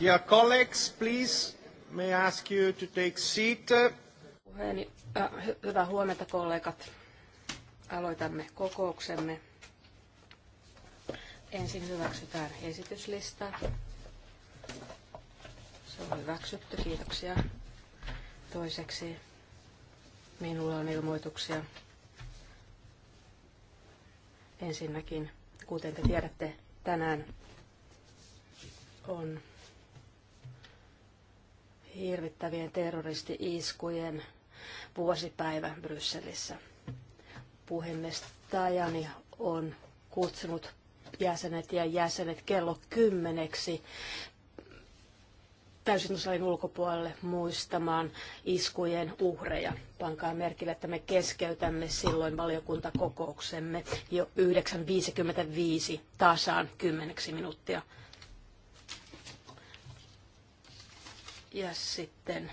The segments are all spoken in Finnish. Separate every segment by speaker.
Speaker 1: Dear colleagues, please, may I ask you to take seat. Puheeni, äh, hyvää huomenta kollegat. Aloitamme kokouksemme. Ensin hyväksytään esityslista. Se on hyväksytty, kiitoksia. Toiseksi minulla on ilmoituksia. Ensinnäkin, kuten te tiedätte, tänään on hirvittävien terroristi-iskujen vuosipäivä Brysselissä. Puhemies Tajani on kutsunut jäsenet ja jäsenet kello kymmeneksi täysin ulkopuolelle muistamaan iskujen uhreja. Pankaa merkille, että me keskeytämme silloin valiokuntakokouksemme jo 9.55 tasaan kymmeneksi minuuttia. Ja sitten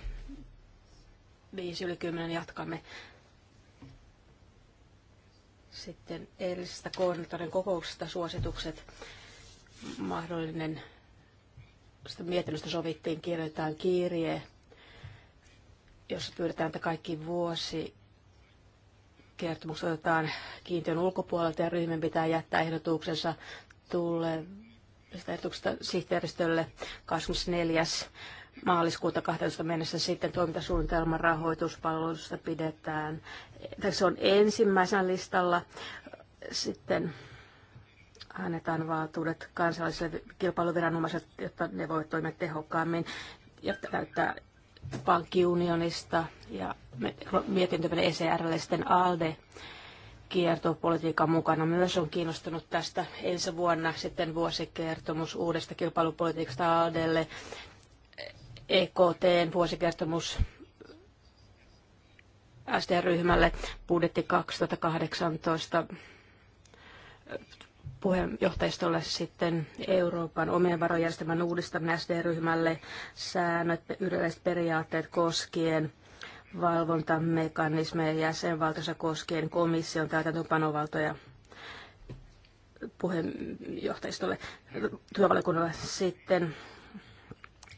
Speaker 1: viisi yli kymmenen jatkamme sitten eilisestä koordinaattorin kokouksesta suositukset mahdollinen mietinnöstä sovittiin, kirjoitetaan kirje, jossa pyydetään, että kaikki vuosi kertomukset otetaan kiintiön ulkopuolelta ja ryhmän pitää jättää ehdotuksensa sitä ehdotuksesta sihteeristölle 24 maaliskuuta 12 mennessä sitten toimintasuunnitelman rahoituspalveluista pidetään. Se on ensimmäisen listalla. Sitten annetaan valtuudet kansalliselle kilpailuviranomaisille, jotta ne voivat toimia tehokkaammin ja täyttää pankkiunionista ja mietintö vielä ECRlle sitten ALDE kiertopolitiikan mukana myös on kiinnostunut tästä ensi vuonna sitten vuosikertomus uudesta kilpailupolitiikasta ALDelle EKTn vuosikertomus sd ryhmälle budjetti 2018 puheenjohtajistolle sitten Euroopan omien varojärjestelmän uudistaminen SD-ryhmälle säännöt, yleiset periaatteet koskien valvontamekanismeja jäsenvaltiossa koskien komission täytäntöpanovaltoja puheenjohtajistolle työvaliokunnalle sitten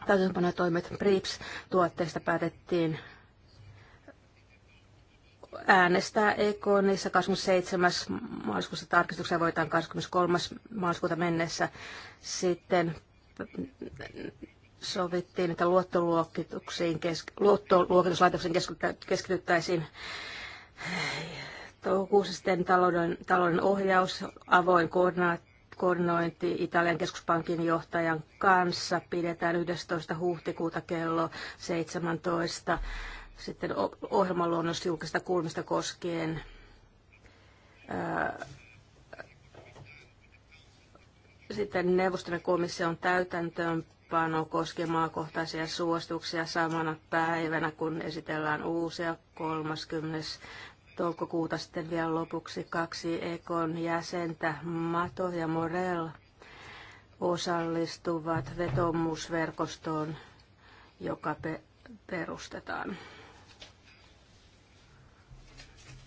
Speaker 1: täytäntöpanotoimet BRIPS-tuotteista päätettiin äänestää niissä 27. maaliskuussa tarkistuksia voitaan 23. maaliskuuta mennessä. Sitten sovittiin, että luottoluokituksiin, luottoluokituslaitoksen keskityttäisiin toukokuussa sitten talouden, talouden ohjaus, avoin koordinaatio koordinointi Italian keskuspankin johtajan kanssa pidetään 11. huhtikuuta kello 17. Sitten ohjelmaluonnos julkista kulmista koskien sitten neuvoston ja komission täytäntöönpano koskee maakohtaisia suosituksia samana päivänä, kun esitellään uusia 30 toukokuuta sitten vielä lopuksi kaksi Ekon jäsentä, Mato ja Morel, osallistuvat vetomusverkostoon, joka pe- perustetaan.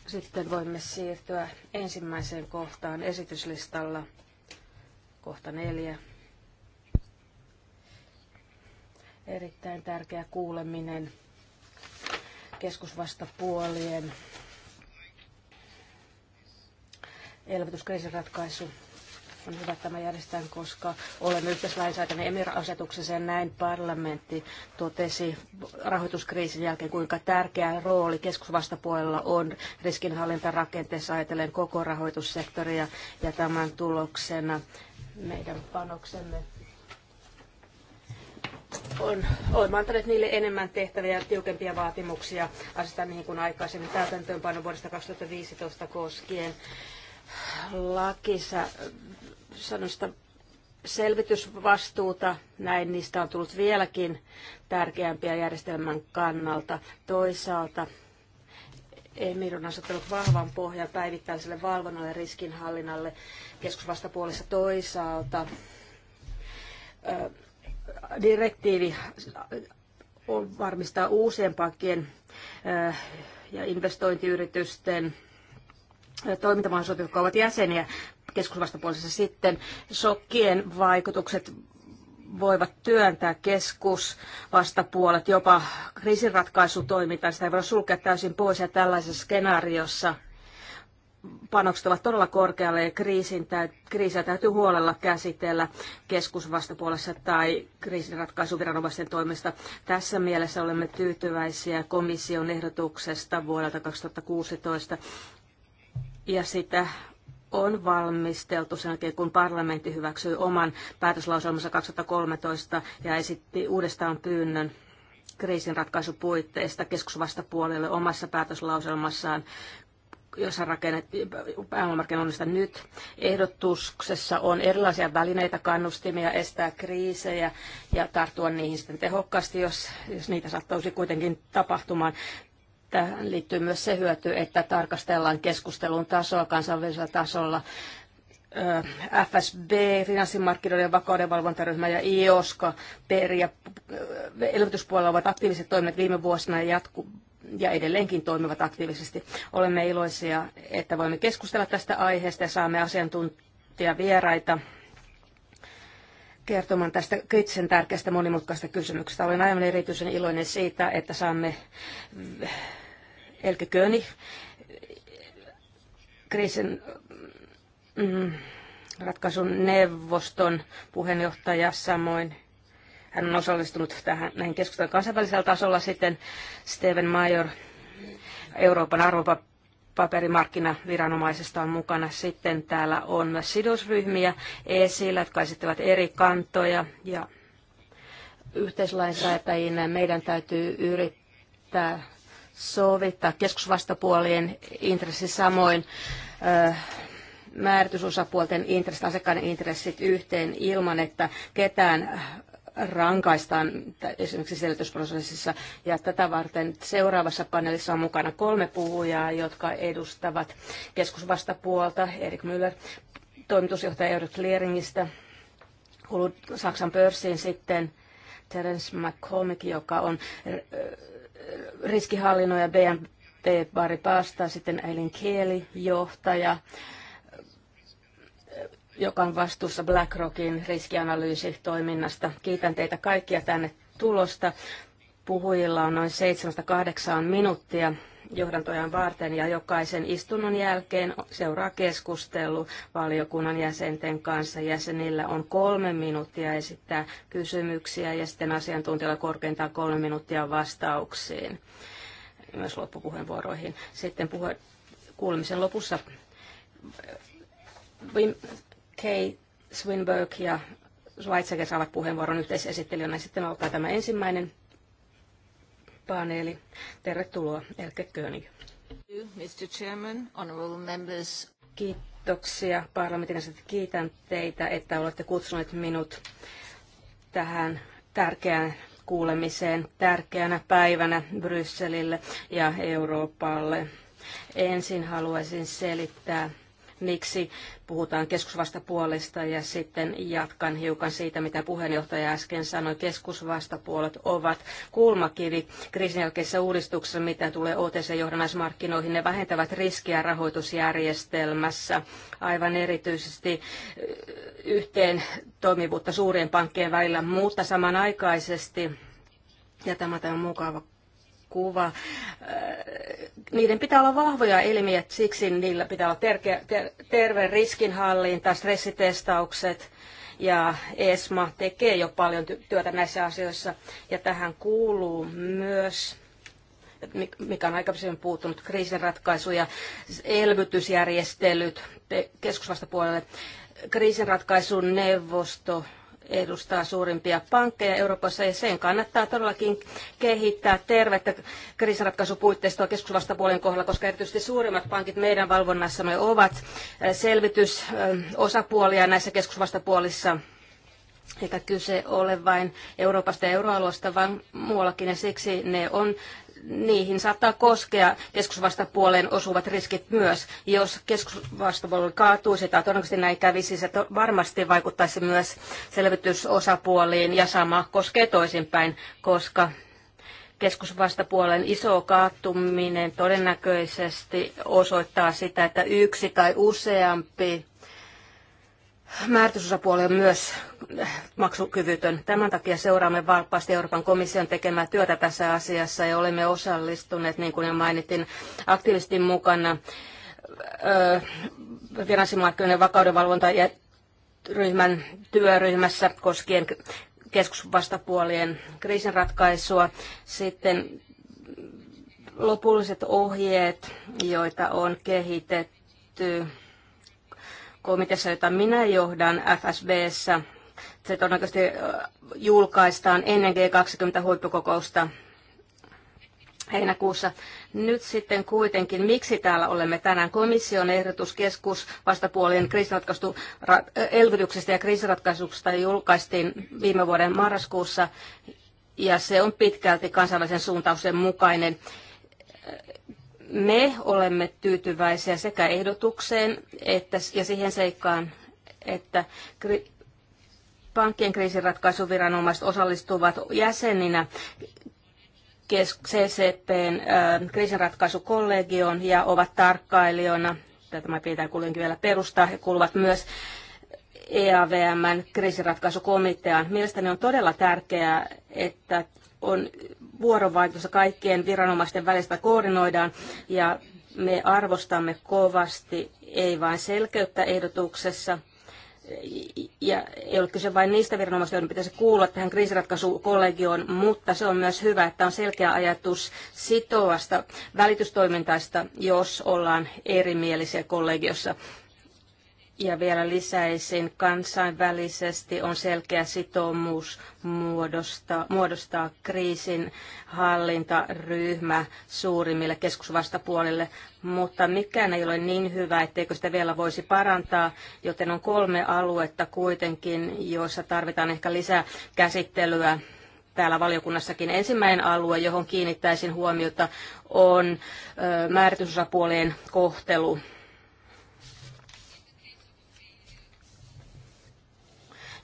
Speaker 1: Sitten voimme siirtyä ensimmäiseen kohtaan esityslistalla, kohta neljä. Erittäin tärkeä kuuleminen keskusvastapuolien elvytyskriisin ratkaisu on hyvä, että tämä järjestetään, koska olemme yhteislainsäätäjän emirasetuksessa ja näin parlamentti totesi rahoituskriisin jälkeen, kuinka tärkeä rooli keskusvastapuolella on riskinhallintarakenteessa ajatellen koko rahoitussektoria ja tämän tuloksena meidän panoksemme on, olemme antaneet niille enemmän tehtäviä ja tiukempia vaatimuksia asetan niihin kuin aikaisemmin täytäntöönpano vuodesta 2015 koskien lakissa äh, sanoista selvitysvastuuta, näin niistä on tullut vieläkin tärkeämpiä järjestelmän kannalta. Toisaalta EMIR on asettanut vahvan pohjan päivittäiselle valvonnalle ja riskinhallinnalle keskusvastapuolessa toisaalta. Äh, direktiivi äh, varmistaa uusien pankkien ja investointiyritysten toimintamahdollisuudet, jotka ovat jäseniä keskusvastapuolisessa sitten. Sokkien vaikutukset voivat työntää keskusvastapuolet jopa kriisinratkaisutoimintaan. Sitä ei voida sulkea täysin pois ja tällaisessa skenaariossa panokset ovat todella korkealle ja kriisin tä- kriisiä täytyy huolella käsitellä keskusvastapuolessa tai kriisinratkaisuviranomaisten toimesta. Tässä mielessä olemme tyytyväisiä komission ehdotuksesta vuodelta 2016 ja sitä on valmisteltu sen jälkeen, kun parlamentti hyväksyi oman päätöslauselmansa 2013 ja esitti uudestaan pyynnön kriisinratkaisupuitteista keskusvastapuolelle omassa päätöslauselmassaan jossa rakennettiin pääomamarkkinoinnista nyt. Ehdotuksessa on erilaisia välineitä, kannustimia estää kriisejä ja tarttua niihin sitten tehokkaasti, jos, jos niitä sattuisi kuitenkin tapahtumaan. Tähän liittyy myös se hyöty, että tarkastellaan keskustelun tasoa kansainvälisellä tasolla. FSB, finanssimarkkinoiden vakaudenvalvontaryhmä ja IOSKA, PER ja elvytyspuolella ovat aktiiviset toimet viime vuosina ja jatku, ja edelleenkin toimivat aktiivisesti. Olemme iloisia, että voimme keskustella tästä aiheesta ja saamme asiantuntijavieraita kertomaan tästä kritisen tärkeästä monimutkaisesta kysymyksestä. Olen aivan erityisen iloinen siitä, että saamme Elke König, kriisin mm, ratkaisun neuvoston puheenjohtaja samoin. Hän on osallistunut tähän, näihin keskusteluun kansainvälisellä tasolla sitten Steven Major, Euroopan viranomaisesta on mukana. Sitten täällä on myös sidosryhmiä esillä, jotka esittävät eri kantoja ja yhteislainsäätäjinä meidän täytyy yrittää sovittaa keskusvastapuolien intressi samoin määritysosapuolten intressit, asiakkaiden intressit yhteen ilman, että ketään rankaistaan esimerkiksi selitysprosessissa. Ja tätä varten seuraavassa paneelissa on mukana kolme puhujaa, jotka edustavat keskusvastapuolta, Erik Müller, toimitusjohtaja Erik Lieringistä, Saksan pörssiin sitten Terence McCormick, joka on riskihallinnon ja BNP Bari Pasta, sitten Eileen Kieli, johtaja, joka on vastuussa BlackRockin riskianalyysitoiminnasta. Kiitän teitä kaikkia tänne tulosta. Puhujilla on noin 7-8 minuuttia johdantojaan varten ja jokaisen istunnon jälkeen seuraa keskustelu valiokunnan jäsenten kanssa. Jäsenillä on kolme minuuttia esittää kysymyksiä ja sitten asiantuntijoilla korkeintaan kolme minuuttia vastauksiin myös loppupuheenvuoroihin. Sitten puhe, kuulemisen lopussa Wim K. Swinburg ja Schweitzer saavat puheenvuoron yhteisesittelijänä. Sitten alkaa tämä ensimmäinen paneeli. Tervetuloa, Elke König. Mr. Chairman, honorable members. Kiitoksia parlamentin jäsenet. Kiitän teitä, että olette kutsuneet minut tähän tärkeään kuulemiseen tärkeänä päivänä Brysselille ja Euroopalle. Ensin haluaisin selittää miksi puhutaan keskusvastapuolesta ja sitten jatkan hiukan siitä, mitä puheenjohtaja äsken sanoi. Keskusvastapuolet ovat kulmakivi kriisin jälkeisessä uudistuksessa, mitä tulee OTC-johdannaismarkkinoihin. Ne vähentävät riskiä rahoitusjärjestelmässä, aivan erityisesti eh, yhteen toimivuutta suurien pankkien välillä, mutta samanaikaisesti ja tämä on mukava kuva. Äh, niiden pitää olla vahvoja elimiä, siksi niillä pitää olla terke, ter, terve riskinhallinta, stressitestaukset ja ESMA tekee jo paljon työtä näissä asioissa ja tähän kuuluu myös mikä on aikaisemmin puuttunut, kriisinratkaisu ja elvytysjärjestelyt keskusvastapuolelle. Kriisinratkaisun neuvosto edustaa suurimpia pankkeja Euroopassa ja sen kannattaa todellakin kehittää tervettä kriisinratkaisupuitteistoa keskusvastapuolen kohdalla, koska erityisesti suurimmat pankit meidän valvonnassamme ovat äh, selvitysosapuolia näissä keskusvastapuolissa eikä kyse ole vain Euroopasta ja euroalueesta, vaan muuallakin, ja siksi ne on niihin saattaa koskea keskusvastapuoleen osuvat riskit myös. Jos keskusvastapuoli kaatuisi tai todennäköisesti näin kävisi, se varmasti vaikuttaisi myös selvitysosapuoliin ja sama koskee toisinpäin, koska keskusvastapuolen iso kaattuminen todennäköisesti osoittaa sitä, että yksi tai useampi määritysosapuoli on myös maksukyvytön. Tämän takia seuraamme valppaasti Euroopan komission tekemää työtä tässä asiassa ja olemme osallistuneet, niin kuin jo mainitin, aktiivisesti mukana finanssimarkkinoiden vakaudenvalvontaryhmän työryhmässä koskien keskusvastapuolien kriisinratkaisua. Sitten lopulliset ohjeet, joita on kehitetty komiteassa, jota minä johdan FSBssä. Se todennäköisesti julkaistaan ennen G20-huippukokousta heinäkuussa. Nyt sitten kuitenkin, miksi täällä olemme tänään? Komission ehdotuskeskus vastapuolien elvytyksestä ja kriisiratkaisuksesta julkaistiin viime vuoden marraskuussa ja se on pitkälti kansainvälisen suuntauksen mukainen. Me olemme tyytyväisiä sekä ehdotukseen että, ja siihen seikkaan, että kri- pankkien kriisiratkaisuviranomaiset osallistuvat jäseninä CCPn kriisinratkaisukollegioon ja ovat tarkkailijoina, tämä pitää kuitenkin vielä perustaa, he kuuluvat myös EAVMn kriisiratkaisukomiteaan. Mielestäni on todella tärkeää, että on vuorovaikutusta kaikkien viranomaisten välistä koordinoidaan ja me arvostamme kovasti ei vain selkeyttä ehdotuksessa, ja ei ole kyse vain niistä viranomaisista, joiden pitäisi kuulla tähän kriisiratkaisukollegioon, mutta se on myös hyvä, että on selkeä ajatus sitovasta välitystoimintaista, jos ollaan erimielisiä kollegiossa. Ja vielä lisäisin, kansainvälisesti on selkeä sitoumus muodostaa, muodostaa kriisin hallintaryhmä suurimmille keskusvastapuolille, mutta mikään ei ole niin hyvä, etteikö sitä vielä voisi parantaa, joten on kolme aluetta kuitenkin, joissa tarvitaan ehkä lisää käsittelyä täällä valiokunnassakin. Ensimmäinen alue, johon kiinnittäisin huomiota, on määritysosapuolien kohtelu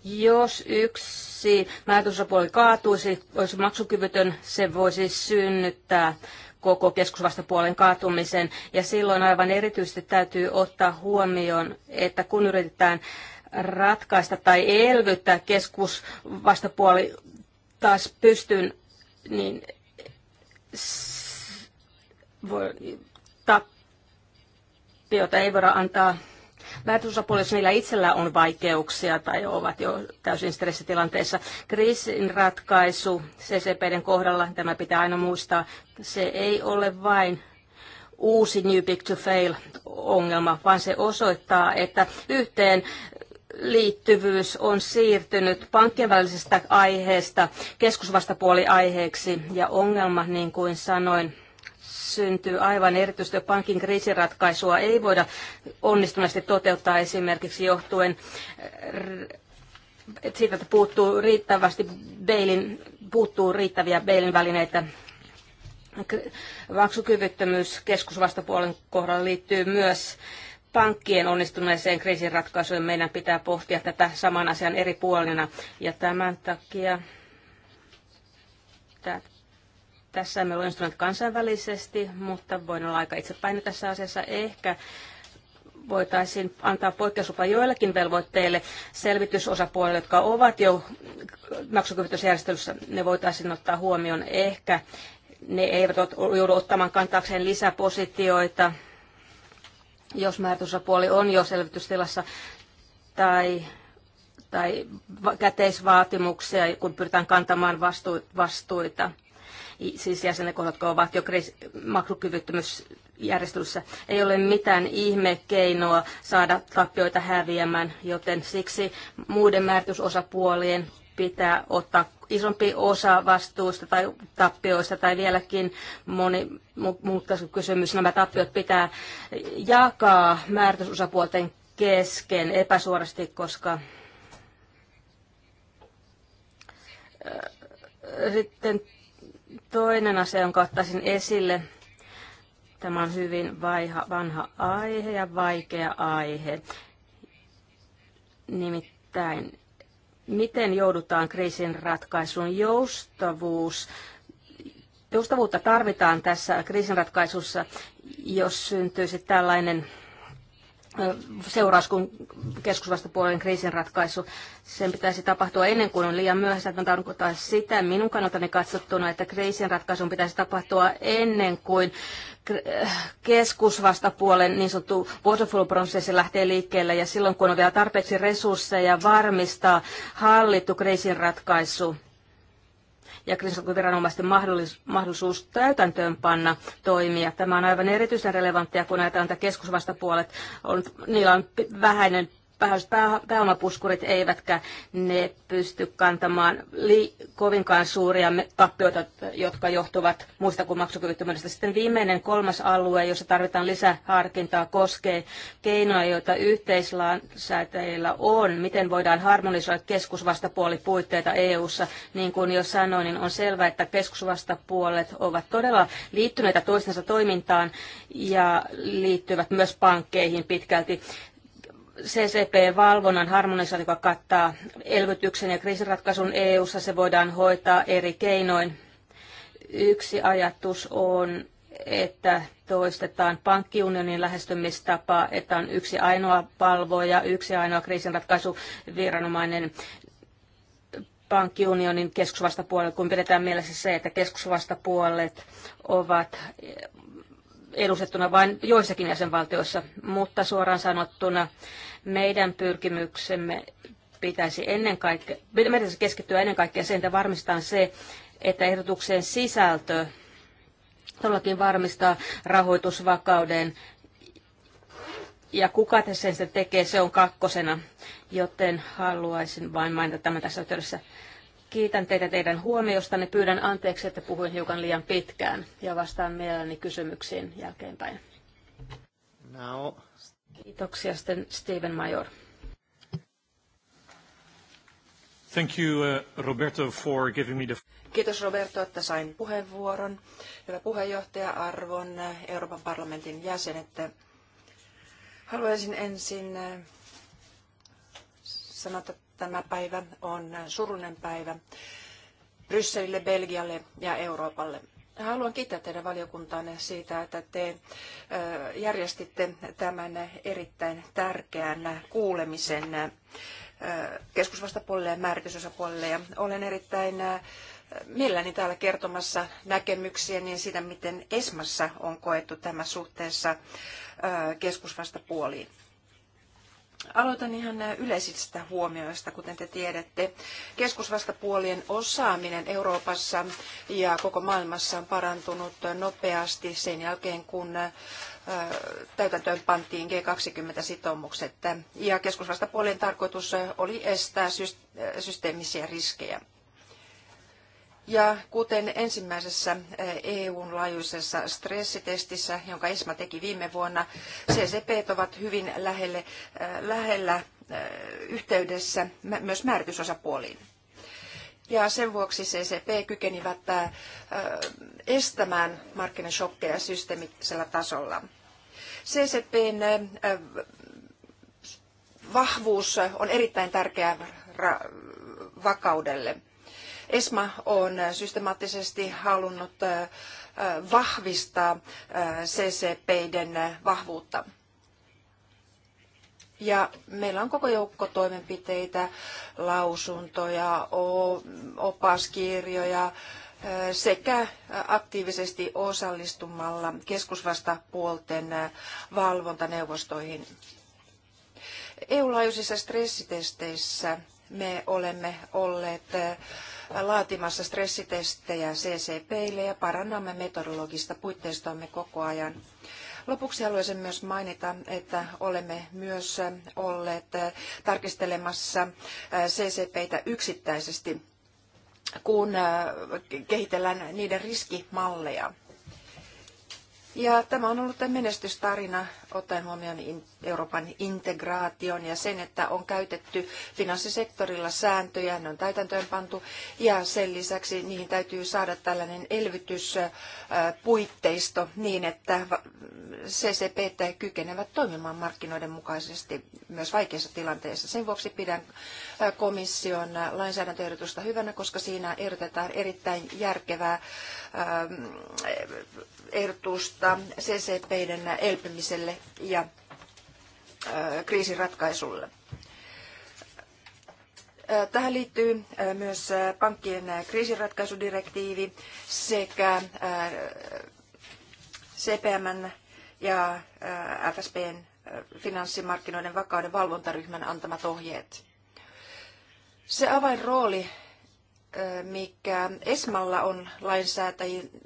Speaker 1: Jos yksi määrätysosapuoli kaatuisi, olisi maksukyvytön, se voisi synnyttää koko keskusvastapuolen kaatumisen. Ja silloin aivan erityisesti täytyy ottaa huomioon, että kun yritetään ratkaista tai elvyttää keskusvastapuoli taas pystyn, niin voi, tappiota ei voida antaa Määrätysosapuolissa niillä itsellä on vaikeuksia tai ovat jo täysin stressitilanteessa. Kriisin ratkaisu CCPden kohdalla, tämä pitää aina muistaa, se ei ole vain uusi New Big to Fail-ongelma, vaan se osoittaa, että yhteen liittyvyys on siirtynyt pankkien välisestä aiheesta keskusvastapuoliaiheeksi ja ongelma, niin kuin sanoin, syntyy aivan erityisesti pankin kriisiratkaisua ei voida onnistuneesti toteuttaa esimerkiksi johtuen eh, siitä, että puuttuu riittävästi bailin, puuttuu riittäviä beilin välineitä maksukyvyttömyys keskusvastapuolen kohdalla liittyy myös pankkien onnistuneeseen kriisinratkaisuun. Meidän pitää pohtia tätä saman asian eri puolina ja tämän takia tässä me olemme onnistuneet kansainvälisesti, mutta voin olla aika itsepäinen tässä asiassa. Ehkä voitaisiin antaa poikkeuslupa joillekin velvoitteille selvitysosapuolille, jotka ovat jo maksukyvytysjärjestelyssä. Ne voitaisiin ottaa huomioon ehkä. Ne eivät joudu ottamaan kantaakseen lisäpositioita, jos määrätysosapuoli on jo selvitystilassa, tai, tai käteisvaatimuksia, kun pyritään kantamaan vastuita siis jäsenen jotka ovat jo maksukyvyttömyysjärjestelyssä. Ei ole mitään ihmekeinoa saada tappioita häviämään, joten siksi muiden määritysosapuolien pitää ottaa isompi osa vastuusta tai tappioista tai vieläkin moni kysymys. Nämä tappiot pitää jakaa määritysosapuolten kesken epäsuorasti, koska sitten Toinen asia, jonka ottaisin esille, tämä on hyvin vaiha, vanha aihe ja vaikea aihe. Nimittäin, miten joudutaan kriisin ratkaisuun joustavuus? Joustavuutta tarvitaan tässä kriisinratkaisussa, jos syntyisi tällainen seuraus kuin keskusvastapuolen kriisinratkaisu. Sen pitäisi tapahtua ennen kuin on liian myöhäistä. Tämä tarkoittaa sitä minun kannaltani katsottuna, että kriisinratkaisun pitäisi tapahtua ennen kuin äh, keskusvastapuolen niin sanottu waterfall-prosessi lähtee liikkeelle ja silloin kun on vielä tarpeeksi resursseja varmistaa hallittu kriisinratkaisu ja kriisiviranomaisten mahdollisuus täytäntöönpanna toimia. Tämä on aivan erityisen relevanttia, kun näitä keskusvastapuolet on, niillä on vähäinen pääomapuskurit eivätkä ne pysty kantamaan li- kovinkaan suuria tappioita, jotka johtuvat muista kuin maksukyvyttömyydestä. Sitten viimeinen kolmas alue, jossa tarvitaan lisäharkintaa, koskee keinoja, joita yhteislainsäätäjillä on. Miten voidaan harmonisoida keskusvastapuolipuitteita EU-ssa? Niin kuin jo sanoin, niin on selvää, että keskusvastapuolet ovat todella liittyneitä toistensa toimintaan ja liittyvät myös pankkeihin pitkälti. CCP-valvonnan harmonisointi, joka kattaa elvytyksen ja kriisiratkaisun EU-ssa, se voidaan hoitaa eri keinoin. Yksi ajatus on, että toistetaan pankkiunionin lähestymistapa, että on yksi ainoa valvoja, yksi ainoa kriisinratkaisuviranomainen pankkiunionin keskusvastapuolelle, kun pidetään mielessä se, että keskusvastapuolet ovat edustettuna vain joissakin jäsenvaltioissa, mutta suoraan sanottuna meidän pyrkimyksemme pitäisi ennen kaikkea, meidän pitäisi keskittyä ennen kaikkea sen, että varmistetaan se, että ehdotuksen sisältö todellakin varmistaa rahoitusvakauden ja kuka tässä sen tekee, se on kakkosena, joten haluaisin vain mainita tämän tässä yhteydessä. Kiitän teitä teidän huomiostanne. Pyydän anteeksi, että puhuin hiukan liian pitkään ja vastaan mielelläni kysymyksiin jälkeenpäin. Now. Kiitoksia sitten Steven Major.
Speaker 2: Thank you, uh, Roberto, for giving me the...
Speaker 3: Kiitos Roberto, että sain puheenvuoron. Hyvä puheenjohtaja, arvon uh, Euroopan parlamentin jäsen, että haluaisin ensin uh, sanoa, että Tämä päivä on surullinen päivä Brysselille, Belgialle ja Euroopalle. Haluan kiittää teidän valiokuntaanne siitä, että te järjestitte tämän erittäin tärkeän kuulemisen keskusvastapuolelle ja määritysosapuolelle. Ja olen erittäin mielelläni täällä kertomassa näkemyksiä niin siitä, miten ESMassa on koettu tämä suhteessa keskusvastapuoliin. Aloitan ihan yleisistä huomioista, kuten te tiedätte. Keskusvastapuolien osaaminen Euroopassa ja koko maailmassa on parantunut nopeasti sen jälkeen, kun täytäntöön pantiin G20-sitoumukset. Ja keskusvastapuolien tarkoitus oli estää systeemisiä riskejä. Ja kuten ensimmäisessä eh, EUn laajuisessa stressitestissä, jonka ESMA teki viime vuonna, CCP ovat hyvin lähelle, eh, lähellä eh, yhteydessä myös määritysosapuoliin. Ja sen vuoksi CCP kykenivät estämään markkinashokkeja systeemisellä tasolla. CCPn vahvuus on erittäin tärkeä vakaudelle. ESMA on systemaattisesti halunnut vahvistaa CCPiden vahvuutta. Ja meillä on koko joukko toimenpiteitä, lausuntoja, opaskirjoja sekä aktiivisesti osallistumalla keskusvastapuolten valvontaneuvostoihin. EU-laajuisissa stressitesteissä me olemme olleet laatimassa stressitestejä CCPille ja parannamme metodologista puitteistoamme koko ajan. Lopuksi haluaisin myös mainita, että olemme myös äh, olleet äh, tarkistelemassa äh, CCPitä yksittäisesti, kun kehitellään niiden riskimalleja. Ja tämä on ollut menestystarina ottaen huomioon Euroopan integraation ja sen, että on käytetty finanssisektorilla sääntöjä, ne on täytäntöönpantu ja sen lisäksi niihin täytyy saada tällainen elvytyspuitteisto niin, että CCP kykenevät toimimaan markkinoiden mukaisesti myös vaikeissa tilanteissa. Sen vuoksi pidän komission lainsäädäntöehdotusta hyvänä, koska siinä ehdotetaan erittäin järkevää ehdotusta CCPiden elpymiselle ja kriisin Tähän liittyy myös pankkien kriisiratkaisudirektiivi sekä CPMn ja FSBn finanssimarkkinoiden vakauden valvontaryhmän antamat ohjeet. Se avainrooli, mikä ESMalla on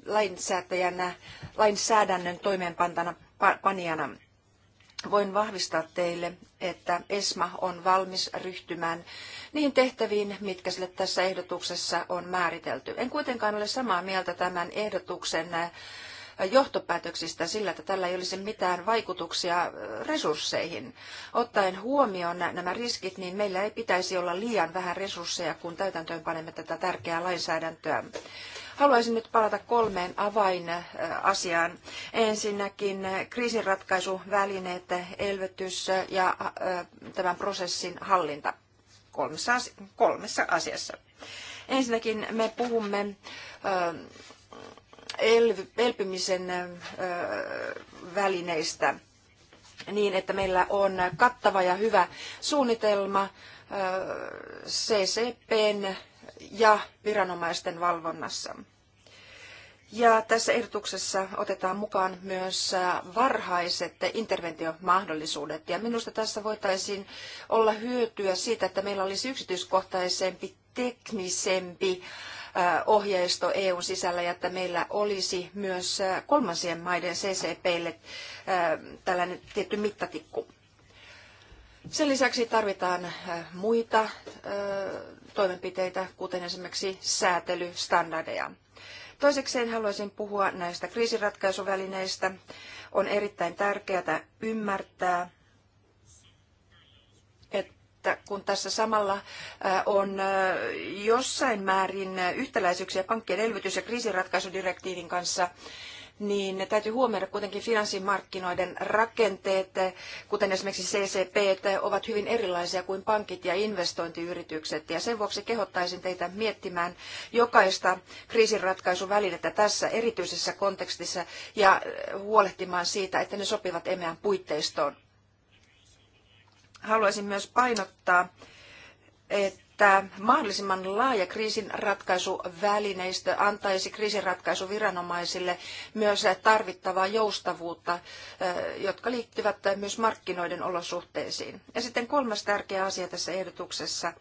Speaker 3: lainsäätäjänä, lainsäädännön toimeenpanijana, voin vahvistaa teille, että ESMA on valmis ryhtymään niihin tehtäviin, mitkä sille tässä ehdotuksessa on määritelty. En kuitenkaan ole samaa mieltä tämän ehdotuksen äh, johtopäätöksistä sillä, että tällä ei olisi mitään vaikutuksia äh, resursseihin. Ottaen huomioon nämä riskit, niin meillä ei pitäisi olla liian vähän resursseja, kun täytäntöön panemme tätä tärkeää lainsäädäntöä. Haluaisin nyt palata kolmeen avainasiaan. Ensinnäkin kriisinratkaisuvälineet, elvytys ja äh, tämän prosessin hallinta kolmessa, kolmessa asiassa. Ensinnäkin me puhumme äh, elpymisen äh, välineistä niin, että meillä on kattava ja hyvä suunnitelma CCPn ja viranomaisten valvonnassa. Ja tässä ehdotuksessa otetaan mukaan myös äh, varhaiset interventiomahdollisuudet. Ja minusta tässä voitaisiin olla hyötyä siitä, että meillä olisi yksityiskohtaisempi, teknisempi äh, ohjeisto EUn sisällä ja että meillä olisi myös äh, kolmansien maiden CCPille tällainen tietty mittatikku. Sen lisäksi tarvitaan muita toimenpiteitä, kuten esimerkiksi säätelystandardeja. Toisekseen haluaisin puhua näistä kriisiratkaisuvälineistä. On erittäin tärkeää ymmärtää, että kun tässä samalla äh, on äh, jossain määrin äh, yhtäläisyyksiä pankkien elvytys- ja kriisiratkaisudirektiivin kanssa, niin täytyy huomioida kuitenkin finanssimarkkinoiden rakenteet, kuten esimerkiksi CCP, ovat hyvin erilaisia kuin pankit ja investointiyritykset. Ja sen vuoksi kehottaisin teitä miettimään jokaista kriisinratkaisuvälinettä tässä erityisessä kontekstissa ja huolehtimaan siitä, että ne sopivat EMEAn puitteistoon. Haluaisin myös painottaa, että että mahdollisimman laaja kriisinratkaisuvälineistö antaisi kriisinratkaisuviranomaisille myös tarvittavaa joustavuutta, jotka liittyvät myös markkinoiden olosuhteisiin. Ja sitten kolmas tärkeä asia tässä ehdotuksessa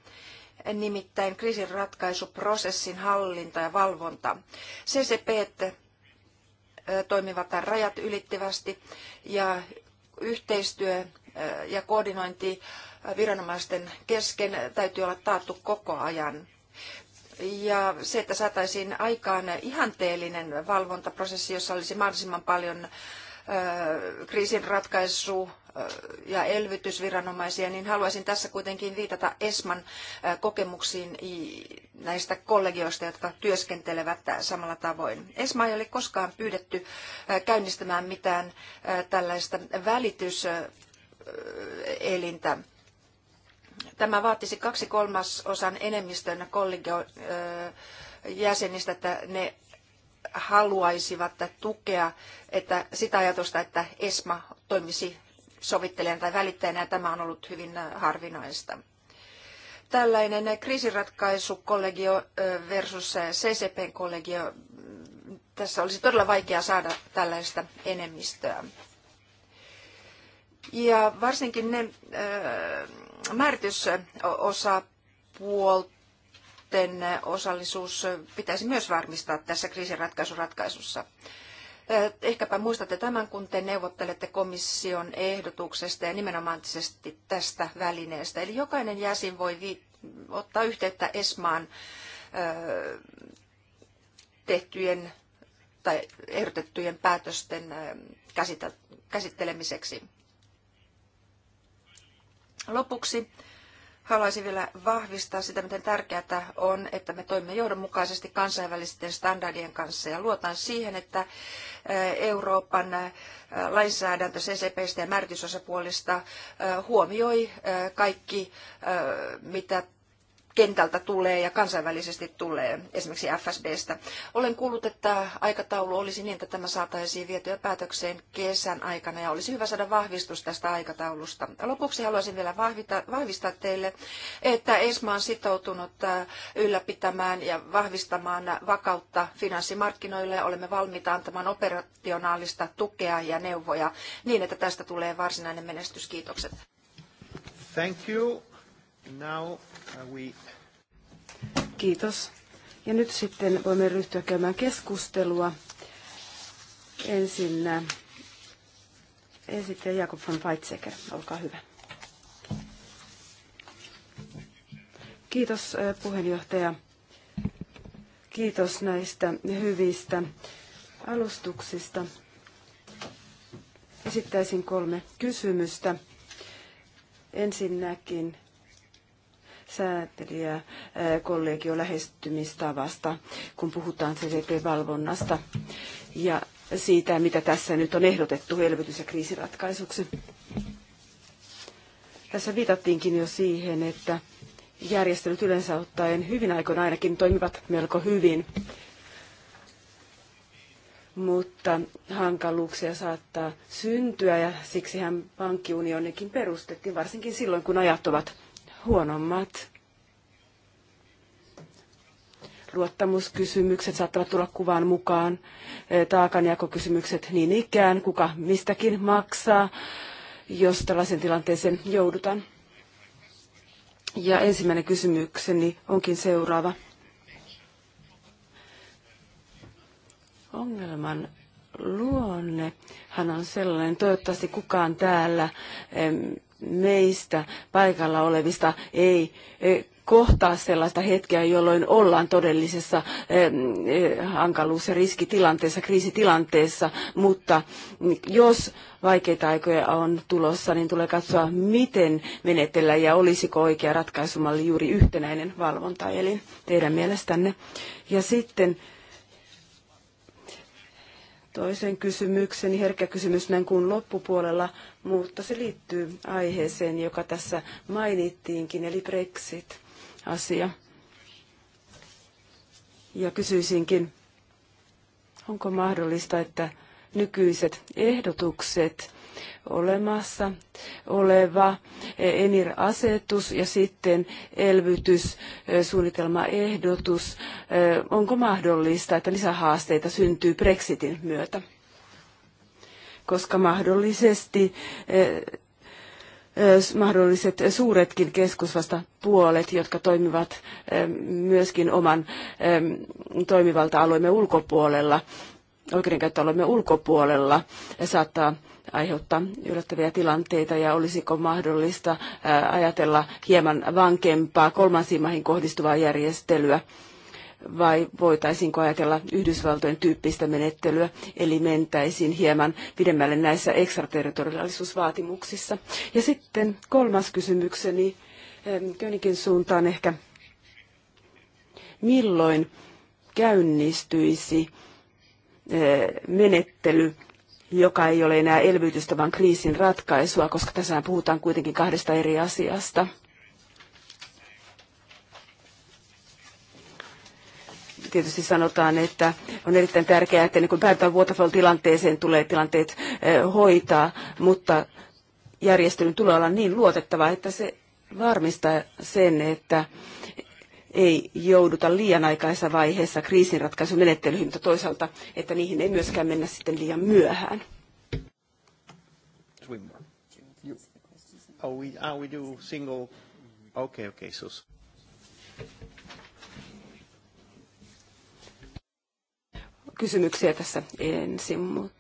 Speaker 3: nimittäin kriisinratkaisuprosessin hallinta ja valvonta. CCP toimivat rajat ylittävästi ja yhteistyö ja koordinointi viranomaisten kesken täytyy olla taattu koko ajan. Ja se, että saataisiin aikaan ihanteellinen valvontaprosessi, jossa olisi mahdollisimman paljon kriisin ratkaisu ja elvytysviranomaisia, niin haluaisin tässä kuitenkin viitata Esman kokemuksiin näistä kollegioista, jotka työskentelevät samalla tavoin. Esma ei ole koskaan pyydetty käynnistämään mitään tällaista välitys elintä. Tämä vaatisi kaksi kolmasosan enemmistön kollegion jäsenistä, että ne haluaisivat tukea että sitä ajatusta, että ESMA toimisi sovittelijana tai välittäjänä, ja tämä on ollut hyvin harvinaista. Tällainen kollegio versus CCP-kollegio, tässä olisi todella vaikea saada tällaista enemmistöä. Ja varsinkin ne öö, määritysosapuolten osallisuus pitäisi myös varmistaa tässä kriisinratkaisuratkaisussa. Äh, ehkäpä muistatte tämän, kun te neuvottelette komission ehdotuksesta ja nimenomaan tästä välineestä. Eli jokainen jäsen voi ottaa yhteyttä ESMAan äh, tehtyjen tai ehdotettujen päätösten käsittelemiseksi. Lopuksi haluaisin vielä vahvistaa sitä, miten tärkeää on, että me toimimme johdonmukaisesti kansainvälisten standardien kanssa ja luotan siihen, että eh, Euroopan eh, lainsäädäntö CCPstä ja määritysosapuolista eh, huomioi kaikki, mitä kentältä tulee ja kansainvälisesti tulee, esimerkiksi FSBstä. Olen kuullut, että aikataulu olisi niin, että tämä saataisiin vietyä päätökseen kesän aikana ja olisi hyvä saada vahvistus tästä aikataulusta. Lopuksi haluaisin vielä vahvistaa teille, että ESMA on sitoutunut äh, ylläpitämään ja vahvistamaan vakautta finanssimarkkinoille ja olemme valmiita antamaan operationaalista tukea ja neuvoja niin, että tästä tulee varsinainen menestys.
Speaker 2: Kiitokset. Thank you. Now uh, we...
Speaker 4: Kiitos. Ja nyt sitten voimme ryhtyä käymään keskustelua. Ensin äh, esittäjä Jakob von Weizsäcker, olkaa hyvä. Kiitos äh, puheenjohtaja. Kiitos näistä hyvistä alustuksista. Esittäisin kolme kysymystä. Ensinnäkin säätelyä kollegio lähestymistavasta, kun puhutaan CCP-valvonnasta ja siitä, mitä tässä nyt on ehdotettu elvytys- ja kriisiratkaisuksi. Tässä viitattiinkin jo siihen, että järjestelyt yleensä ottaen hyvin aikoina ainakin toimivat melko hyvin, mutta hankaluuksia saattaa syntyä ja siksihän pankkiunionikin perustettiin, varsinkin silloin kun ajat ovat huonommat luottamuskysymykset saattavat tulla kuvaan mukaan, eh, taakanjakokysymykset niin ikään, kuka mistäkin maksaa, jos tällaisen tilanteeseen joudutaan. Ja ensimmäinen kysymykseni onkin seuraava. Ongelman luonne, hän on sellainen, toivottavasti kukaan täällä meistä paikalla olevista ei e, kohtaa sellaista hetkeä, jolloin ollaan todellisessa e, e, hankaluus- ja riskitilanteessa, kriisitilanteessa, mutta jos vaikeita aikoja on tulossa, niin tulee katsoa, miten menetellä ja olisiko oikea ratkaisumalli juuri yhtenäinen valvontaelin teidän mielestänne. Ja sitten toisen kysymyksen, herkkä kysymys näin kuin loppupuolella, mutta se liittyy aiheeseen, joka tässä mainittiinkin, eli Brexit-asia. Ja kysyisinkin, onko mahdollista, että nykyiset ehdotukset olemassa oleva ENIR-asetus ja sitten elvytyssuunnitelmaehdotus. Onko mahdollista, että lisähaasteita syntyy Brexitin myötä? Koska mahdollisesti eh, eh, mahdolliset suuretkin keskusvastapuolet, jotka toimivat eh, myöskin oman toimivalta-alueemme ulkopuolella, oikeudenkäyttöalueemme ulkopuolella, saattaa aiheuttaa yllättäviä tilanteita ja olisiko mahdollista ajatella hieman vankempaa kolmansiin maihin kohdistuvaa järjestelyä vai voitaisiinko ajatella Yhdysvaltojen tyyppistä menettelyä, eli mentäisiin hieman pidemmälle näissä ekstraterritoriaalisuusvaatimuksissa. Ja sitten kolmas kysymykseni Könikin suuntaan ehkä, milloin käynnistyisi menettely joka ei ole enää elvytystä, vaan kriisin ratkaisua, koska tässä puhutaan kuitenkin kahdesta eri asiasta. tietysti sanotaan, että on erittäin tärkeää, että niin kuin päädytään Waterfall-tilanteeseen, tulee tilanteet eh, hoitaa, mutta järjestelyn tulee olla niin luotettava, että se varmistaa sen, että ei jouduta liian aikaisessa vaiheessa kriisinratkaisumenettelyihin, mutta toisaalta, että niihin ei myöskään mennä sitten liian myöhään.
Speaker 2: Oh, ah, we, do single. Okay, okay,
Speaker 4: Kysymyksiä tässä ensin, mutta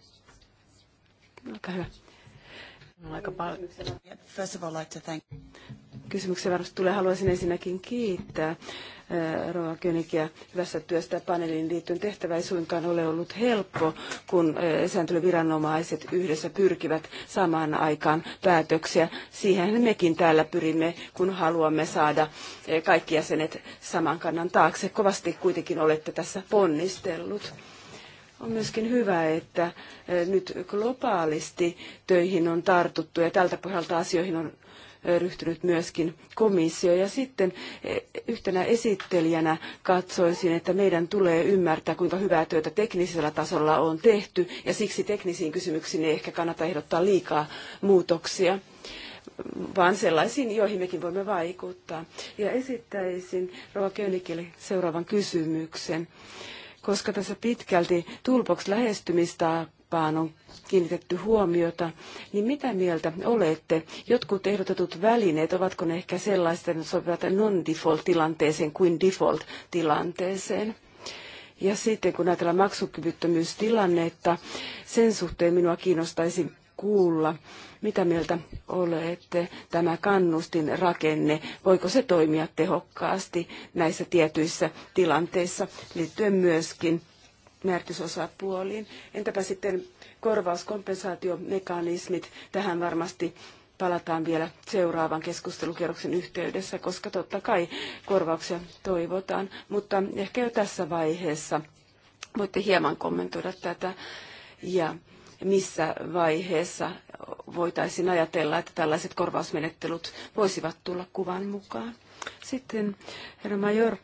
Speaker 4: olkaa hyvä. Aika paljon. First of all, like to thank kysymyksen varmasti tulee. Haluaisin ensinnäkin kiittää Rova Königiä hyvästä työstä paneeliin liittyen. Tehtävä ei suinkaan ole ollut helppo, kun sääntelyviranomaiset yhdessä pyrkivät samaan aikaan päätöksiä. Siihen mekin täällä pyrimme, kun haluamme saada kaikki jäsenet saman kannan taakse. Kovasti kuitenkin olette tässä ponnistellut. On myöskin hyvä, että nyt globaalisti töihin on tartuttu ja tältä pohjalta asioihin on ryhtynyt myöskin komissio. Ja sitten e, yhtenä esittelijänä katsoisin, että meidän tulee ymmärtää, kuinka hyvää työtä teknisellä tasolla on tehty, ja siksi teknisiin kysymyksiin ei ehkä kannata ehdottaa liikaa muutoksia vaan sellaisiin, joihin mekin voimme vaikuttaa. Ja esittäisin Rova Könikille seuraavan kysymyksen koska tässä pitkälti toolbox lähestymistapa kauppaan on kiinnitetty huomiota, niin mitä mieltä olette? Jotkut ehdotetut välineet, ovatko ne ehkä sellaisten että sopivat non-default-tilanteeseen kuin default-tilanteeseen? Ja sitten kun ajatellaan maksukyvyttömyystilannetta, sen suhteen minua kiinnostaisi kuulla, mitä mieltä olette tämä kannustin rakenne, voiko se toimia tehokkaasti näissä tietyissä tilanteissa liittyen myöskin määritysosapuoliin. Entäpä sitten korvauskompensaatiomekanismit? Tähän varmasti palataan vielä seuraavan keskustelukierroksen yhteydessä, koska totta kai korvauksia toivotaan. Mutta ehkä jo tässä vaiheessa voitte hieman kommentoida tätä ja missä vaiheessa voitaisiin ajatella, että tällaiset korvausmenettelut voisivat tulla kuvan mukaan. Sitten herra Major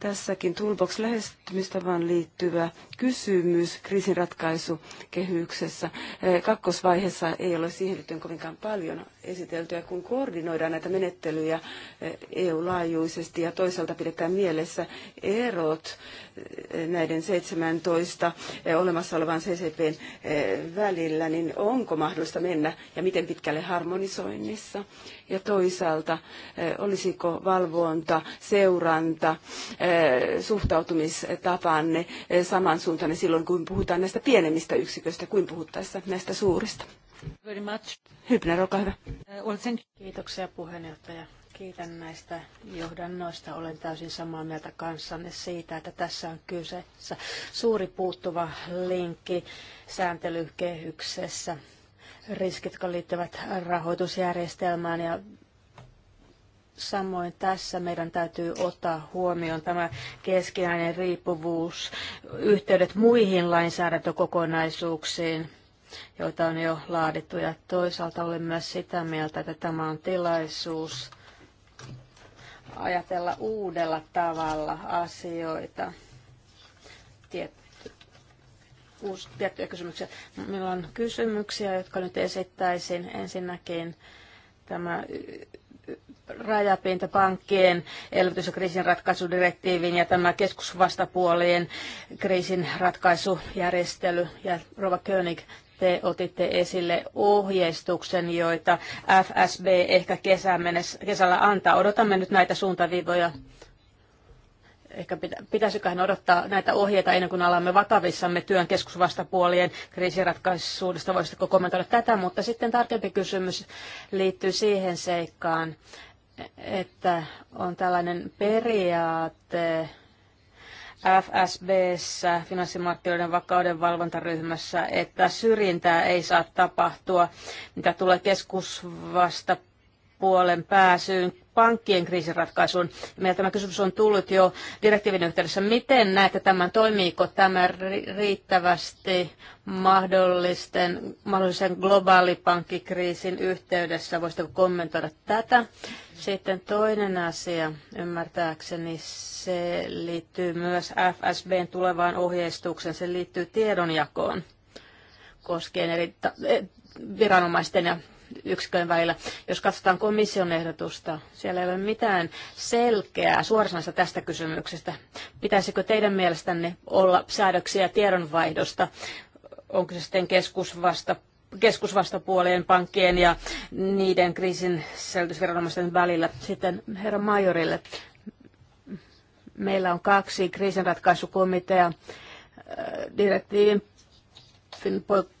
Speaker 4: tässäkin toolbox lähestymistavan liittyvä kysymys kriisinratkaisukehyksessä. Eh, kakkosvaiheessa ei ole siihen liittyen kovinkaan paljon esiteltyä, kun koordinoidaan näitä menettelyjä eh, EU-laajuisesti ja toisaalta pidetään mielessä erot eh, näiden 17 eh, olemassa olevan CCPn välillä, niin onko mahdollista mennä ja miten pitkälle harmonisoinnissa? Ja toisaalta, olisiko valvonta, seuranta, suhtautumistapanne samansuuntainen silloin, kun puhutaan näistä pienemmistä yksiköistä kuin puhuttaessa näistä suurista? Very much. Hybner, olkaa hyvä.
Speaker 1: Uh, Kiitoksia puheenjohtaja. Kiitän näistä johdannoista. Olen täysin samaa mieltä kanssanne siitä, että tässä on kyseessä suuri puuttuva linkki sääntelykehyksessä. Riskit, jotka liittyvät rahoitusjärjestelmään ja Samoin tässä meidän täytyy ottaa huomioon tämä keskinäinen riippuvuus, yhteydet muihin lainsäädäntökokonaisuuksiin joita on jo laadittu. Ja toisaalta olen myös sitä mieltä, että tämä on tilaisuus ajatella uudella tavalla asioita. Tietty, uus, tiettyjä kysymyksiä. Meillä on kysymyksiä, jotka nyt esittäisin. Ensinnäkin tämä rajapinta pankkien elvytys- ja kriisinratkaisudirektiivin ja tämä keskusvastapuolien kriisinratkaisujärjestely. Ja Rova König, te otitte esille ohjeistuksen, joita FSB ehkä kesän mennessä, kesällä antaa. Odotamme nyt näitä suuntaviivoja. Ehkä pitä, pitäisiköhän odottaa näitä ohjeita ennen kuin alamme vakavissamme työn keskusvastapuolien kriisiratkaisuudesta. Voisitteko kommentoida tätä, mutta sitten tarkempi kysymys liittyy siihen seikkaan, että on tällainen periaate, FSBssä, finanssimarkkinoiden vakauden valvontaryhmässä, että syrjintää ei saa tapahtua, mitä tulee keskusvasta puolen pääsyyn pankkien kriisiratkaisuun. Meillä tämä kysymys on tullut jo direktiivin yhteydessä. Miten näette tämän, toimiiko tämä riittävästi mahdollisten, mahdollisen globaalipankkikriisin yhteydessä? Voisitteko kommentoida tätä? Sitten toinen asia, ymmärtääkseni, se liittyy myös FSBn tulevaan ohjeistukseen. Se liittyy tiedonjakoon koskien eri e, viranomaisten ja yksikön välillä. Jos katsotaan komission ehdotusta, siellä ei ole mitään selkeää suorasanaista tästä kysymyksestä. Pitäisikö teidän mielestänne olla säädöksiä tiedonvaihdosta? Onko se sitten keskusvasta keskusvastapuolien, pankkien ja niiden kriisin selitysviranomaisten välillä. Sitten herra Majorille. Meillä on kaksi kriisinratkaisukomitea. Direktiivin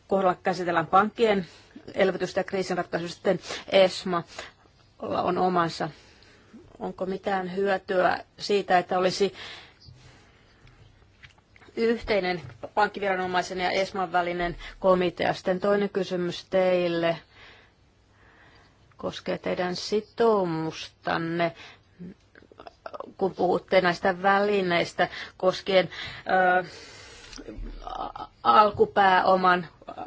Speaker 1: kohdalla käsitellään pankkien elvytystä ja kriisinratkaisu. sitten ESMA on omansa. Onko mitään hyötyä siitä, että olisi yhteinen pankkiviranomaisen ja ESMAn välinen komitea. Sitten toinen kysymys teille koskee teidän sitoumustanne, kun puhutte näistä välineistä koskien Äh, alkupääoman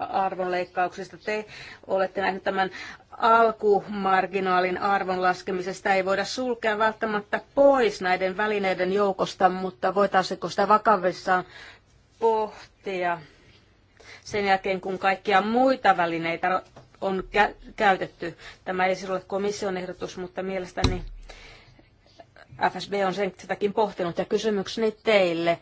Speaker 1: arvonleikkauksesta. Te olette nähneet tämän alkumarginaalin arvon laskemisesta ei voida sulkea välttämättä pois näiden välineiden joukosta, mutta voitaisiinko sitä vakavissaan pohtia sen jälkeen, kun kaikkia muita välineitä on kä- käytetty. Tämä ei siis ole komission ehdotus, mutta mielestäni FSB on sen sitäkin pohtinut. Ja kysymykseni teille,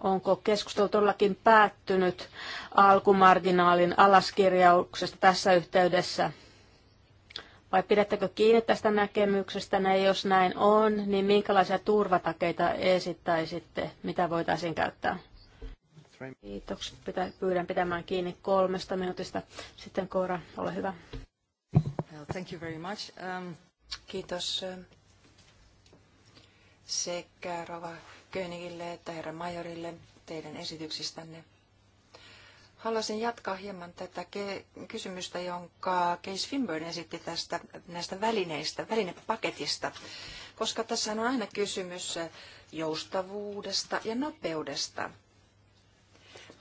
Speaker 1: onko keskustelu todellakin päättynyt alkumarginaalin alaskirjauksesta tässä yhteydessä? Vai pidättekö kiinni tästä näkemyksestä? Ja jos näin on, niin minkälaisia turvatakeita esittäisitte, mitä voitaisiin käyttää? Kiitokset. Pitä, pyydän pitämään kiinni kolmesta minuutista. Sitten Koora, ole hyvä. Thank you very much. Um... Kiitos
Speaker 3: sekä Rova Königille että herra Majorille teidän esityksistänne. Haluaisin jatkaa hieman tätä kysymystä, jonka Case Finburn esitti tästä, näistä välineistä, välinepaketista, koska tässä on aina kysymys joustavuudesta ja nopeudesta.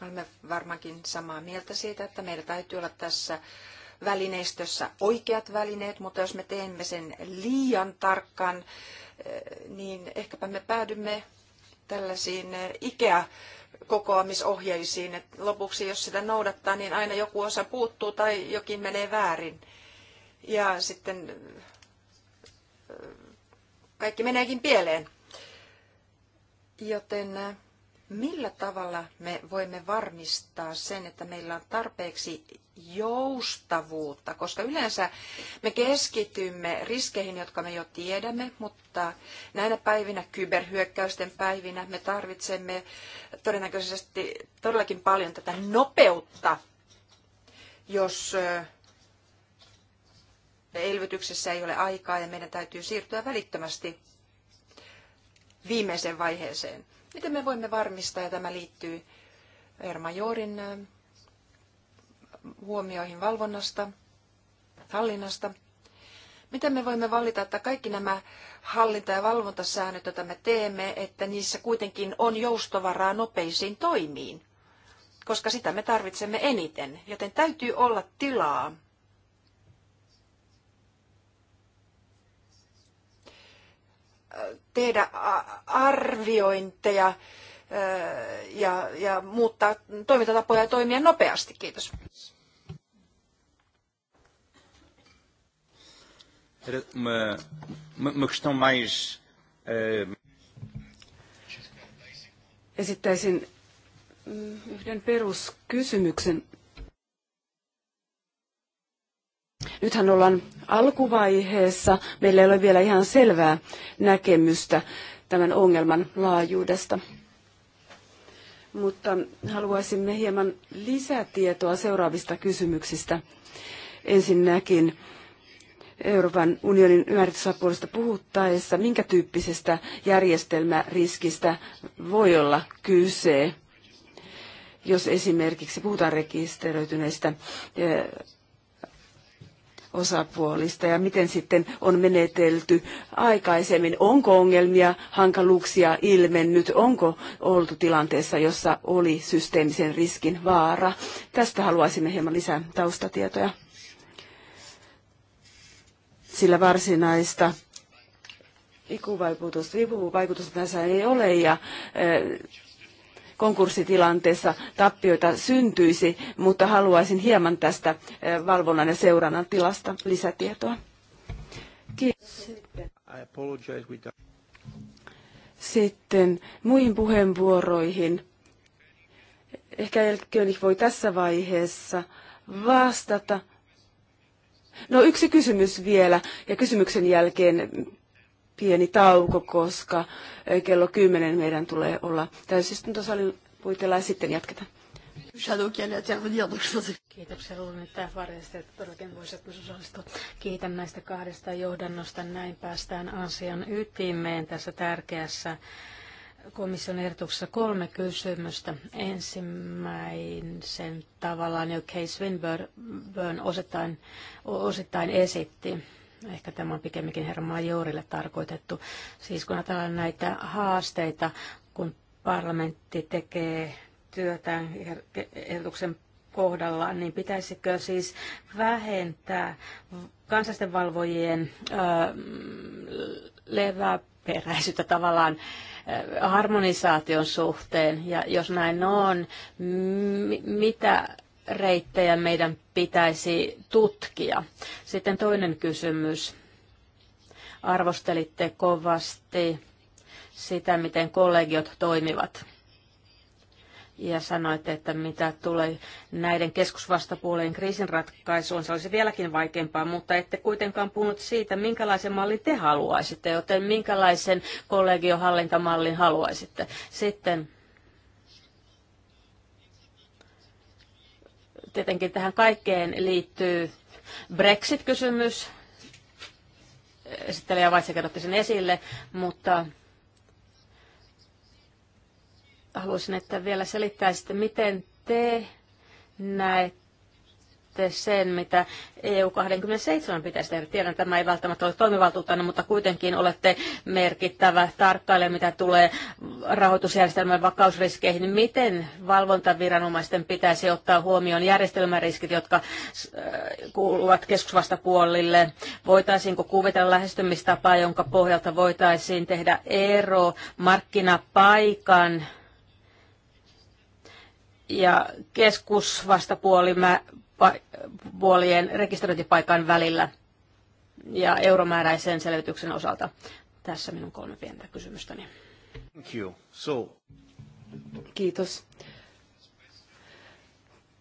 Speaker 3: Me olemme varmaankin samaa mieltä siitä, että meillä täytyy olla tässä välineistössä oikeat välineet, mutta jos me teemme sen liian tarkkaan, eh, niin ehkäpä me päädymme tällaisiin eh, IKEA kokoamisohjeisiin, että lopuksi jos sitä noudattaa, niin aina joku osa puuttuu tai jokin menee väärin. Ja sitten eh, kaikki meneekin pieleen. Joten eh, Millä tavalla me voimme varmistaa sen, että meillä on tarpeeksi joustavuutta, koska yleensä me keskitymme riskeihin, jotka me jo tiedämme, mutta näinä päivinä, kyberhyökkäysten päivinä, me tarvitsemme todennäköisesti todellakin paljon tätä nopeutta, jos elvytyksessä ei ole aikaa ja meidän täytyy siirtyä välittömästi viimeiseen vaiheeseen. Miten me voimme varmistaa, ja tämä liittyy Erma Joorin huomioihin valvonnasta, hallinnasta, miten me voimme valita, että kaikki nämä hallinta- ja valvontasäännöt, joita me teemme, että niissä kuitenkin on joustovaraa nopeisiin toimiin, koska sitä me tarvitsemme eniten, joten täytyy olla tilaa tehdä arviointeja ja, ja muuttaa toimintatapoja ja toimia nopeasti. Kiitos.
Speaker 1: Eh,
Speaker 4: Esittäisin mm, yhden peruskysymyksen. Nythän ollaan alkuvaiheessa. Meillä ei ole vielä ihan selvää näkemystä tämän ongelman laajuudesta. Mutta haluaisimme hieman lisätietoa seuraavista kysymyksistä. Ensinnäkin Euroopan unionin ymmärrysapuolesta puhuttaessa, minkä tyyppisestä järjestelmäriskistä voi olla kyse, jos esimerkiksi puhutaan rekisteröityneistä osapuolista ja miten sitten on menetelty aikaisemmin. Onko ongelmia, hankaluuksia ilmennyt, onko oltu tilanteessa, jossa oli systeemisen riskin vaara. Tästä haluaisimme hieman lisää taustatietoja. Sillä varsinaista ikuvaikutusta, vipuvaikutusta tässä ei ole ja konkurssitilanteessa tappioita syntyisi, mutta haluaisin hieman tästä eh, valvonnan ja seurannan tilasta lisätietoa. Kiitos. Sitten muihin puheenvuoroihin. Ehkä Elkönig voi tässä vaiheessa vastata. No yksi kysymys vielä, ja kysymyksen jälkeen pieni tauko, koska eh, kello 10 meidän tulee olla täysistuntosalin puitella ja sitten jatketaan.
Speaker 1: Shadow qui allait intervenir, Kiitoksia, luulen, että varjastajat todellakin voisivat osallistua. Kiitän näistä kahdesta johdannosta. Näin päästään asian ytimeen tässä tärkeässä komission ehdotuksessa kolme kysymystä. Ensimmäisen tavallaan jo Case Winburn osittain, osittain esitti Ehkä tämä on pikemminkin herra Majorille tarkoitettu. Siis kun ajatellaan näitä haasteita, kun parlamentti tekee työtään ehdotuksen kohdalla, niin pitäisikö siis vähentää kansallisten valvojien leväperäisyyttä tavallaan harmonisaation suhteen, ja jos näin on, mitä reittejä meidän pitäisi tutkia. Sitten toinen kysymys. Arvostelitte kovasti sitä, miten kollegiot toimivat. Ja sanoitte, että mitä tulee näiden keskusvastapuoleen kriisinratkaisuun, se olisi vieläkin vaikeampaa, mutta ette kuitenkaan puhunut siitä, minkälaisen mallin te haluaisitte, joten minkälaisen kollegiohallintamallin haluaisitte. Sitten Tietenkin tähän kaikkeen liittyy Brexit-kysymys. Lea Vaitse kerrotti sen esille, mutta haluaisin, että vielä selittäisitte, miten te näette sitten sen, mitä EU27 pitäisi tehdä. Tiedän, tämä ei välttämättä ole toimivaltuutena, mutta kuitenkin olette merkittävä tarkkailija, mitä tulee rahoitusjärjestelmän vakausriskeihin. Miten valvontaviranomaisten pitäisi ottaa huomioon järjestelmäriskit, jotka äh, kuuluvat keskusvastapuolille? Voitaisiinko kuvitella lähestymistapaa, jonka pohjalta voitaisiin tehdä ero markkinapaikan ja keskusvastapuoli puolien rekisteröintipaikan välillä ja euromääräisen selvityksen osalta. Tässä minun kolme pientä kysymystäni.
Speaker 2: Thank you. So.
Speaker 1: Kiitos.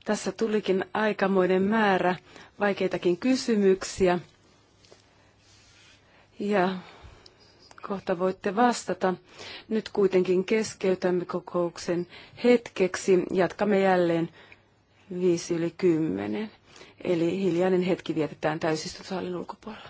Speaker 4: Tässä tulikin aikamoinen määrä vaikeitakin kysymyksiä. Ja kohta voitte vastata. Nyt kuitenkin keskeytämme kokouksen hetkeksi. Jatkamme jälleen viisi yli kymmenen. Eli hiljainen hetki vietetään täysistuntosalin ulkopuolella.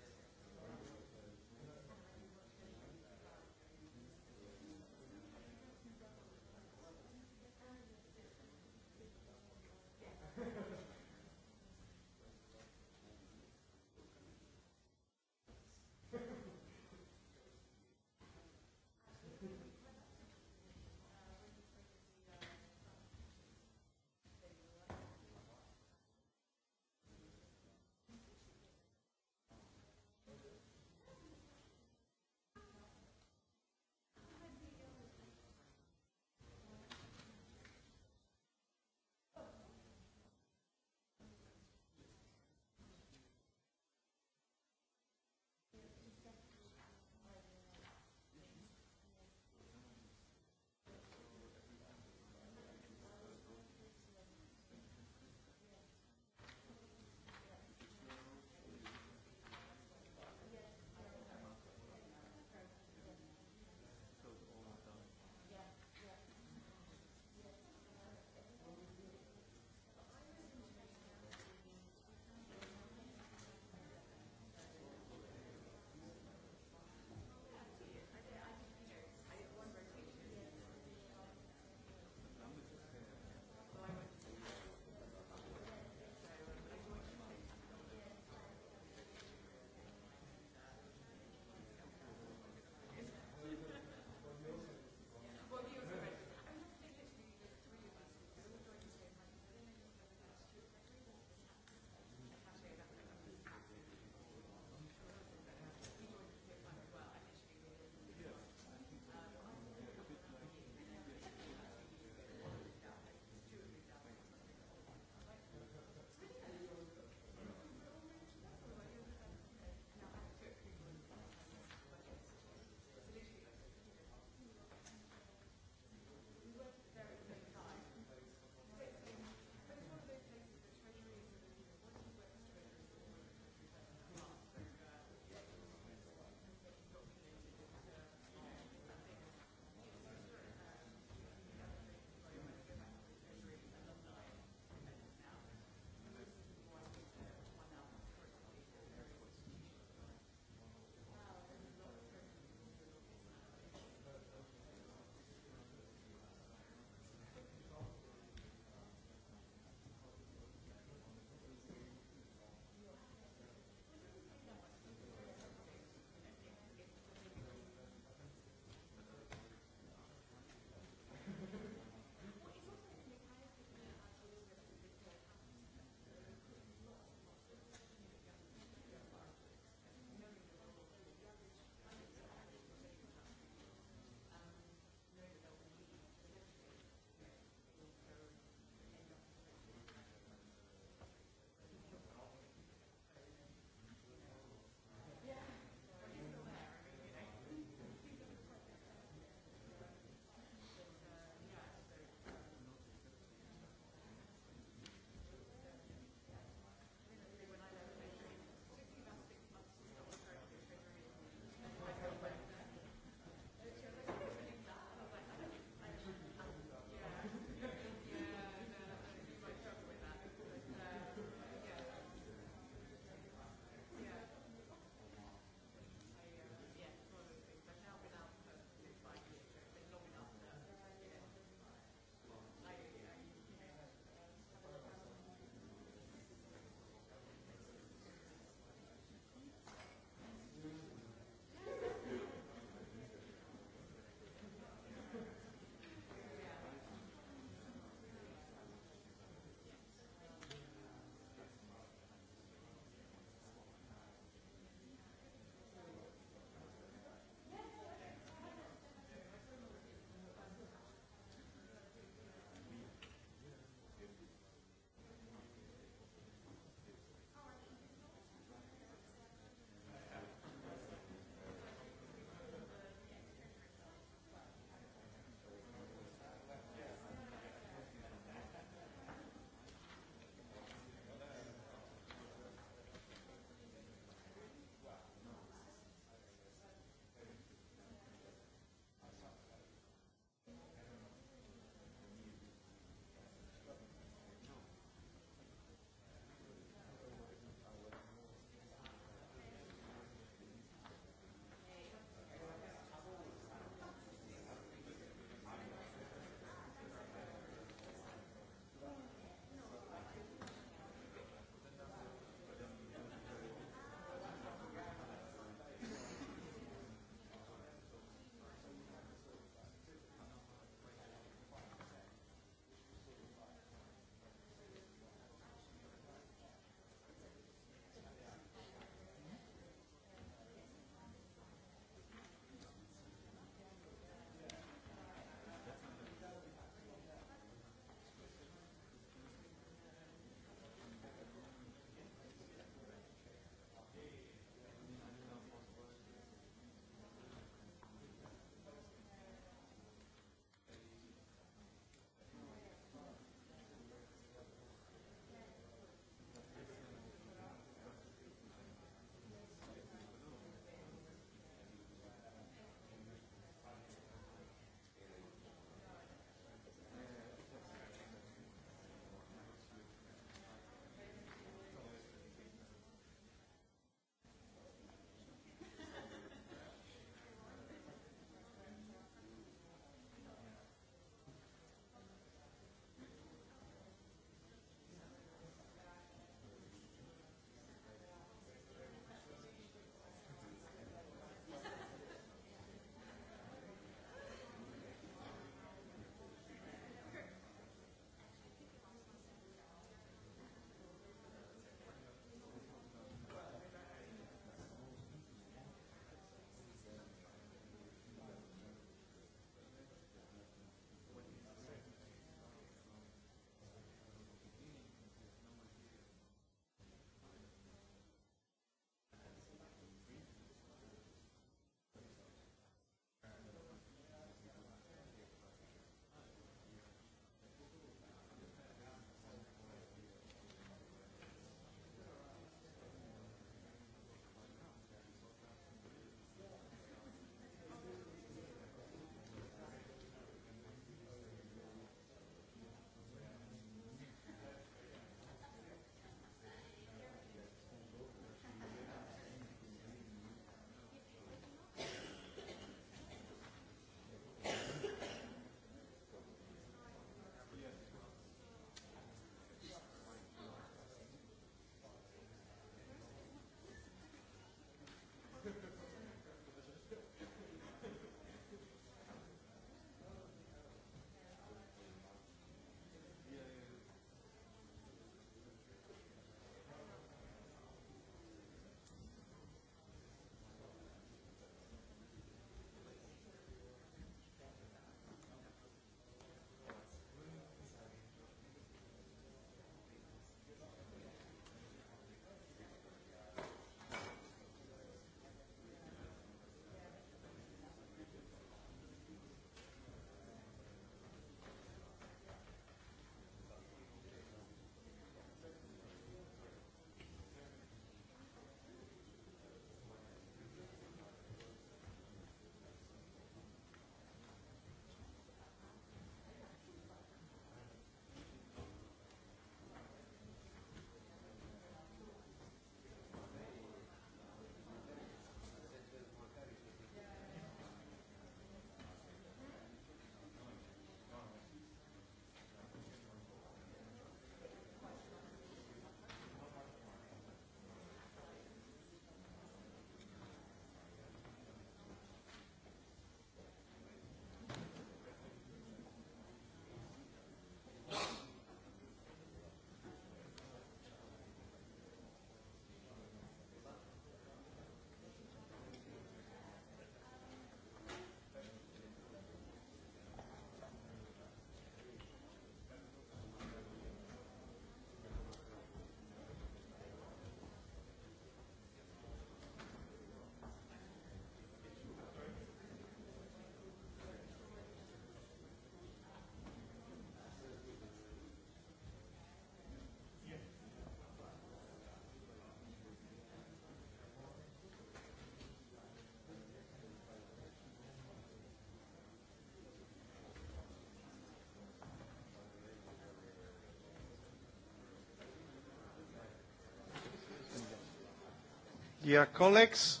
Speaker 2: Dear colleagues,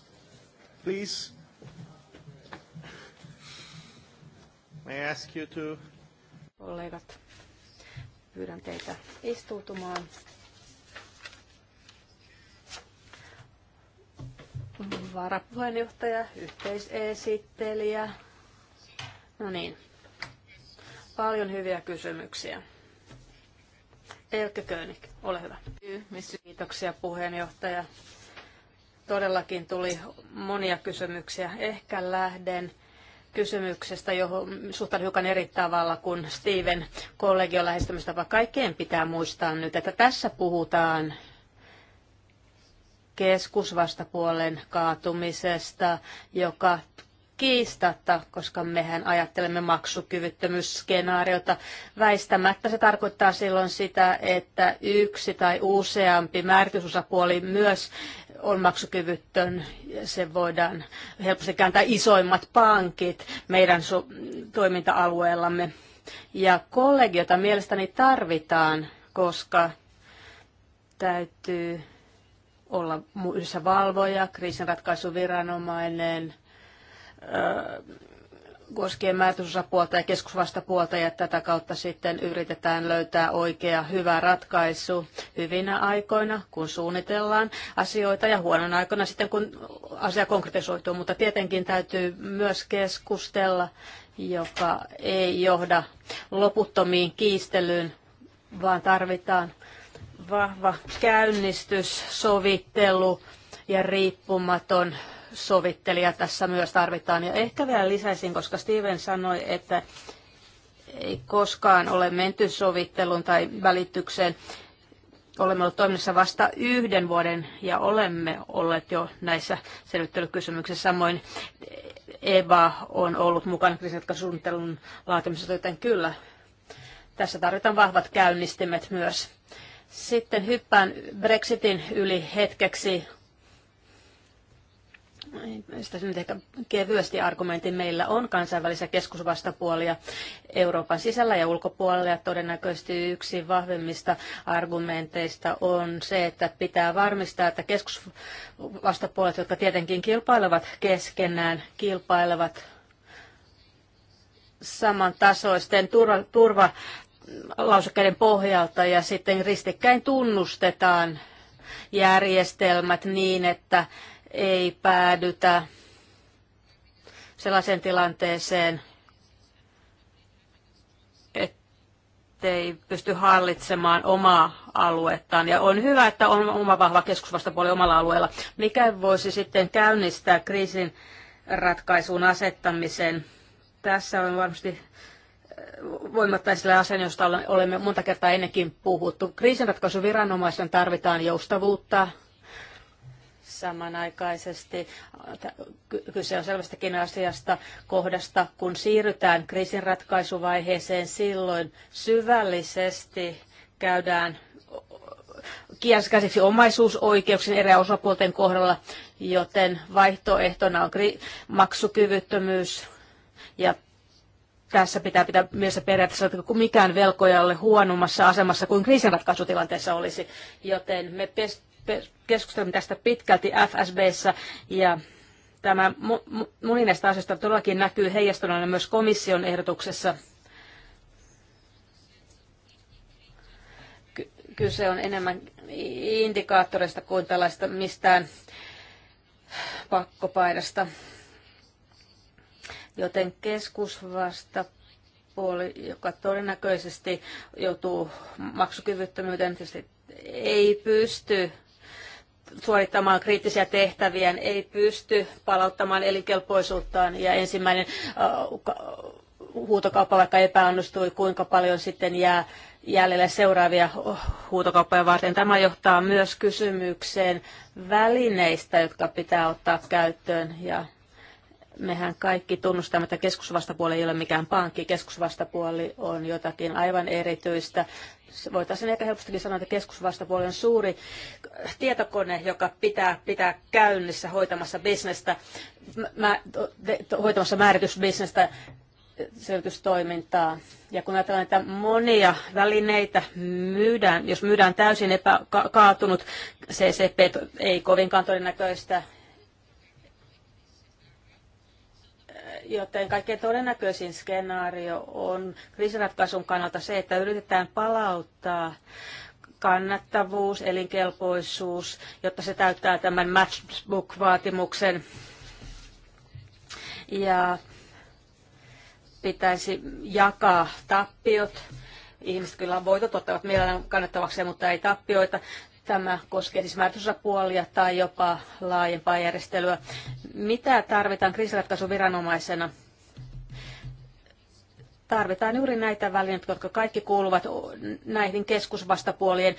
Speaker 2: please, may I ask you to...
Speaker 4: Kollegat,
Speaker 1: pyydän teitä istuutumaan. Varapuheenjohtaja, yhteisesittelijä. No niin, paljon hyviä kysymyksiä. Elke König, ole hyvä. Kiitoksia puheenjohtaja. Todellakin tuli monia kysymyksiä. Ehkä lähden kysymyksestä, johon suhtaudun hiukan eri tavalla kuin Steven kollegion lähestymistapa. Kaikkeen pitää muistaa nyt, että tässä puhutaan keskusvastapuolen kaatumisesta, joka kiistatta, koska mehän ajattelemme maksukyvyttömyysskenaariota. Väistämättä se tarkoittaa silloin sitä, että yksi tai useampi määritysosapuoli myös on maksukyvyttön, se voidaan helposti kääntää isoimmat pankit meidän toiminta-alueellamme. Ja kollegiota mielestäni tarvitaan, koska täytyy olla yhdessä valvoja, kriisinratkaisuviranomainen, koskien määritysosapuolta ja keskusvastapuolta ja tätä kautta sitten yritetään löytää oikea hyvä ratkaisu hyvinä aikoina, kun suunnitellaan asioita ja huonona aikoina sitten, kun asia konkretisoituu. Mutta tietenkin täytyy myös keskustella, joka ei johda loputtomiin kiistelyyn, vaan tarvitaan vahva käynnistys, sovittelu ja riippumaton sovittelija tässä myös tarvitaan. Ja ehkä vielä lisäisin, koska Steven sanoi, että ei koskaan ole menty sovitteluun tai välitykseen. Olemme olleet toiminnassa vasta yhden vuoden ja olemme olleet jo näissä selvittelykysymyksissä. Samoin Eva on ollut mukana kriisinratkaisuunnittelun laatimisessa, joten kyllä tässä tarvitaan vahvat käynnistimet myös. Sitten hyppään Brexitin yli hetkeksi sitä nyt ehkä kevyesti argumentin. Meillä on kansainvälisiä keskusvastapuolia Euroopan sisällä ja ulkopuolella. Ja todennäköisesti yksi vahvimmista argumenteista on se, että pitää varmistaa, että keskusvastapuolet, jotka tietenkin kilpailevat keskenään, kilpailevat samantasoisten turva, turva lausekkeiden pohjalta ja sitten ristikkäin tunnustetaan järjestelmät niin, että ei päädytä sellaiseen tilanteeseen, ettei pysty hallitsemaan omaa aluettaan. Ja on hyvä, että on oma vahva keskusvastapuoli omalla alueella. Mikä voisi sitten käynnistää kriisin ratkaisuun asettamisen? Tässä on varmasti äh, voimattaisilla asian, josta olemme monta kertaa ennenkin puhuttu. Kriisinratkaisuviranomaisen tarvitaan joustavuutta, samanaikaisesti. Kyse on selvästikin asiasta kohdasta, kun siirrytään kriisinratkaisuvaiheeseen, silloin syvällisesti käydään kiaskäiseksi omaisuusoikeuksien eri osapuolten kohdalla, joten vaihtoehtona on maksukyvyttömyys ja tässä pitää pitää mielessä periaatteessa, että mikään velkojalle huonommassa asemassa kuin kriisinratkaisutilanteessa olisi, joten me keskustelimme tästä pitkälti FSBssä ja tämä moni näistä asioista todellakin näkyy heijastuneena myös komission ehdotuksessa. Kyse on enemmän indikaattoreista kuin tällaista mistään pakkopaidasta. Joten keskusvasta puoli, joka todennäköisesti joutuu maksukyvyttömyyteen, tietysti ei pysty suorittamaan kriittisiä tehtäviä, ei pysty palauttamaan elinkelpoisuuttaan ja ensimmäinen äh, huutokauppa vaikka epäonnistui, kuinka paljon sitten jää jäljelle seuraavia huutokauppoja varten. Tämä johtaa myös kysymykseen välineistä, jotka pitää ottaa käyttöön ja mehän kaikki tunnustamme, että keskusvastapuoli ei ole mikään pankki. Keskusvastapuoli on jotakin aivan erityistä. Voitaisiin ehkä helpostikin sanoa, että keskusvastapuoli on suuri tietokone, joka pitää pitää käynnissä hoitamassa bisnestä, mä, hoitamassa määritysbisnestä selvitystoimintaa. Ja kun ajatellaan, että monia välineitä myydään, jos myydään täysin epäkaatunut CCP, ei kovinkaan todennäköistä, Joten kaikkein todennäköisin skenaario on kriisiratkaisun kannalta se, että yritetään palauttaa kannattavuus, elinkelpoisuus, jotta se täyttää tämän matchbook-vaatimuksen. Ja pitäisi jakaa tappiot ihmiset kyllä voitot ottavat mielellään kannattavaksi, mutta ei tappioita. Tämä koskee siis määrätysosapuolia tai jopa laajempaa järjestelyä. Mitä tarvitaan kriisiratkaisuviranomaisena? Tarvitaan juuri näitä välineitä, jotka kaikki kuuluvat näihin keskusvastapuolien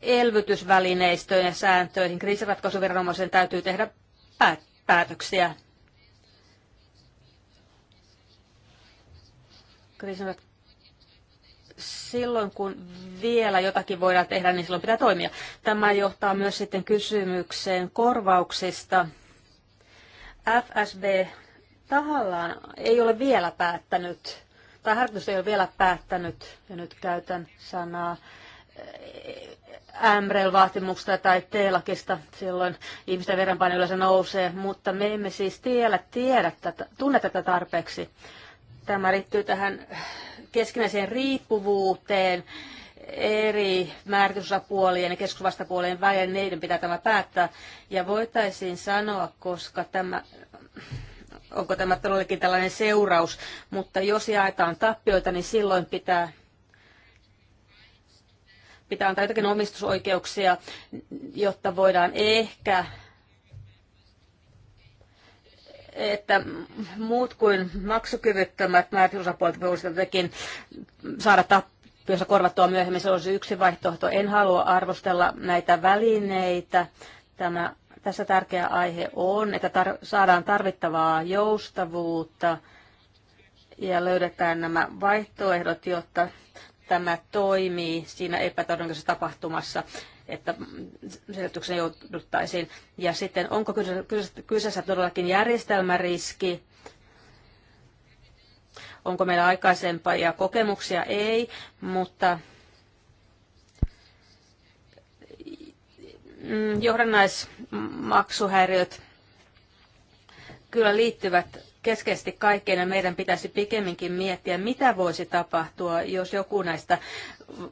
Speaker 1: elvytysvälineistöön ja sääntöihin. Kriisiratkaisuviranomaisen täytyy tehdä päätöksiä. Kriisiratkaisuviranomaisen silloin kun vielä jotakin voidaan tehdä, niin silloin pitää toimia. Tämä johtaa myös sitten kysymykseen korvauksista. FSB tahallaan ei ole vielä päättänyt, tai harjoitus ei ole vielä päättänyt, ja nyt käytän sanaa MREL-vaatimuksesta tai T-lakista, silloin ihmisten verenpaine yleensä nousee, mutta me emme siis tiedä, tiedä tätä, tunne tätä tarpeeksi. Tämä liittyy tähän keskinäiseen riippuvuuteen eri määritysosapuolien ja keskusvastapuolien välillä, niiden pitää tämä päättää. Ja voitaisiin sanoa, koska tämä, onko tämä todellakin tällainen seuraus, mutta jos jaetaan tappioita, niin silloin pitää pitää antaa jotakin omistusoikeuksia, jotta voidaan ehkä että muut kuin maksukyvyttömät määrätysosapuolet voisivat jotenkin saada tappiossa korvattua myöhemmin. Se olisi yksi vaihtoehto. En halua arvostella näitä välineitä. Tämä, tässä tärkeä aihe on, että tar- saadaan tarvittavaa joustavuutta ja löydetään nämä vaihtoehdot, jotta tämä toimii siinä epätodennäköisessä tapahtumassa että sijoituksen jouduttaisiin. Ja sitten onko kyseessä todellakin järjestelmäriski, onko meillä aikaisempaa ja kokemuksia ei, mutta mm, johdannaismaksuhäiriöt kyllä liittyvät keskeisesti kaikkeen ja meidän pitäisi pikemminkin miettiä, mitä voisi tapahtua, jos joku näistä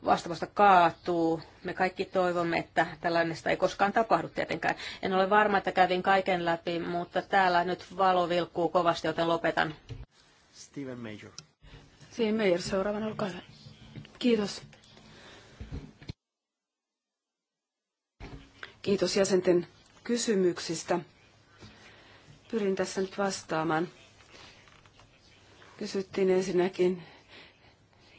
Speaker 1: vastaavasta kaatuu. Me kaikki toivomme, että tällaista ei koskaan tapahdu tietenkään. En ole varma, että kävin kaiken läpi, mutta täällä nyt valo vilkkuu kovasti, joten lopetan.
Speaker 2: Steven Major.
Speaker 1: Steven Major, seuraavana, olkaa hyvä. Kiitos.
Speaker 4: Kiitos jäsenten kysymyksistä. Pyrin tässä nyt vastaamaan Kysyttiin ensinnäkin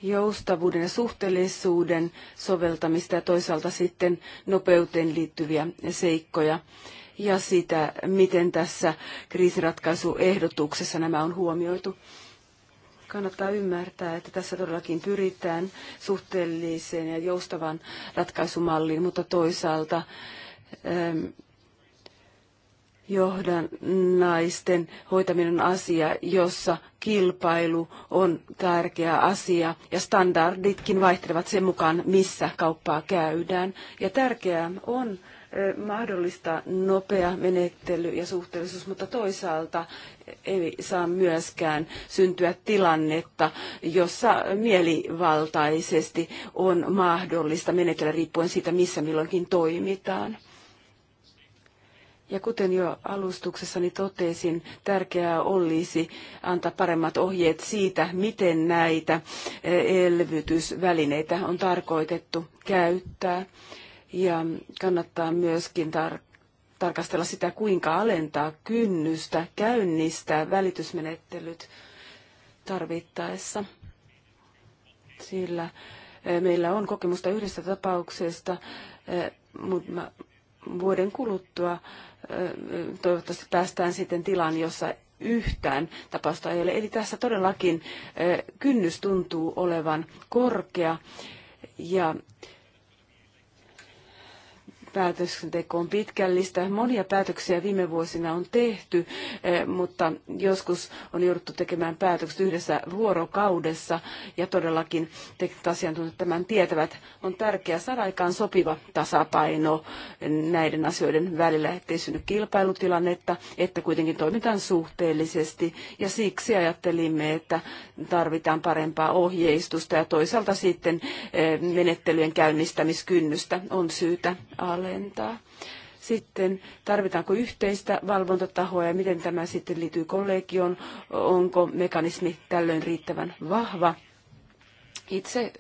Speaker 4: joustavuuden ja suhteellisuuden soveltamista ja toisaalta sitten nopeuteen liittyviä seikkoja ja sitä, miten tässä kriisiratkaisuehdotuksessa nämä on huomioitu. Kannattaa ymmärtää, että tässä todellakin pyritään suhteelliseen ja joustavan ratkaisumalliin, mutta toisaalta ähm, johdannaisten hoitaminen on asia, jossa kilpailu on tärkeä asia ja standarditkin vaihtelevat sen mukaan, missä kauppaa käydään. Ja tärkeää on eh, mahdollista nopea menettely ja suhteellisuus, mutta toisaalta ei saa myöskään syntyä tilannetta, jossa mielivaltaisesti on mahdollista menetellä riippuen siitä, missä milloinkin toimitaan. Ja kuten jo alustuksessani totesin, tärkeää olisi antaa paremmat ohjeet siitä, miten näitä eh, elvytysvälineitä on tarkoitettu käyttää. Ja kannattaa myöskin tarkastella sitä, kuinka alentaa kynnystä, käynnistää välitysmenettelyt tarvittaessa. Sillä eh, meillä on kokemusta yhdestä tapauksesta eh, vuoden kuluttua toivottavasti päästään sitten tilaan, jossa yhtään tapausta ei ole. Eli tässä todellakin kynnys tuntuu olevan korkea ja päätöksenteko on pitkällistä. Monia päätöksiä viime vuosina on tehty, eh, mutta joskus on jouduttu tekemään päätökset yhdessä vuorokaudessa ja todellakin tekniset asiantuntijat tämän tietävät. On tärkeää saada aikaan sopiva tasapaino näiden asioiden välillä, ettei synny kilpailutilannetta, että kuitenkin toimitaan suhteellisesti ja siksi ajattelimme, että tarvitaan parempaa ohjeistusta ja toisaalta sitten eh, menettelyjen käynnistämiskynnystä on syytä alentaa lentää. Sitten tarvitaanko yhteistä valvontatahoa ja miten tämä sitten liittyy kollegioon, onko mekanismi tällöin riittävän vahva. Itse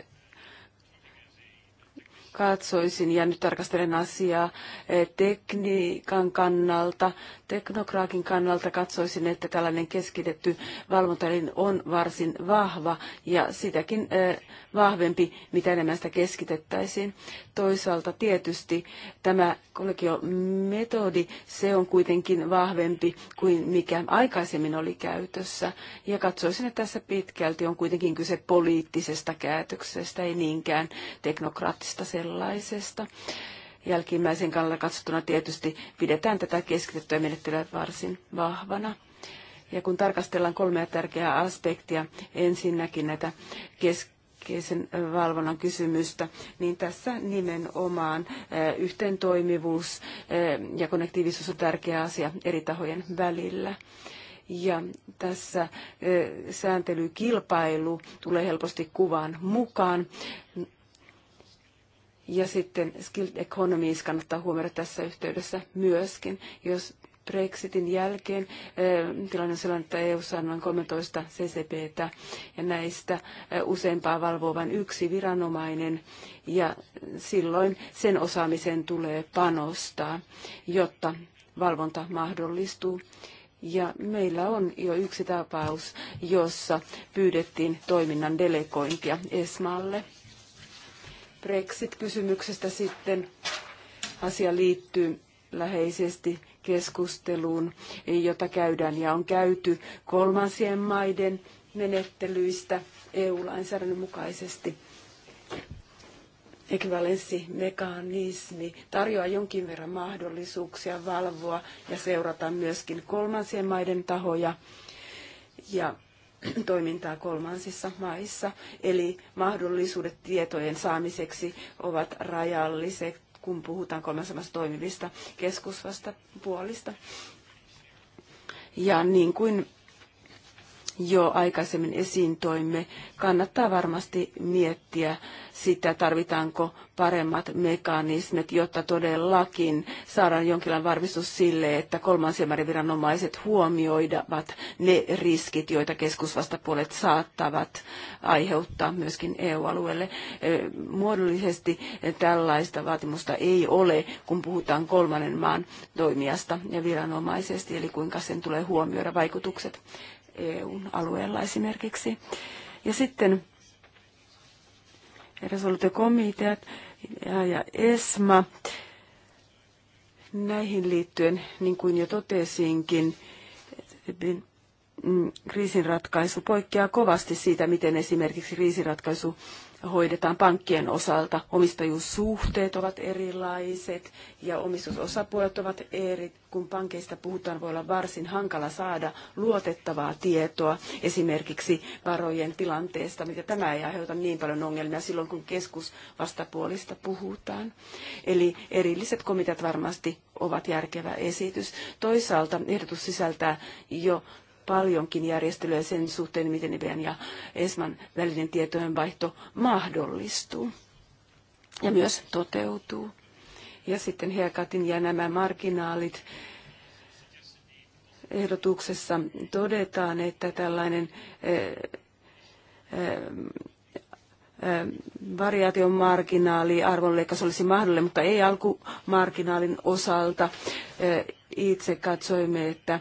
Speaker 4: katsoisin ja nyt tarkastelen asiaa eh, tekniikan kannalta teknokraakin kannalta katsoisin, että tällainen keskitetty valvontaelin on varsin vahva ja sitäkin vahvempi, mitä enemmän sitä keskitettäisiin. Toisaalta tietysti tämä kollegiometodi, se on kuitenkin vahvempi kuin mikä aikaisemmin oli käytössä. Ja katsoisin, että tässä pitkälti on kuitenkin kyse poliittisesta käytöksestä, ei niinkään teknokraattista sellaisesta jälkimmäisen kannalta katsottuna tietysti pidetään tätä keskitettyä menettelyä varsin vahvana. Ja kun tarkastellaan kolmea tärkeää aspektia, ensinnäkin näitä keskeisen valvonnan kysymystä, niin tässä nimenomaan yhteentoimivuus ja konnektiivisuus on tärkeä asia eri tahojen välillä. Ja tässä sääntelykilpailu tulee helposti kuvaan mukaan. Ja sitten skilled economies kannattaa huomioida tässä yhteydessä myöskin, jos Brexitin jälkeen eh, tilanne on sellainen, että EU on noin 13 CCPtä ja näistä eh, useampaa valvoo vain yksi viranomainen ja silloin sen osaamiseen tulee panostaa, jotta valvonta mahdollistuu. Ja meillä on jo yksi tapaus, jossa pyydettiin toiminnan delegointia ESMAlle. Brexit-kysymyksestä sitten asia liittyy läheisesti keskusteluun, jota käydään ja on käyty kolmansien maiden menettelyistä EU-lainsäädännön mukaisesti. Ekvivalenssimekanismi tarjoaa jonkin verran mahdollisuuksia valvoa ja seurata myöskin kolmansien maiden tahoja. Ja toimintaa kolmansissa maissa, eli mahdollisuudet tietojen saamiseksi ovat rajalliset, kun puhutaan kolmansissa maissa toimivista keskusvastapuolista. Ja niin kuin jo aikaisemmin esiin toimme, kannattaa varmasti miettiä sitä, tarvitaanko paremmat mekanismit, jotta todellakin saadaan jonkinlainen varmistus sille, että kolmansien viranomaiset huomioivat ne riskit, joita keskusvastapuolet saattavat aiheuttaa myöskin EU-alueelle. Muodollisesti tällaista vaatimusta ei ole, kun puhutaan kolmannen maan toimijasta ja viranomaisesti, eli kuinka sen tulee huomioida vaikutukset eu alueella esimerkiksi. Ja sitten resoluutiokomiteat ja ESMA. Näihin liittyen, niin kuin jo totesinkin, mm, kriisinratkaisu poikkeaa kovasti siitä, miten esimerkiksi kriisinratkaisu hoidetaan pankkien osalta. Omistajuussuhteet ovat erilaiset ja omistusosapuolet ovat eri. Kun pankeista puhutaan, voi olla varsin hankala saada luotettavaa tietoa esimerkiksi varojen tilanteesta, mitä tämä ei aiheuta niin paljon ongelmia silloin, kun keskusvastapuolista puhutaan. Eli erilliset komiteat varmasti ovat järkevä esitys. Toisaalta ehdotus sisältää jo paljonkin järjestelyä sen suhteen, miten EBN ja ESMAn välinen tietojenvaihto mahdollistuu ja myös toteutuu. Ja sitten Hekatin ja nämä marginaalit ehdotuksessa todetaan, että tällainen eh, eh, eh, variaation marginaali, arvonleikkaus olisi mahdollinen, mutta ei alkumarginaalin osalta. Itse katsoimme, että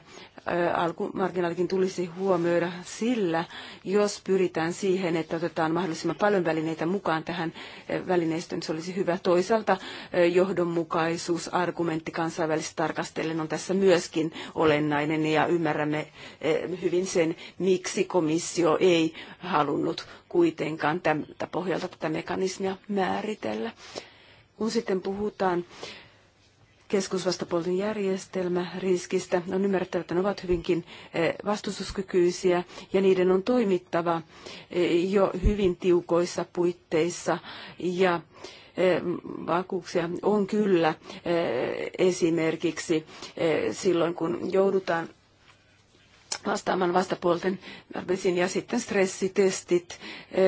Speaker 4: alkumarginaalikin tulisi huomioida sillä, jos pyritään siihen, että otetaan mahdollisimman paljon välineitä mukaan tähän välineistöön, niin se olisi hyvä. Toisaalta johdonmukaisuus, argumentti kansainvälisesti tarkastellen on tässä myöskin olennainen ja ymmärrämme hyvin sen, miksi komissio ei halunnut kuitenkaan tältä pohjalta tätä mekanismia määritellä. Kun sitten puhutaan keskusvastapuolten järjestelmä riskistä. On ymmärrettävä, että ne ovat hyvinkin eh, vastustuskykyisiä ja niiden on toimittava eh, jo hyvin tiukoissa puitteissa ja eh, vakuuksia on kyllä esimerkiksi silloin, kun joudutaan vastaamaan vastapuolten tarpeisiin ja sitten stressitestit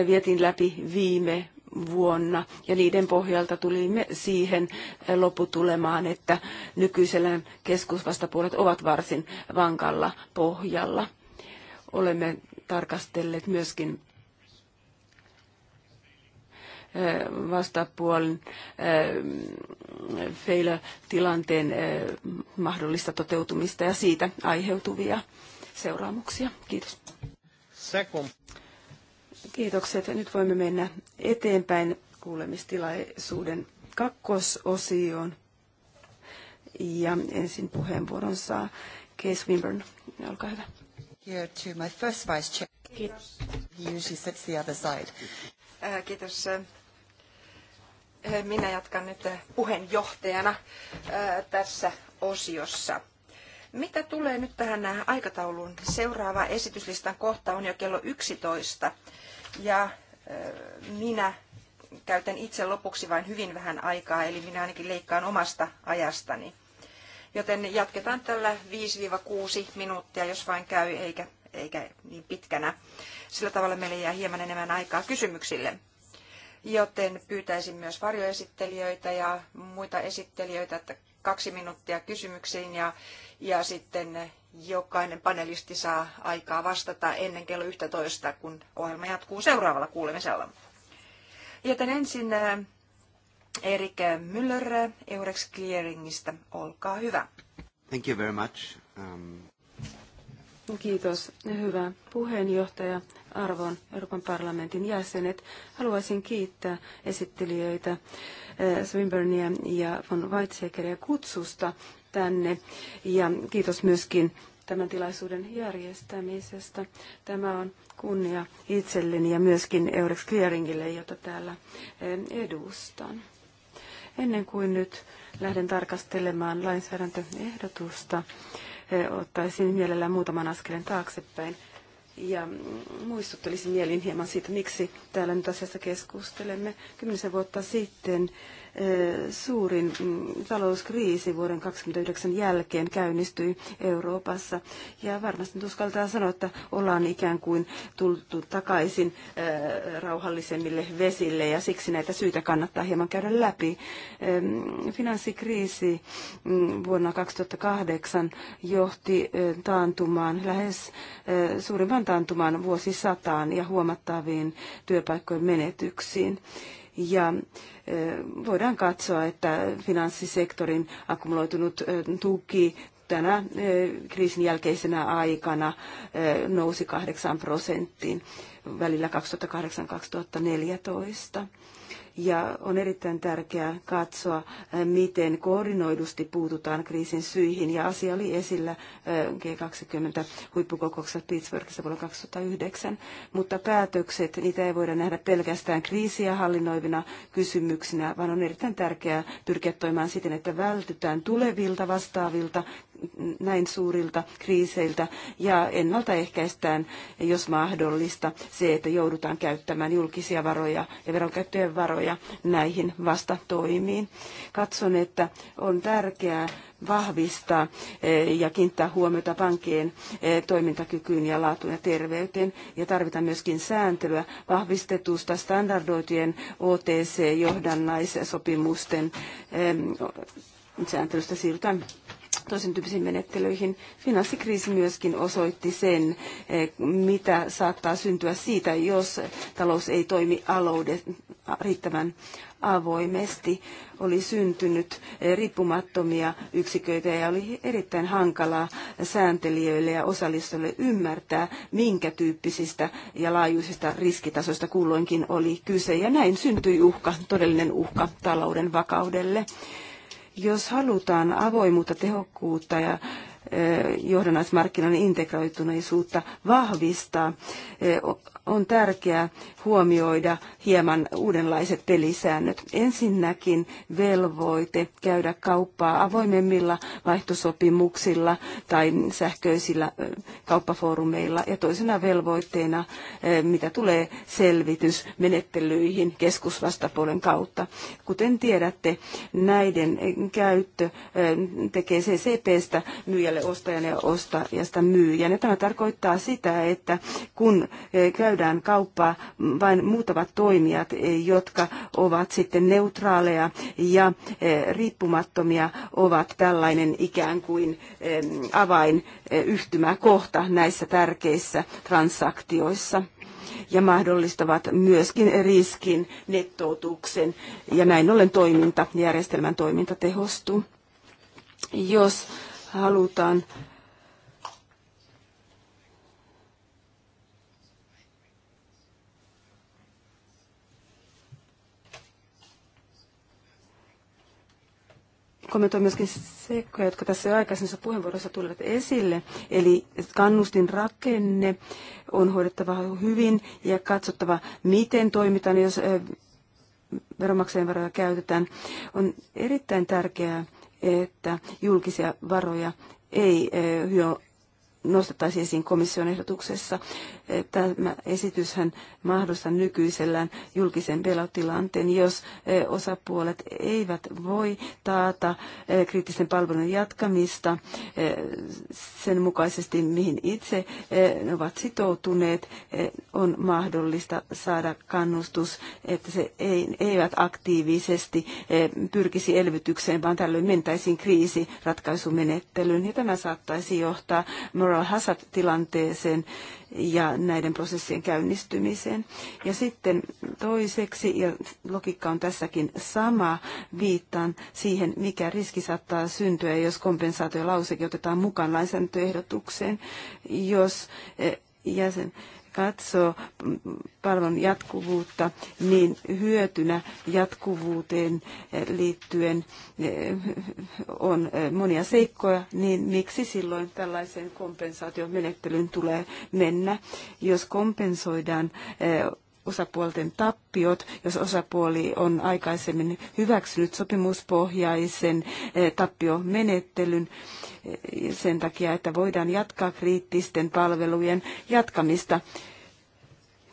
Speaker 4: vietin läpi viime vuonna ja niiden pohjalta tulimme siihen lopputulemaan, että nykyisellään keskusvastapuolet ovat varsin vankalla pohjalla. Olemme tarkastelleet myöskin eh, vastapuolen eh, feilä-tilanteen eh, mahdollista toteutumista ja siitä aiheutuvia seuraamuksia. Kiitos. Second. Kiitokset. Nyt voimme mennä eteenpäin kuulemistilaisuuden kakkososioon. Ja ensin puheenvuoron saa Case Wimburn. Olkaa hyvä.
Speaker 3: Here to my first vice chair. Kiitos. He usually sits the other side. Äh, kiitos. Äh, minä jatkan nyt äh, puheenjohtajana tässä osiossa. Mitä tulee nyt tähän aikatauluun? Seuraava esityslistan kohta on jo kello 11 ja minä käytän itse lopuksi vain hyvin vähän aikaa, eli minä ainakin leikkaan omasta ajastani. Joten jatketaan tällä 5-6 minuuttia, jos vain käy, eikä, eikä niin pitkänä. Sillä tavalla meille jää hieman enemmän aikaa kysymyksille. Joten pyytäisin myös varjoesittelijöitä ja muita esittelijöitä, että kaksi minuuttia kysymyksiin ja ja sitten jokainen panelisti saa aikaa vastata ennen kello 11, kun ohjelma jatkuu seuraavalla kuulemisella. Joten ensin eh, Erik Müller Eurex Clearingista, olkaa hyvä. Thank you very much. Um...
Speaker 4: Kiitos. Hyvä puheenjohtaja, arvon Euroopan parlamentin jäsenet. Haluaisin kiittää esittelijöitä eh, Swinburnia ja von Weizsäckeria kutsusta tänne ja kiitos myöskin tämän tilaisuuden järjestämisestä. Tämä on kunnia itselleni ja myöskin Eurex Clearingille, jota täällä eh, edustan. Ennen kuin nyt lähden tarkastelemaan lainsäädäntöehdotusta, eh, ottaisin mielellään muutaman askelen taaksepäin ja muistuttelisin mielin hieman siitä, miksi täällä nyt asiassa keskustelemme. Kymmenisen vuotta sitten suurin mm, talouskriisi vuoden 1929 jälkeen käynnistyi Euroopassa. Ja varmasti uskaltaa sanoa, että ollaan ikään kuin tultu takaisin äh, rauhallisemmille vesille ja siksi näitä syitä kannattaa hieman käydä läpi. Ähm, finanssikriisi mm, vuonna 2008 johti äh, taantumaan, lähes äh, suurimman taantumaan vuosisataan ja huomattaviin työpaikkojen menetyksiin ja eh, voidaan katsoa, että finanssisektorin akkumuloitunut eh, tuki tänä eh, kriisin jälkeisenä aikana nousi 8 prosenttiin välillä 2008-2014 ja on erittäin tärkeää katsoa, äh, miten koordinoidusti puututaan kriisin syihin. Ja asia oli esillä äh, G20-huippukokouksessa Pittsburghissa vuonna 2009, mutta päätökset, niitä ei voida nähdä pelkästään kriisiä hallinnoivina kysymyksinä, vaan on erittäin tärkeää pyrkiä toimimaan siten, että vältytään tulevilta vastaavilta näin suurilta kriiseiltä ja ennaltaehkäistään, jos mahdollista, se, että joudutaan käyttämään julkisia varoja ja veronkäyttöjen varoja näihin vastatoimiin. Katson, että on tärkeää vahvistaa eh, ja kiinnittää huomiota pankkien eh, toimintakykyyn ja laatuun ja terveyteen. Ja tarvitaan myöskin sääntelyä vahvistetusta standardoitujen OTC-johdannaissopimusten sääntelystä siirrytään toisen tyyppisiin menettelyihin. Finanssikriisi myöskin osoitti sen, eh, mitä saattaa syntyä siitä, jos talous ei toimi aloude, riittävän avoimesti. Oli syntynyt eh, riippumattomia yksiköitä ja oli erittäin hankalaa sääntelijöille ja osallistujille ymmärtää, minkä tyyppisistä ja laajuisista riskitasoista kulloinkin oli kyse. Ja näin syntyi uhka, todellinen uhka talouden vakaudelle. Jos halutaan avoimuutta, tehokkuutta ja eh, johdannaismarkkinoiden integroituneisuutta vahvistaa, eh, on tärkeää huomioida hieman uudenlaiset pelisäännöt. Ensinnäkin velvoite käydä kauppaa avoimemmilla vaihtosopimuksilla tai sähköisillä kauppafoorumeilla ja toisena velvoitteena, mitä tulee selvitysmenettelyihin keskusvastapuolen kautta. Kuten tiedätte, näiden käyttö tekee CCPstä myyjälle ostajan ja ostajasta myyjän. Ja tämä tarkoittaa sitä, että kun käy käydään kauppaa, vain muutamat toimijat, eh, jotka ovat sitten neutraaleja ja eh, riippumattomia, ovat tällainen ikään kuin eh, avainyhtymäkohta näissä tärkeissä transaktioissa ja mahdollistavat myöskin riskin nettoutuksen ja näin ollen toiminta, järjestelmän toiminta tehostuu. Jos halutaan kommentoin myöskin seikkoja, jotka tässä jo aikaisemmissa puheenvuoroissa tulivat esille. Eli kannustin rakenne on hoidettava hyvin ja katsottava, miten toimitaan, jos veronmaksajien varoja käytetään. On erittäin tärkeää, että julkisia varoja ei nostettaisiin esiin komission ehdotuksessa. Tämä esityshän mahdollistaa nykyisellään julkisen pelotilanteen, jos e, osapuolet eivät voi taata e, kriittisen palvelun jatkamista e, sen mukaisesti, mihin itse ne ovat sitoutuneet, on mahdollista saada kannustus, että se ei, eivät aktiivisesti pyrkisi elvytykseen, vaan tällöin mentäisiin kriisiratkaisumenettelyyn, ja tämä saattaisi johtaa moral moral hazard-tilanteeseen ja näiden prosessien käynnistymiseen. Ja sitten toiseksi, ja logiikka on tässäkin sama, viittaan siihen, mikä riski saattaa syntyä, jos kompensaatiolauseke otetaan mukaan lainsäädäntöehdotukseen, jos eh, jäsen katsoo palvelun jatkuvuutta, niin hyötynä jatkuvuuteen liittyen eh, on eh, monia seikkoja, niin miksi silloin tällaiseen kompensaatiomenettelyyn tulee mennä, jos kompensoidaan eh, osapuolten tappiot, jos osapuoli on aikaisemmin hyväksynyt sopimuspohjaisen eh, tappiomenettelyn eh, sen takia, että voidaan jatkaa kriittisten palvelujen jatkamista.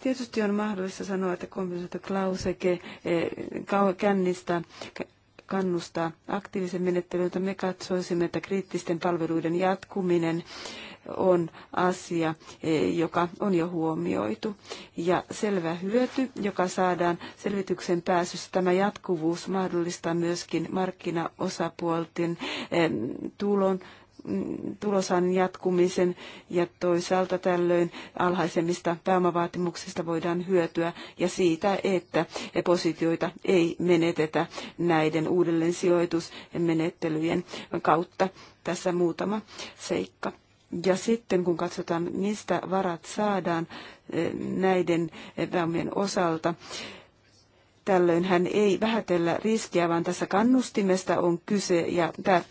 Speaker 4: Tietysti on mahdollista sanoa, että kompensaatioklauseke eh, kännistä kannustaa aktiivisen menettelyyn, me katsoisimme, että kriittisten palveluiden jatkuminen on asia, e, joka on jo huomioitu. Ja selvä hyöty, joka saadaan selvityksen pääsyssä, tämä jatkuvuus mahdollistaa myöskin markkinaosapuolten e, tulon tulosan jatkumisen ja toisaalta tällöin alhaisemmista pääomavaatimuksista voidaan hyötyä ja siitä, että positioita ei menetetä näiden uudelleen sijoitusmenettelyjen kautta. Tässä muutama seikka. Ja sitten kun katsotaan, mistä varat saadaan eh, näiden pääomien osalta, tällöin hän ei vähätellä riskiä, vaan tässä kannustimesta on kyse ja tämä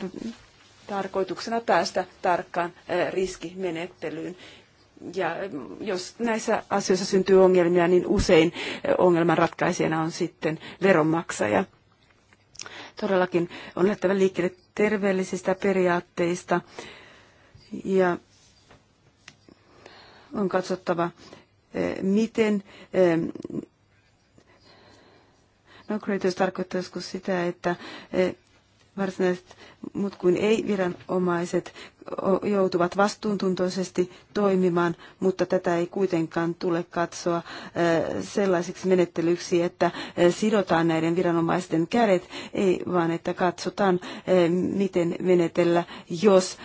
Speaker 4: tarkoituksena päästä tarkkaan riskimenettelyyn. Ja jos näissä asioissa syntyy ongelmia, niin usein ongelman ratkaisijana on sitten veronmaksaja. Todellakin on lähtevä liikkeelle terveellisistä periaatteista ja on katsottava, miten No creators tarkoittaa joskus sitä, että varsinaiset mut kuin ei-viranomaiset joutuvat vastuuntuntoisesti toimimaan, mutta tätä ei kuitenkaan tule katsoa sellaisiksi menettelyksi, että sidotaan näiden viranomaisten kädet, ei vaan että katsotaan, miten menetellä, jos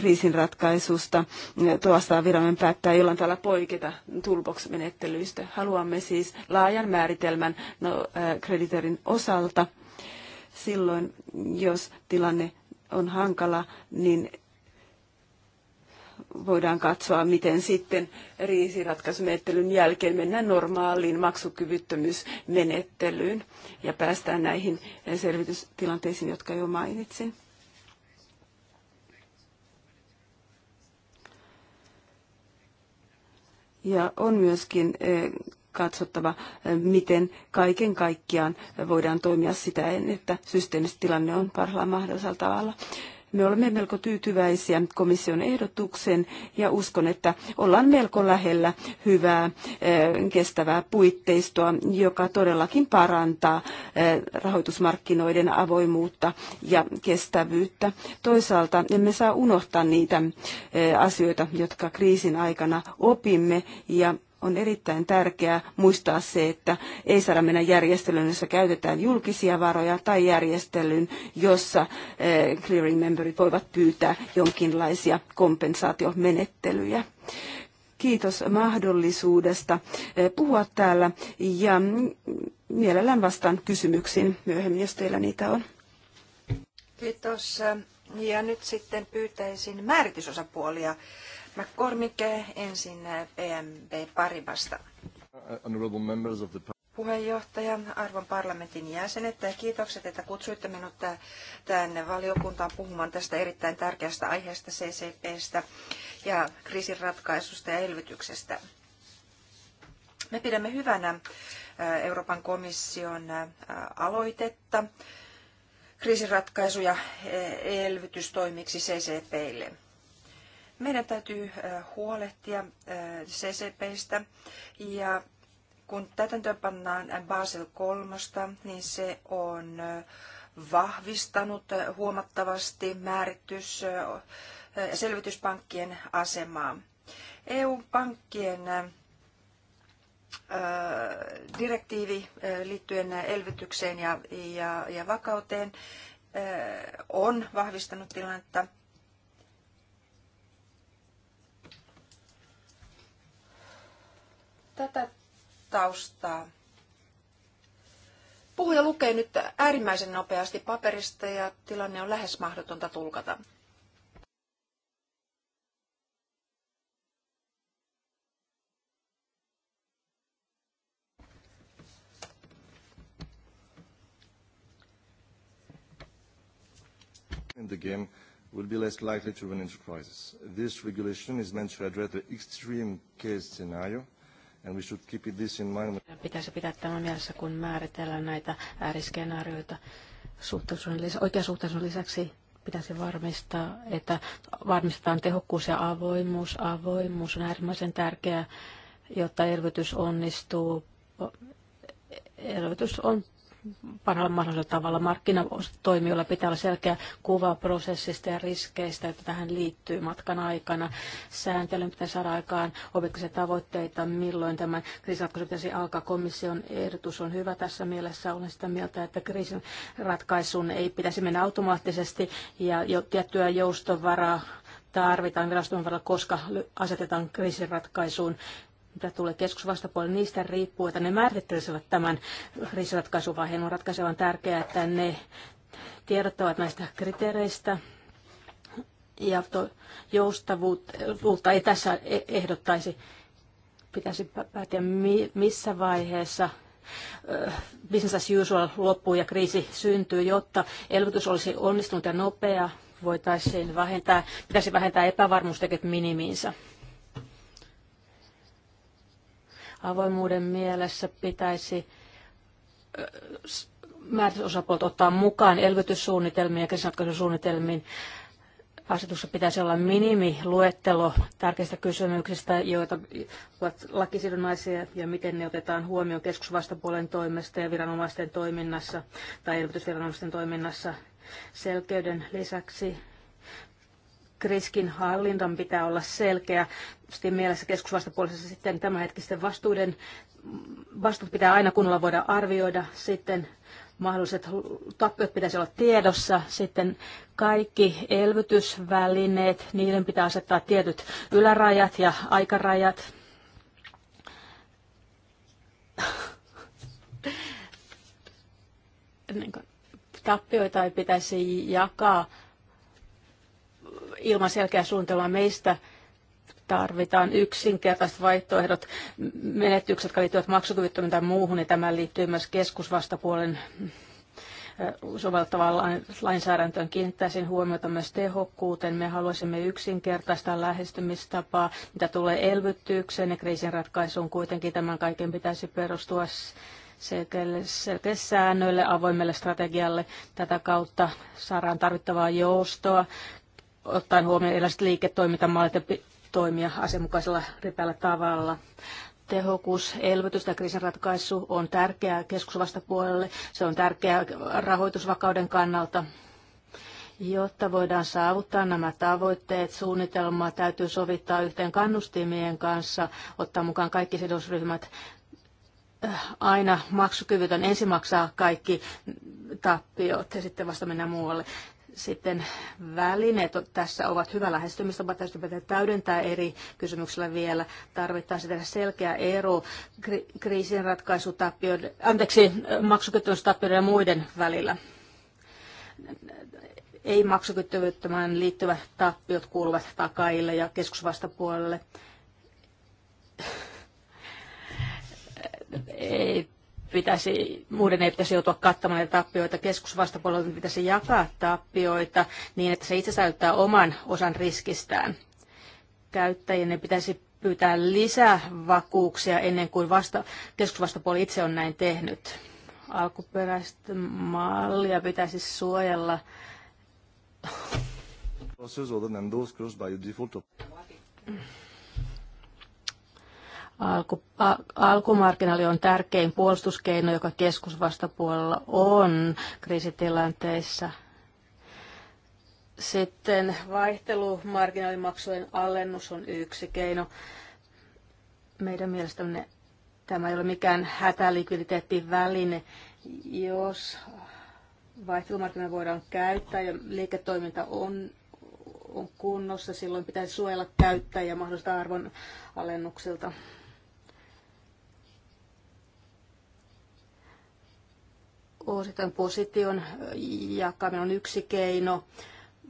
Speaker 4: kriisinratkaisusta tuosta viranomainen päättää jollain tavalla poiketa toolbox-menettelyistä. Haluamme siis laajan määritelmän no, krediterin osalta – silloin, jos tilanne on hankala, niin voidaan katsoa, miten sitten riisiratkaisumenettelyn jälkeen mennään normaaliin maksukyvyttömyysmenettelyyn ja päästään näihin selvitystilanteisiin, jotka jo mainitsin. Ja on myöskin eh, katsottava, miten kaiken kaikkiaan voidaan toimia sitä, että systeemistä tilanne on parhaalla mahdollisella tavalla. Me olemme melko tyytyväisiä komission ehdotuksen ja uskon, että ollaan melko lähellä hyvää kestävää puitteistoa, joka todellakin parantaa rahoitusmarkkinoiden avoimuutta ja kestävyyttä. Toisaalta emme saa unohtaa niitä asioita, jotka kriisin aikana opimme ja on erittäin tärkeää muistaa se, että ei saada mennä järjestelyyn, jossa käytetään julkisia varoja, tai järjestelyyn, jossa eh, clearing memberit voivat pyytää jonkinlaisia kompensaatiomenettelyjä. Kiitos mahdollisuudesta eh, puhua täällä ja mielellään vastaan kysymyksiin myöhemmin, jos teillä niitä on.
Speaker 3: Kiitos. Ja nyt sitten pyytäisin määritysosapuolia McCormick ensin PMP e Paribasta. Puheenjohtaja, arvon parlamentin jäsenet, kiitokset, että kutsuitte minut tänne valiokuntaan puhumaan tästä erittäin tärkeästä aiheesta CCPstä ja kriisinratkaisusta ja elvytyksestä. Me pidämme hyvänä Euroopan komission aloitetta kriisinratkaisu- ja elvytystoimiksi CCPille. Meidän täytyy huolehtia CCPistä ja kun täytäntöä pannaan Basel 3, niin se on vahvistanut huomattavasti määritys- ja selvityspankkien asemaa. EU-pankkien direktiivi liittyen elvytykseen ja, ja, ja vakauteen on vahvistanut tilannetta tätä taustaa. Puhuja lukee nyt äärimmäisen nopeasti paperista ja tilanne on lähes
Speaker 4: mahdotonta tulkata.
Speaker 1: in the game will be less likely to run into crisis. This regulation is meant to address the extreme case scenario And we should keep this in mind. Pitäisi pitää tämä mielessä, kun määritellään näitä ääriskenaarioita. Oikeasuhtaisuuden lisäksi pitäisi varmistaa, että varmistetaan tehokkuus ja avoimuus. Avoimuus on äärimmäisen tärkeää, jotta elvytys onnistuu. Elvytys on parhaalla mahdollisella tavalla. Markkinatoimijoilla pitää olla selkeä kuva prosessista ja riskeistä, että tähän liittyy matkan aikana. Sääntelyn pitää saada aikaan se tavoitteita, milloin tämän kriisiratkaisu pitäisi alkaa. Komission ehdotus on hyvä tässä mielessä. Olen sitä mieltä, että kriisin ratkaisuun ei pitäisi mennä automaattisesti ja jo tiettyä joustovaraa tarvitaan viraston varrella, koska asetetaan kriisinratkaisuun mitä tulee keskusvastapuolelle, niistä riippuu, että ne määrittelisivät tämän kriisiratkaisuvaiheen. On ratkaisevan tärkeää, että ne tiedottavat näistä kriteereistä, ja to, joustavuutta ei tässä e- ehdottaisi. Pitäisi päätyä missä vaiheessa business as usual loppuu ja kriisi syntyy, jotta elvytys olisi onnistunut ja nopea, voitaisiin vähentää, pitäisi vähentää epävarmuustekijät minimiinsä. Avoimuuden mielessä pitäisi määrätysosapuolet ottaa mukaan elvytyssuunnitelmiin ja kriisinratkaisusuunnitelmiin. Asetuksessa pitäisi olla minimiluettelo tärkeistä kysymyksistä, joita ovat lakisidonnaisia ja miten ne otetaan huomioon keskusvastapuolen toimesta ja viranomaisten toiminnassa tai elvytysviranomaisten toiminnassa. Selkeyden lisäksi riskin hallinnan pitää olla selkeä. Sitten mielessä keskusvastapuolisessa sitten tämänhetkisten vastuuden, vastuut pitää aina kunnolla voida arvioida. Sitten mahdolliset tappiot pitäisi olla tiedossa. Sitten kaikki elvytysvälineet, niiden pitää asettaa tietyt ylärajat ja aikarajat. Tappioita ei pitäisi jakaa ilman selkeää suunnitelmaa meistä tarvitaan yksinkertaiset vaihtoehdot, menetykset, jotka liittyvät maksukyvyttömyyteen tai muuhun, niin tämä liittyy myös keskusvastapuolen soveltavaan lainsäädäntöön kiinnittäisin huomiota myös tehokkuuteen. Me haluaisimme yksinkertaista lähestymistapaa, mitä tulee elvyttyykseen ja kriisin ratkaisuun. Kuitenkin tämän kaiken pitäisi perustua selkeille, selkeille säännöille, avoimelle strategialle. Tätä kautta saadaan tarvittavaa joustoa ottaen huomioon erilaiset liiketoimintamallit ja toimia asianmukaisella ripeällä tavalla. Tehokkuus, elvytys ja kriisinratkaisu on tärkeää keskusvastapuolelle. Se on tärkeää rahoitusvakauden kannalta. Jotta voidaan saavuttaa nämä tavoitteet, suunnitelmaa täytyy sovittaa yhteen kannustimien kanssa, ottaa mukaan kaikki sidosryhmät. Aina maksukyvytön ensin maksaa kaikki tappiot ja sitten vasta mennä muualle. Sitten välineet tässä ovat hyvä lähestymistapa. Tästä pitää täydentää eri kysymyksillä vielä. Tarvitaan tehdä selkeä ero kriisin anteeksi, maksukyttömyystappioiden ja muiden välillä ei maksukyttömyyttömään liittyvät tappiot kuuluvat takaille ja keskusvastapuolelle.
Speaker 4: ei
Speaker 1: pitäisi, muiden ei pitäisi joutua kattamaan näitä tappioita. Keskusvastapuolelta pitäisi jakaa tappioita niin, että se itse säilyttää oman osan riskistään. Käyttäjien pitäisi pyytää lisävakuuksia ennen kuin vasta, keskusvastapuoli itse on näin tehnyt. Alkuperäistä mallia pitäisi suojella. Alku, a, alkumarkkinaali on tärkein puolustuskeino, joka keskusvastapuolella on kriisitilanteissa. Sitten vaihtelumarkkinaalimaksujen alennus on yksi keino. Meidän mielestämme tämä ei ole mikään hätälikviditeettiin väline. Jos vaihtelumarkkinoita voidaan käyttää ja liiketoiminta on, on kunnossa, silloin pitäisi suojella käyttäjiä arvon alennuksilta. Osittain position jakaminen on yksi keino,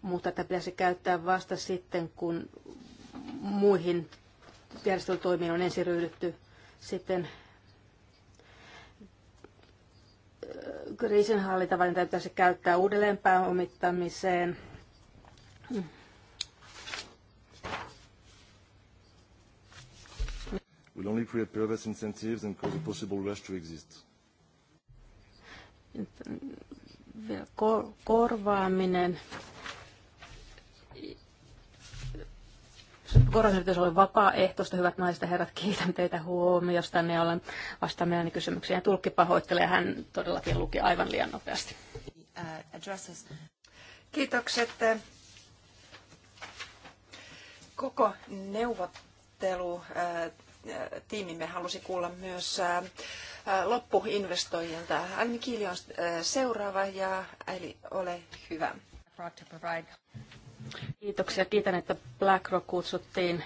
Speaker 1: mutta tätä pitäisi käyttää vasta sitten, kun muihin järjestelytoimiin on ensin ryhdytty. Sitten äh, kriisinhallintavalinta pitäisi käyttää uudelleen pääomittamiseen.
Speaker 3: Will only create perverse incentives and cause a possible rush to exist
Speaker 1: korvaaminen. Korvaaminen pitäisi olla vapaaehtoista. Hyvät naiset ja herrat, kiitän teitä huomiosta. Ne olen vastaamiani kysymyksiä. Tulkki pahoittelee. Hän todellakin luki aivan liian nopeasti.
Speaker 3: Kiitokset. Koko neuvottelu äh, äh, tiimimme halusi kuulla myös äh, loppuinvestoijilta. Anni Kiili on seuraava ja eli ole hyvä.
Speaker 1: Kiitoksia. Kiitän, että BlackRock kutsuttiin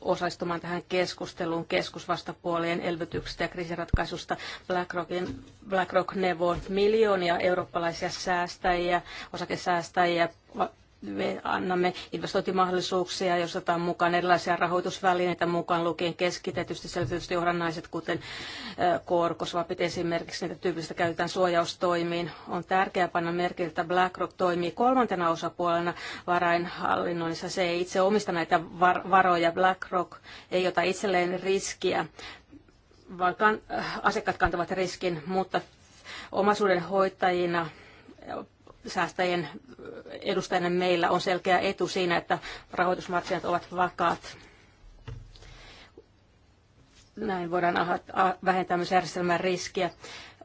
Speaker 1: osallistumaan tähän keskusteluun keskusvastapuolien elvytyksestä ja kriisiratkaisusta. BlackRockin, BlackRock neuvoo miljoonia eurooppalaisia säästäjiä, osakesäästäjiä me annamme investointimahdollisuuksia, jos otetaan mukaan erilaisia rahoitusvälineitä mukaan lukien keskitetysti selvitysti johdannaiset, kuten korkosvapit esimerkiksi, niitä tyypillistä käytetään suojaustoimiin. On tärkeää panna merkille, että BlackRock toimii kolmantena osapuolena varainhallinnoinnissa. Se ei itse omista näitä varoja. BlackRock ei ota itselleen riskiä, vaan asiakkaat kantavat riskin, mutta omaisuuden hoitajina säästäjien edustajana meillä on selkeä etu siinä, että rahoitusmarkkinat ovat vakaat. Näin voidaan vähentää myös järjestelmän riskiä.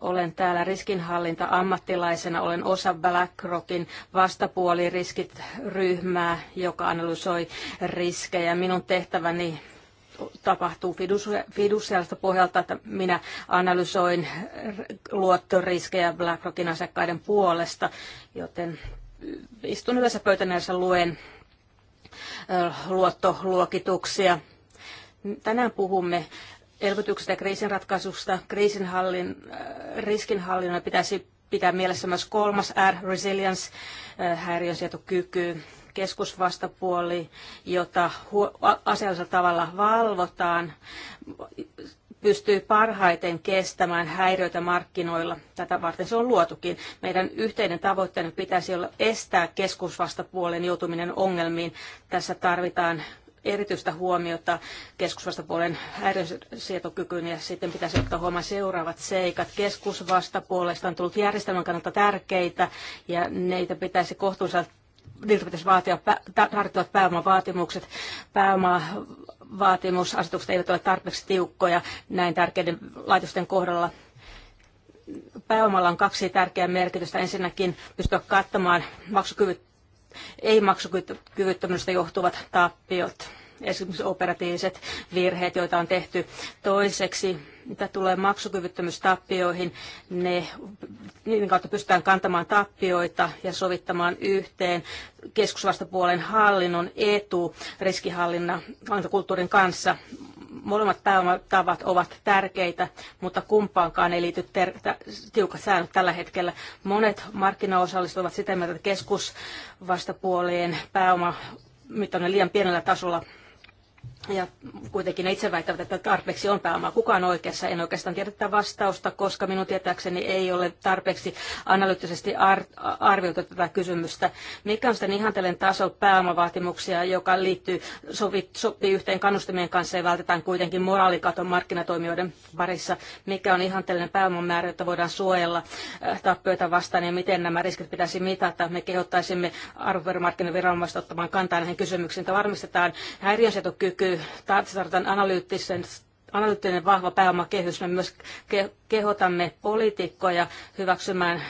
Speaker 1: Olen täällä riskinhallinta-ammattilaisena, olen osa BlackRockin vastapuoliriskit-ryhmää, joka analysoi riskejä. Minun tehtäväni tapahtuu fidusiaalista pohjalta, että minä analysoin luottoriskejä BlackRockin asiakkaiden puolesta, joten istun yleensä pöytän luen luottoluokituksia. Tänään puhumme elvytyksestä ja kriisinratkaisusta. Kriisinhallin, riskinhallinnan pitäisi pitää mielessä myös kolmas R, resilience, häiriönsietokyky keskusvastapuoli, jota asiallisella tavalla valvotaan, pystyy parhaiten kestämään häiriöitä markkinoilla. Tätä varten se on luotukin. Meidän yhteinen tavoitteena pitäisi olla estää keskusvastapuolen joutuminen ongelmiin. Tässä tarvitaan erityistä huomiota keskusvastapuolen häiriösietokykyyn ja sitten pitäisi ottaa huomioon seuraavat seikat. Keskusvastapuolesta on tullut järjestelmän kannalta tärkeitä ja neitä pitäisi kohtuullisella niiltä pitäisi vaatia tarttuvat pääomavaatimukset. Pääomavaatimusasetukset eivät ole tarpeeksi tiukkoja näin tärkeiden laitosten kohdalla. Pääomalla on kaksi tärkeää merkitystä. Ensinnäkin pystyä kattamaan maksukyvyt, ei-maksukyvyttömyydestä johtuvat tappiot esimerkiksi operatiiviset virheet, joita on tehty. Toiseksi, mitä tulee maksukyvyttömyystappioihin, ne, niiden kautta pystytään kantamaan tappioita ja sovittamaan yhteen keskusvastapuolen hallinnon etu riskihallinnan kulttuurin kanssa. Molemmat pääomatavat ovat tärkeitä, mutta kumpaankaan ei liity ter- tiukat säännöt tällä hetkellä. Monet markkinaosalliset ovat sitä mieltä, että keskusvastapuolien pääoma mitä on liian pienellä tasolla ja kuitenkin ne itse väittävät, että tarpeeksi on pääomaa. Kukaan oikeassa en oikeastaan tiedä tätä vastausta, koska minun tietääkseni ei ole tarpeeksi analyyttisesti ar- arvioitu tätä kysymystä. Mikä on sitten ihanteellinen taso pääomavaatimuksia, joka liittyy, sovi, sopii yhteen kannustamien kanssa ja vältetään kuitenkin moraalikaton markkinatoimijoiden parissa? Mikä on ihanteellinen pääoman määrä, jotta voidaan suojella äh, tappioita vastaan ja miten nämä riskit pitäisi mitata? Me kehottaisimme arvopaperimarkkinaviranomaista ottamaan kantaa näihin kysymyksiin, että varmistetaan häiriönsietokyky täytyy, analyyttisen analyyttinen vahva pääomakehys. Me myös kehotamme poliitikkoja hyväksymään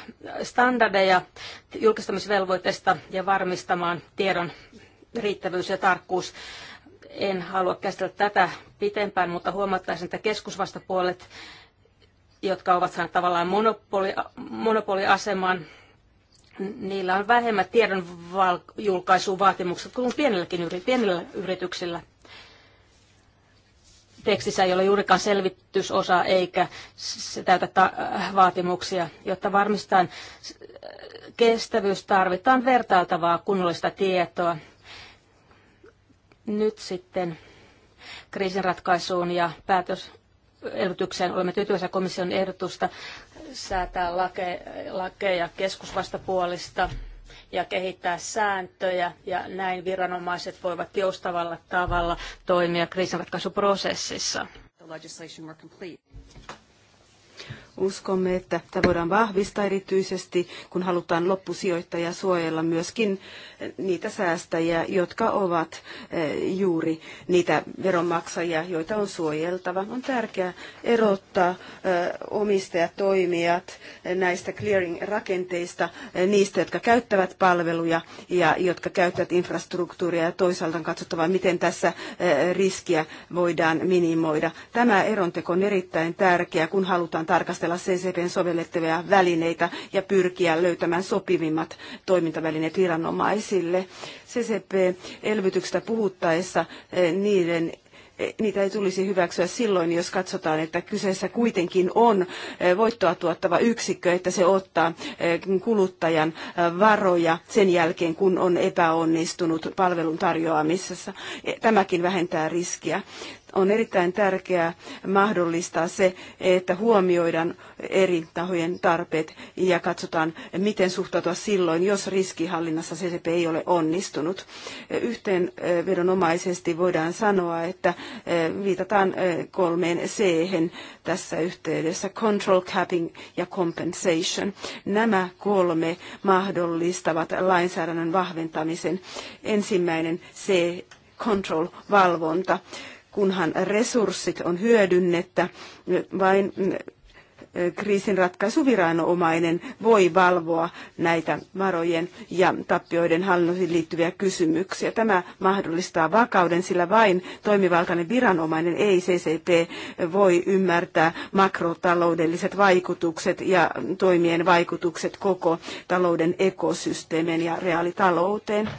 Speaker 1: standardeja julkistamisvelvoitteesta ja varmistamaan tiedon riittävyys ja tarkkuus. En halua käsitellä tätä pitempään, mutta huomattaisin, että keskusvastapuolet, jotka ovat saaneet tavallaan monopoli, monopoliaseman, niillä on vähemmän tiedon julkaisuvaatimukset kuin pienilläkin pienillä yrityksillä tekstissä ei ole juurikaan selvitysosa eikä se täytä äh, vaatimuksia. Jotta varmistetaan kestävyys, tarvitaan vertailtavaa kunnollista tietoa. Nyt sitten kriisinratkaisuun ja päätöselvytykseen olemme tyytyväisiä komission ehdotusta säätää lake, lakeja keskusvastapuolista ja kehittää sääntöjä ja näin viranomaiset voivat joustavalla tavalla toimia kriisinratkaisuprosessissa. Uskomme, että tämä
Speaker 4: voidaan vahvistaa erityisesti, kun halutaan loppusijoittajia suojella myöskin eh, niitä säästäjiä, jotka ovat eh, juuri niitä veronmaksajia, joita on suojeltava. On tärkeää erottaa eh, omistajatoimijat näistä clearing-rakenteista, niistä, jotka käyttävät palveluja ja jotka käyttävät infrastruktuuria ja toisaalta on katsottava, miten tässä riskiä voidaan minimoida. Tämä eronteko on erittäin tärkeä, kun halutaan tarkastella tarkastella CCPn sovellettavia välineitä ja pyrkiä löytämään sopivimmat toimintavälineet viranomaisille. CCP-elvytyksestä puhuttaessa eh, niiden eh, niitä ei tulisi hyväksyä silloin, jos katsotaan, että kyseessä kuitenkin on eh, voittoa tuottava yksikkö, että se ottaa kuluttajan varoja sen jälkeen, kun on epäonnistunut palvelun tarjoamisessa. Tämäkin vähentää riskiä on erittäin tärkeää mahdollistaa se, että huomioidaan eri tahojen tarpeet ja katsotaan, miten suhtautua silloin, jos riskihallinnassa CCP ei ole onnistunut. Yhteenvedonomaisesti voidaan sanoa, että eh, viitataan eh, kolmeen c tässä yhteydessä, control capping ja compensation. Nämä kolme mahdollistavat lainsäädännön vahventamisen. Ensimmäinen C, control, valvonta kunhan resurssit on hyödynnettä. Vain mm, kriisinratkaisuviranomainen voi valvoa näitä varojen ja tappioiden hallinnoihin liittyviä kysymyksiä. Tämä mahdollistaa vakauden, sillä vain toimivaltainen viranomainen, ei CCP, voi ymmärtää makrotaloudelliset vaikutukset ja toimien vaikutukset koko talouden ekosysteemeen ja reaalitalouteen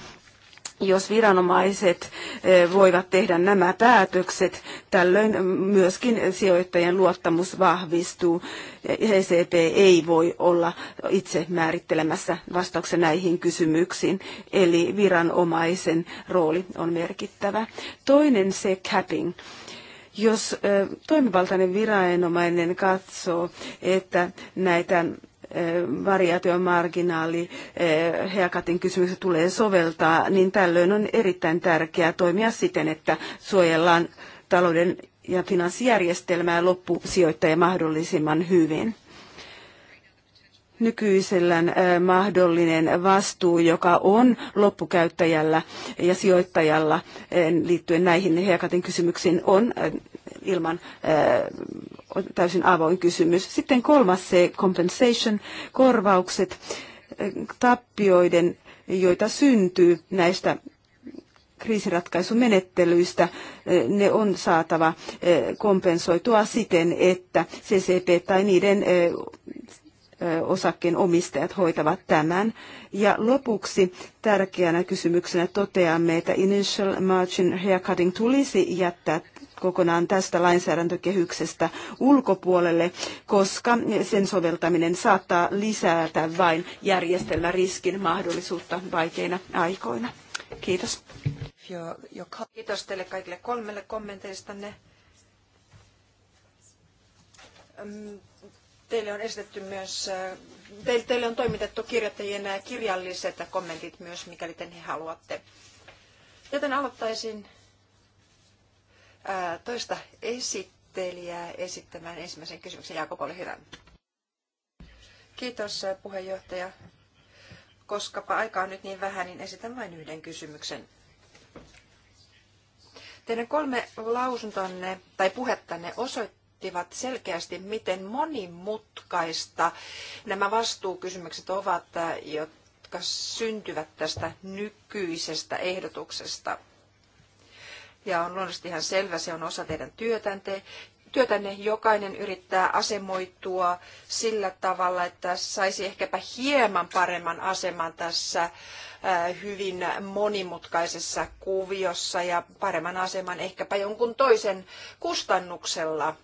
Speaker 4: jos viranomaiset eh, voivat tehdä nämä päätökset, tällöin myöskin sijoittajien luottamus vahvistuu. ECP ei voi olla itse määrittelemässä vastauksen näihin kysymyksiin, eli viranomaisen rooli on merkittävä. Toinen se capping. Jos eh, toimivaltainen viranomainen katsoo, että näitä variaation marginaali Heakatin kysymyksessä tulee soveltaa, niin tällöin on erittäin tärkeää toimia siten, että suojellaan talouden ja finanssijärjestelmää loppusijoittajia mahdollisimman hyvin nykyisellään mahdollinen vastuu, joka on loppukäyttäjällä ja sijoittajalla liittyen näihin Heakatin kysymyksiin, on ilman on täysin avoin kysymys. Sitten kolmas se compensation, korvaukset, tappioiden, joita syntyy näistä kriisiratkaisumenettelyistä, ne on saatava e, kompensoitua siten, että CCP tai niiden e, e, osakkeen omistajat hoitavat tämän. Ja lopuksi tärkeänä kysymyksenä toteamme, että initial margin haircutting tulisi jättää kokonaan tästä lainsäädäntökehyksestä ulkopuolelle, koska sen soveltaminen saattaa lisätä vain järjestellä riskin mahdollisuutta vaikeina aikoina. Kiitos.
Speaker 3: Kiitos teille kaikille kolmelle kommenteistanne. Teille on esitetty myös, teille on toimitettu kirjoittajien kirjalliset kommentit myös, mikäli te ne haluatte. Joten aloittaisin toista esittelijää esittämään ensimmäisen kysymyksen. Jaakob, ole hyvä. Kiitos puheenjohtaja. Koskapa aikaa on nyt niin vähän, niin esitän vain yhden kysymyksen. Teidän kolme lausuntonne tai puhettanne osoittivat selkeästi, miten monimutkaista nämä vastuukysymykset ovat, jotka syntyvät tästä nykyisestä ehdotuksesta – ja on luonnollisesti ihan selvä, se on osa teidän työtänne. Työtänne jokainen yrittää asemoitua sillä tavalla, että saisi ehkäpä hieman paremman aseman tässä äh, hyvin monimutkaisessa kuviossa ja paremman aseman ehkäpä jonkun toisen kustannuksella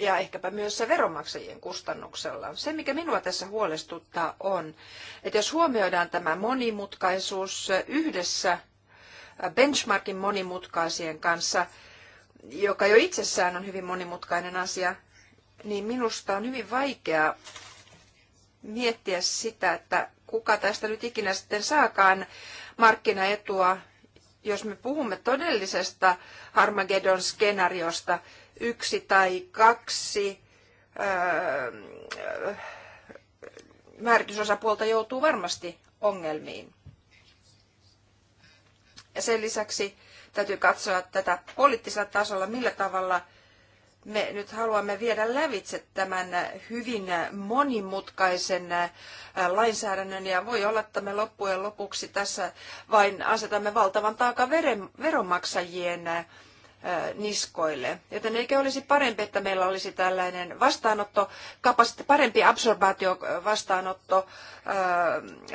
Speaker 3: ja ehkäpä myös se veronmaksajien kustannuksella. Se, mikä minua tässä huolestuttaa, on, että jos huomioidaan tämä monimutkaisuus yhdessä benchmarkin monimutkaisien kanssa, joka jo itsessään on hyvin monimutkainen asia, niin minusta on hyvin vaikeaa miettiä sitä, että kuka tästä nyt ikinä sitten saakaan markkinaetua, jos me puhumme todellisesta Armageddon skenaariosta yksi tai kaksi öö, öö, määritysosapuolta joutuu varmasti ongelmiin. Ja sen lisäksi täytyy katsoa tätä poliittisella tasolla, millä tavalla me nyt haluamme viedä lävitse tämän hyvin monimutkaisen äh, lainsäädännön ja voi olla, että me loppujen lopuksi tässä vain asetamme valtavan taakan veronmaksajien äh, niskoille. Joten eikö olisi parempi, että meillä olisi tällainen vastaanotto, parempi absorbaatio vastaanotto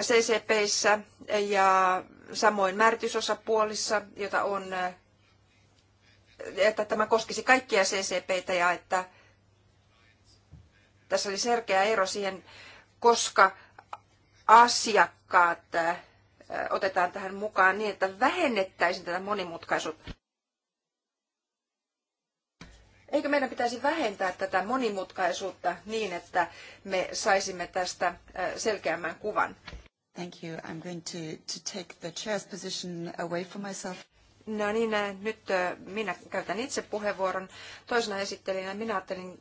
Speaker 3: CCPissä ja samoin määritysosapuolissa, jota on, että tämä koskisi kaikkia CCPitä ja että tässä oli selkeä ero siihen, koska asiakkaat otetaan tähän mukaan niin, että vähennettäisiin tätä monimutkaisuutta. Eikö meidän pitäisi vähentää tätä monimutkaisuutta niin, että me saisimme tästä selkeämmän kuvan? Thank you. I'm going to, to take the chair's position away from myself. No niin, nyt minä käytän itse puheenvuoron. Toisena esittelijänä minä ajattelin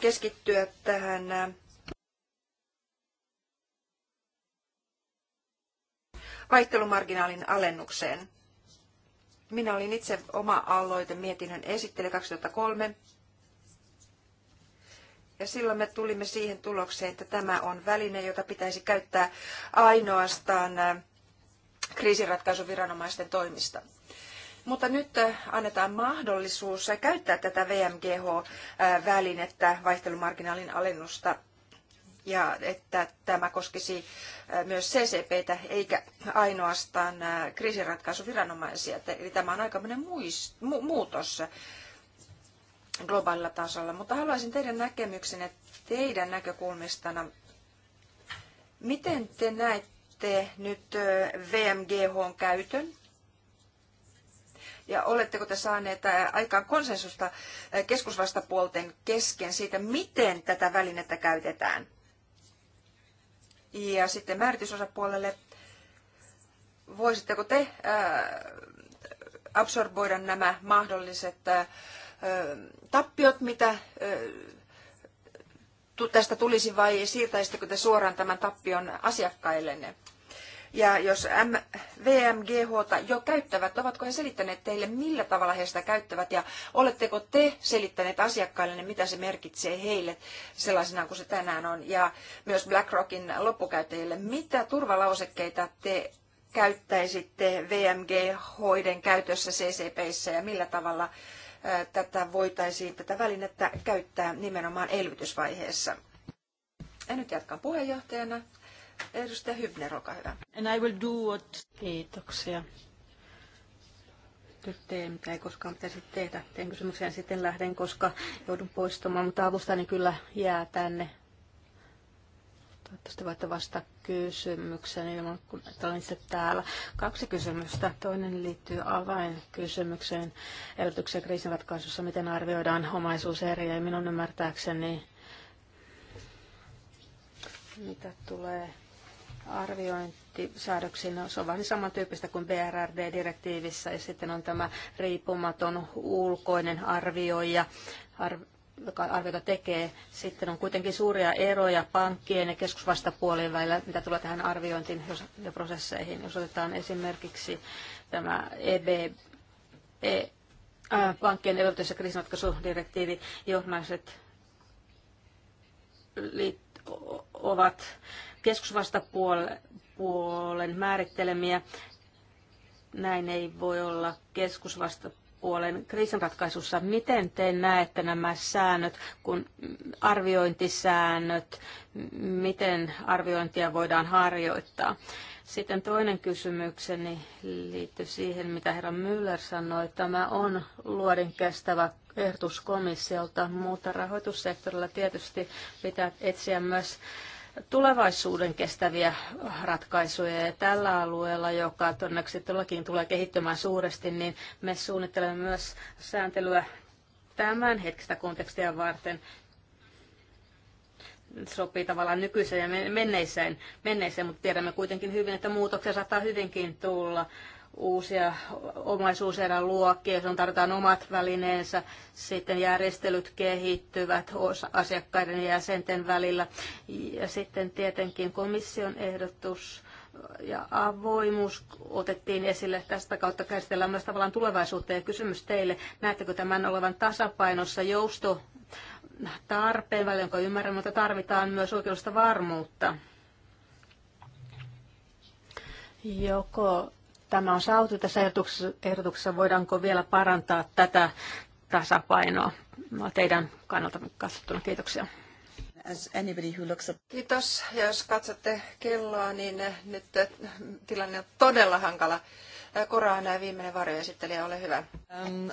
Speaker 3: keskittyä tähän vaihtelumarginaalin alennukseen. Minä olin itse oma aloite mietinnön esittely 2003. Ja silloin me tulimme siihen tulokseen, että tämä on väline, jota pitäisi käyttää ainoastaan äh, kriisiratkaisuviranomaisten toimista. Mutta nyt äh, annetaan mahdollisuus käyttää tätä VMGH-välinettä, äh, vaihtelumarginaalin alennusta ja että tämä koskisi myös CCPtä eikä ainoastaan kriisinratkaisuviranomaisia. Eli tämä on aikamoinen muist, mu- muutos globaalilla tasolla. Mutta haluaisin teidän näkemyksenne teidän näkökulmistana. Miten te näette nyt VMGHn käytön ja oletteko te saaneet aikaan konsensusta keskusvastapuolten kesken siitä, miten tätä välinettä käytetään? Ja sitten määritysosapuolelle, voisitteko te absorboida nämä mahdolliset tappiot, mitä tästä tulisi vai siirtäisittekö te suoraan tämän tappion asiakkaillenne? Ja jos VMGH jo käyttävät, ovatko he selittäneet teille, millä tavalla he sitä käyttävät ja oletteko te selittäneet asiakkaille, mitä se merkitsee heille sellaisena kuin se tänään on ja myös BlackRockin loppukäyttäjille, mitä turvalausekkeita te käyttäisitte VMG-hoiden käytössä CCPissä ja millä tavalla tätä voitaisiin, tätä välinettä käyttää nimenomaan elvytysvaiheessa. Ja nyt jatkan puheenjohtajana. Edustaja Hybner, olkaa hyvä. And
Speaker 1: I will do what... Kiitoksia. Nyt teen, mitä ei koskaan pitäisi tehdä. Teen kysymykseen sitten lähden, koska joudun poistumaan, mutta avustani kyllä jää tänne. Toivottavasti voitte vastata kysymykseen ilman, kun olen itse täällä. Kaksi kysymystä. Toinen liittyy avainkysymykseen elvytyksen kriisinratkaisussa, miten arvioidaan omaisuuseriä. Minun ymmärtääkseni mitä tulee arviointisäädöksiin. Se on vähän samantyyppistä kuin BRRD-direktiivissä ja sitten on tämä riippumaton ulkoinen arvioija, arv joka arviota tekee. Sitten on kuitenkin suuria eroja pankkien ja keskusvastapuolien välillä, mitä tulee tähän arviointiin ja prosesseihin. Jos otetaan esimerkiksi tämä EB, e, äh, pankkien edellytys- ja kriisinratkaisudirektiivi, johdannaiset liit, ovat keskusvastapuolen määrittelemiä. Näin ei voi olla keskusvastapuolen kriisinratkaisussa. Miten te näette nämä säännöt, kun arviointisäännöt, miten arviointia voidaan harjoittaa? Sitten toinen kysymykseni liittyy siihen, mitä herra Müller sanoi. Tämä on luodin kestävä ehdotus komissiolta, mutta rahoitussektorilla tietysti pitää etsiä myös tulevaisuuden kestäviä ratkaisuja. Ja tällä alueella, joka todennäköisesti todellakin tulee kehittymään suuresti, niin me suunnittelemme myös sääntelyä tämän hetkistä kontekstia varten sopii tavallaan nykyiseen ja menneiseen, menneiseen, mutta tiedämme kuitenkin hyvin, että muutoksia saattaa hyvinkin tulla uusia omaisuuserän luokkia, on tarvitaan omat välineensä, sitten järjestelyt kehittyvät asiakkaiden ja jäsenten välillä. Ja sitten tietenkin komission ehdotus ja avoimuus otettiin esille. Tästä kautta käsitellään myös tavallaan tulevaisuutta ja kysymys teille. Näettekö tämän olevan tasapainossa jousto tarpeen välillä, jonka ymmärrän, mutta tarvitaan myös oikeudellista varmuutta? Joko tämä on saatu tässä ehdotuksessa, ehdotuksessa voidaanko vielä parantaa tätä tasapainoa teidän kannalta katsottuna. Kiitoksia. As anybody who looks up.
Speaker 3: Kiitos. Jos katsotte kelloa, niin eh, nyt eh, tilanne on todella hankala. Eh, Korona näin viimeinen varjoesittelijä, ole hyvä. Um,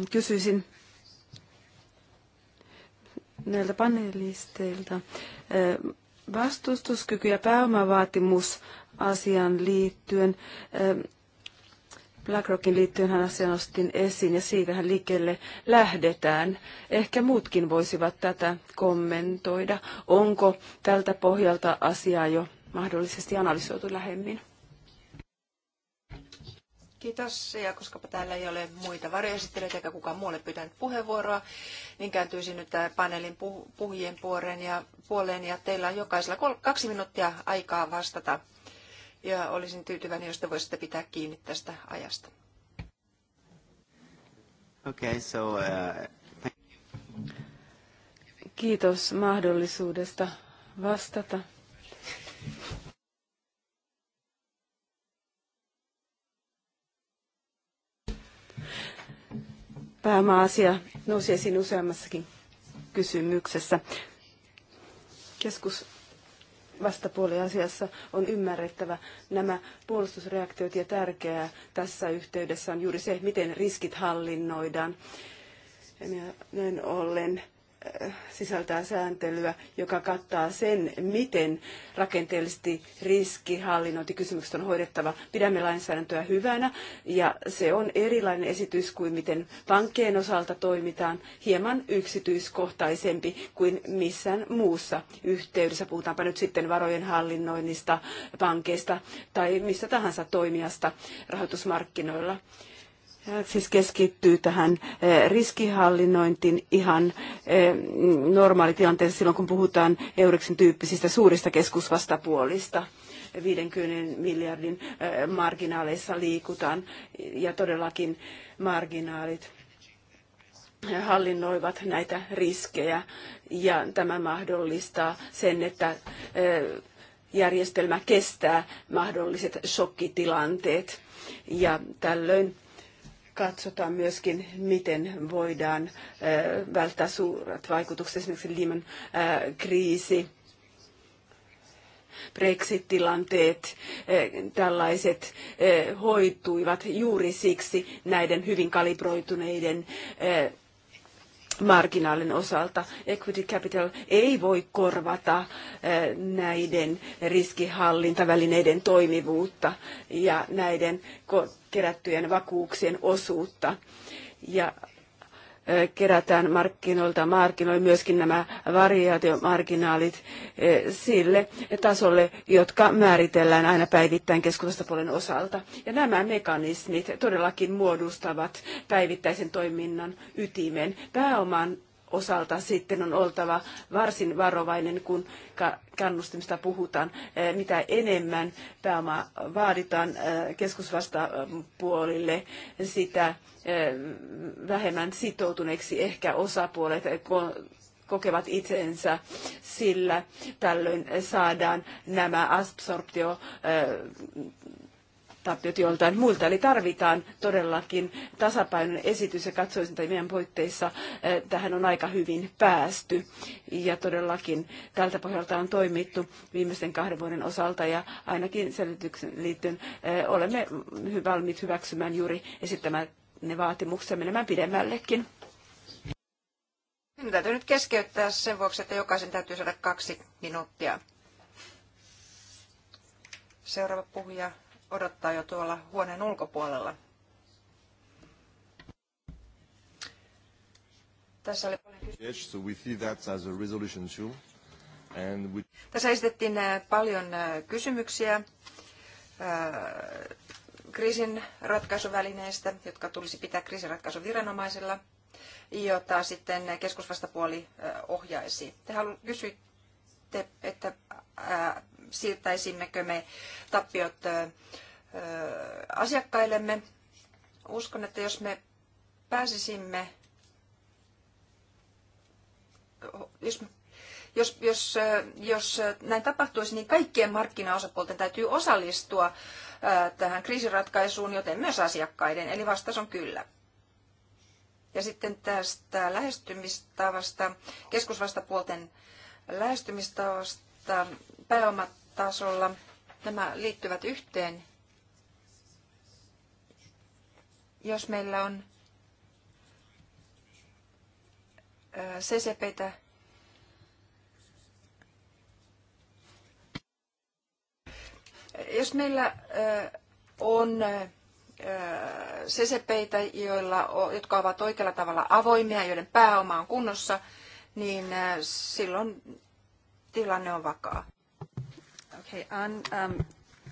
Speaker 4: Kysyisin näiltä panelisteilta vastustuskyky ja pääomavaatimus asian liittyen. Ähm, BlackRockin liittyen hän asia nostin esiin ja siitähän liikkeelle lähdetään. Ehkä muutkin voisivat tätä kommentoida. Onko tältä pohjalta asiaa jo mahdollisesti analysoitu lähemmin?
Speaker 3: Kiitos. Ja koska täällä ei ole muita varjoesittelijöitä eikä kukaan muulle pyytänyt puheenvuoroa, niin kääntyisin nyt paneelin puhujien puoleen ja, puoleen ja teillä on jokaisella kaksi minuuttia aikaa vastata. Ja olisin tyytyväinen, jos te voisitte pitää
Speaker 4: kiinni tästä ajasta.
Speaker 2: Okay, so, uh...
Speaker 4: Kiitos mahdollisuudesta vastata päämaa-asia nousi esiin useammassakin kysymyksessä. Keskus vastapuoliasiassa on ymmärrettävä nämä puolustusreaktiot ja tärkeää tässä yhteydessä on juuri se, miten riskit hallinnoidaan. ja Näin ollen sisältää sääntelyä, joka kattaa sen, miten rakenteellisesti riskihallinnointikysymykset on hoidettava. Pidämme lainsäädäntöä hyvänä ja se on erilainen esitys kuin miten pankkien osalta toimitaan, hieman yksityiskohtaisempi kuin missään muussa yhteydessä. Puhutaanpa nyt sitten varojen hallinnoinnista, pankeista tai mistä tahansa toimijasta rahoitusmarkkinoilla siis keskittyy tähän riskihallinnointiin ihan normaalitilanteessa silloin, kun puhutaan Eureksin tyyppisistä suurista keskusvastapuolista. 50 miljardin marginaaleissa liikutaan ja todellakin marginaalit hallinnoivat näitä riskejä ja tämä mahdollistaa sen, että järjestelmä kestää mahdolliset shokkitilanteet ja tällöin katsotaan myöskin, miten voidaan välttää suuret vaikutukset, esimerkiksi Lehman kriisi, Brexit-tilanteet, tällaiset hoituivat juuri siksi näiden hyvin kalibroituneiden marginaalin osalta. Equity capital ei voi korvata eh, näiden riskihallintavälineiden toimivuutta ja näiden kerättyjen vakuuksien osuutta. Ja kerätään markkinoilta markkinoi myöskin nämä variaatiomarginaalit sille tasolle, jotka määritellään aina päivittäin keskustapuolen osalta. Ja nämä mekanismit todellakin muodostavat päivittäisen toiminnan ytimen. Pääoman osalta sitten on oltava varsin varovainen, kun kannustimista puhutaan. Eh, mitä enemmän pääomaa vaaditaan eh, keskusvastapuolille, sitä eh, vähemmän sitoutuneeksi ehkä osapuolet kokevat itsensä, sillä tällöin saadaan nämä absorptio tappiot joltain muilta. Eli tarvitaan todellakin tasapainon esitys ja katsoisin, että meidän poitteissa tähän on aika hyvin päästy. Ja todellakin tältä pohjalta on toimittu viimeisten kahden vuoden osalta ja ainakin selityksen liittyen olemme valmiit hyväksymään juuri esittämään ne vaatimuksia menemään pidemmällekin.
Speaker 3: Minun täytyy nyt keskeyttää sen vuoksi, että jokaisen täytyy saada kaksi minuuttia. Seuraava puhuja, odottaa jo tuolla huoneen ulkopuolella. Tässä, oli paljon Tässä esitettiin äh, paljon äh, kysymyksiä äh, kriisin ratkaisuvälineistä, jotka tulisi pitää kriisinratkaisuviranomaisilla, jota sitten keskusvastapuoli ohjaisi. Te halu, kysyitte, että siirtäisimmekö me tappiot asiakkaillemme. Uskon, että jos me pääsisimme, jos, jos, jos, jos näin tapahtuisi, niin kaikkien markkinaosapuolten täytyy osallistua tähän kriisiratkaisuun, joten myös asiakkaiden. Eli vastaus on kyllä. Ja sitten tästä lähestymistavasta, keskusvastapuolten lähestymistavasta pääomat tasolla. Nämä liittyvät yhteen. Jos meillä on CCPtä jos meillä on CCPitä, joilla, jotka ovat oikealla tavalla avoimia, joiden pääoma on kunnossa, niin silloin tilanne on vakaa. Okay, on, um,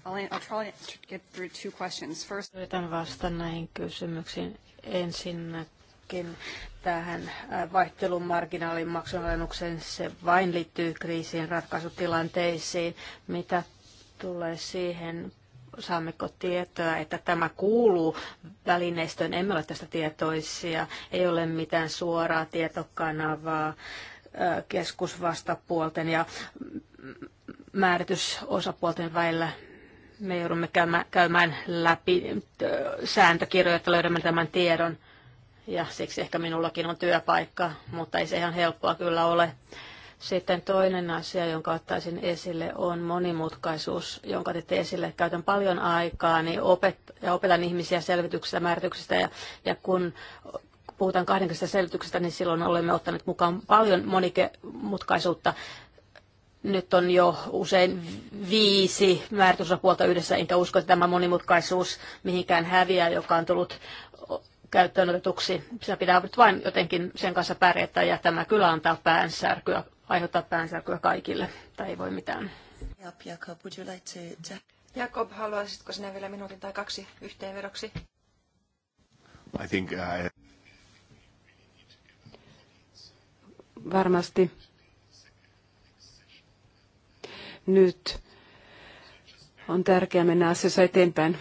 Speaker 3: I'll, I'll try to get through two questions. First...
Speaker 1: Yritän vastata näihin kysymyksiin ensinnäkin tähän vaihtelun marginaalin maksunalennukseen. Se vain liittyy kriisiin ratkaisutilanteisiin. Mitä tulee siihen, saammeko tietoa, että tämä kuuluu välineistöön. Emme ole tästä tietoisia. Ei ole mitään suoraa tietokanavaa keskusvastapuolten ja määritys osapuolten välillä. Me joudumme käymään läpi sääntökirjoja, että löydämme tämän tiedon. Ja siksi ehkä minullakin on työpaikka, mutta ei se ihan helppoa kyllä ole. Sitten toinen asia, jonka ottaisin esille, on monimutkaisuus, jonka otitte esille. Käytän paljon aikaa niin opet- ja opetan ihmisiä selvityksistä, määrityksistä ja, ja kun puhutaan kahdenkista selvityksestä, niin silloin olemme ottaneet mukaan paljon monimutkaisuutta nyt on jo usein viisi määritysosapuolta yhdessä, enkä usko, että tämä monimutkaisuus mihinkään häviää, joka on tullut käyttöön otetuksi. Sitä pitää nyt vain jotenkin sen kanssa pärjätä ja tämä kyllä antaa päänsärkyä, aiheuttaa päänsärkyä kaikille. Tai ei voi mitään. Jakob, would you like to...
Speaker 3: Jakob, haluaisitko sinä vielä minuutin tai kaksi yhteenvedoksi?
Speaker 4: I think uh, I... Varmasti nyt on tärkeää mennä asioissa eteenpäin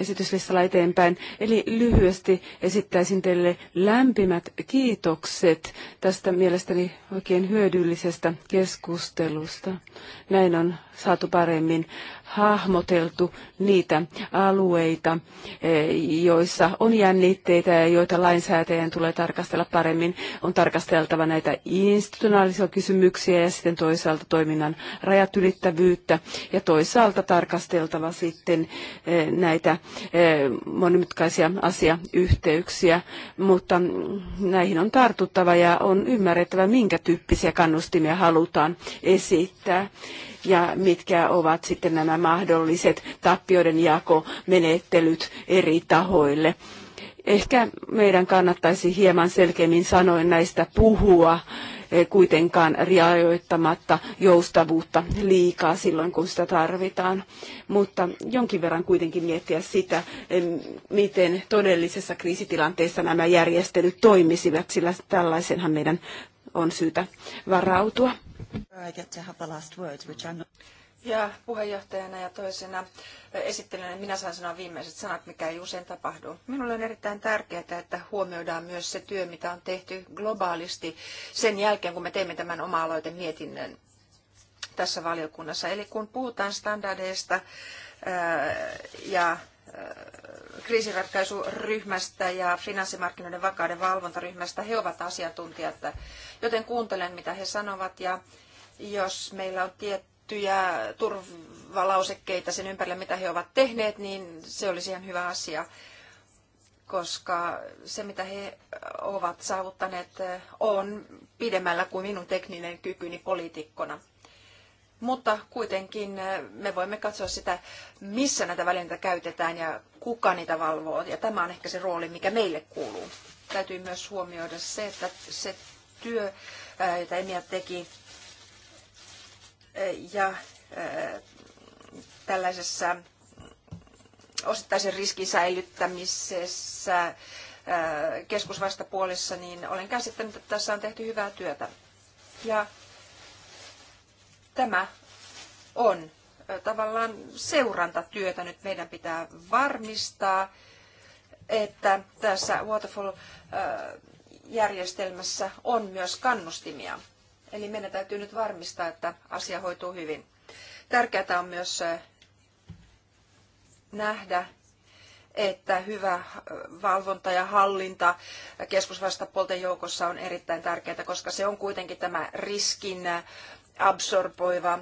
Speaker 4: esityslistalla eteenpäin. Eli lyhyesti esittäisin teille lämpimät kiitokset tästä mielestäni oikein hyödyllisestä keskustelusta. Näin on saatu paremmin hahmoteltu niitä alueita, eh, joissa on jännitteitä ja joita lainsäätäjän tulee tarkastella paremmin. On tarkasteltava näitä institutionaalisia kysymyksiä ja sitten toisaalta toiminnan rajat ylittävyyttä ja toisaalta tarkasteltava sitten eh, näitä Eh, monimutkaisia asiayhteyksiä, mutta näihin on tartuttava ja on ymmärrettävä, minkä tyyppisiä kannustimia halutaan esittää ja mitkä ovat sitten nämä mahdolliset tappioiden jakomenettelyt eri tahoille Ehkä meidän kannattaisi hieman selkeämmin sanoen näistä puhua, eh, kuitenkaan rajoittamatta joustavuutta liikaa silloin, kun sitä tarvitaan. Mutta jonkin verran kuitenkin miettiä sitä, eh, miten todellisessa kriisitilanteessa nämä järjestelyt toimisivat, sillä tällaisenhan meidän on syytä varautua.
Speaker 3: Ja puheenjohtajana ja toisena esittelynä minä saan sanoa viimeiset sanat, mikä ei usein tapahdu. Minulle on erittäin tärkeää, että huomioidaan myös se työ, mitä on tehty globaalisti sen jälkeen, kun me teimme tämän oma-aloitemietinnön tässä valiokunnassa. Eli kun puhutaan standardeista ja kriisiratkaisuryhmästä ja finanssimarkkinoiden vakauden valvontaryhmästä, he ovat asiantuntijat, joten kuuntelen, mitä he sanovat ja jos meillä on tietty tiettyjä turvalausekkeita sen ympärillä, mitä he ovat tehneet, niin se olisi ihan hyvä asia, koska se, mitä he ovat saavuttaneet, on pidemmällä kuin minun tekninen kykyni poliitikkona. Mutta kuitenkin me voimme katsoa sitä, missä näitä välineitä käytetään ja kuka niitä valvoo. Ja tämä on ehkä se rooli, mikä meille kuuluu. Täytyy myös huomioida se, että se työ, jota Emia teki ja äh, tällaisessa osittaisen riskin säilyttämisessä äh, keskusvastapuolissa, niin olen käsittänyt, että tässä on tehty hyvää työtä. Ja tämä on äh, tavallaan seurantatyötä. Nyt meidän pitää varmistaa, että tässä Waterfall-järjestelmässä on myös kannustimia. Eli meidän täytyy nyt varmistaa, että asia hoituu hyvin. Tärkeää on myös äh, nähdä, että hyvä äh, valvonta ja hallinta keskusvastapuolten joukossa on erittäin tärkeää, koska se on kuitenkin tämä riskin äh, absorboiva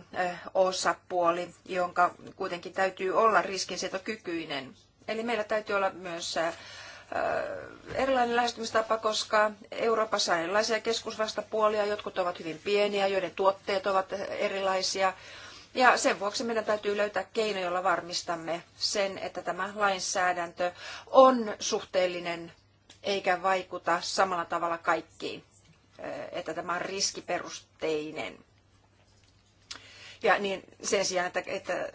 Speaker 3: osapuoli, jonka kuitenkin täytyy olla riskinsietokykyinen. Eli meillä täytyy olla myös erilainen lähestymistapa, koska Euroopassa on erilaisia keskusvastapuolia, jotkut ovat hyvin pieniä, joiden tuotteet ovat erilaisia. Ja sen vuoksi meidän täytyy löytää keino, jolla varmistamme sen, että tämä lainsäädäntö on suhteellinen eikä vaikuta samalla tavalla kaikkiin, että tämä on riskiperusteinen. Ja niin sen sijaan, että, että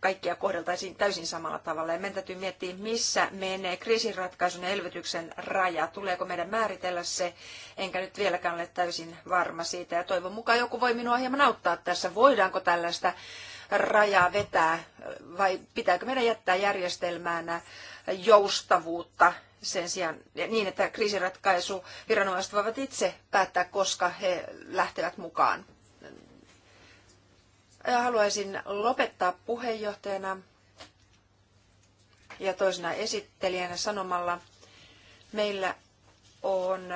Speaker 3: kaikkia kohdeltaisiin täysin samalla tavalla. Ja meidän täytyy miettiä, missä menee kriisinratkaisun ja elvytyksen raja. Tuleeko meidän määritellä se? Enkä nyt vieläkään ole täysin varma siitä. Ja toivon mukaan joku voi minua hieman auttaa tässä. Voidaanko tällaista rajaa vetää vai pitääkö meidän jättää järjestelmään joustavuutta sen sijaan niin, että kriisiratkaisu viranomaiset voivat itse päättää, koska he lähtevät mukaan haluaisin lopettaa puheenjohtajana ja toisena esittelijänä sanomalla, meillä on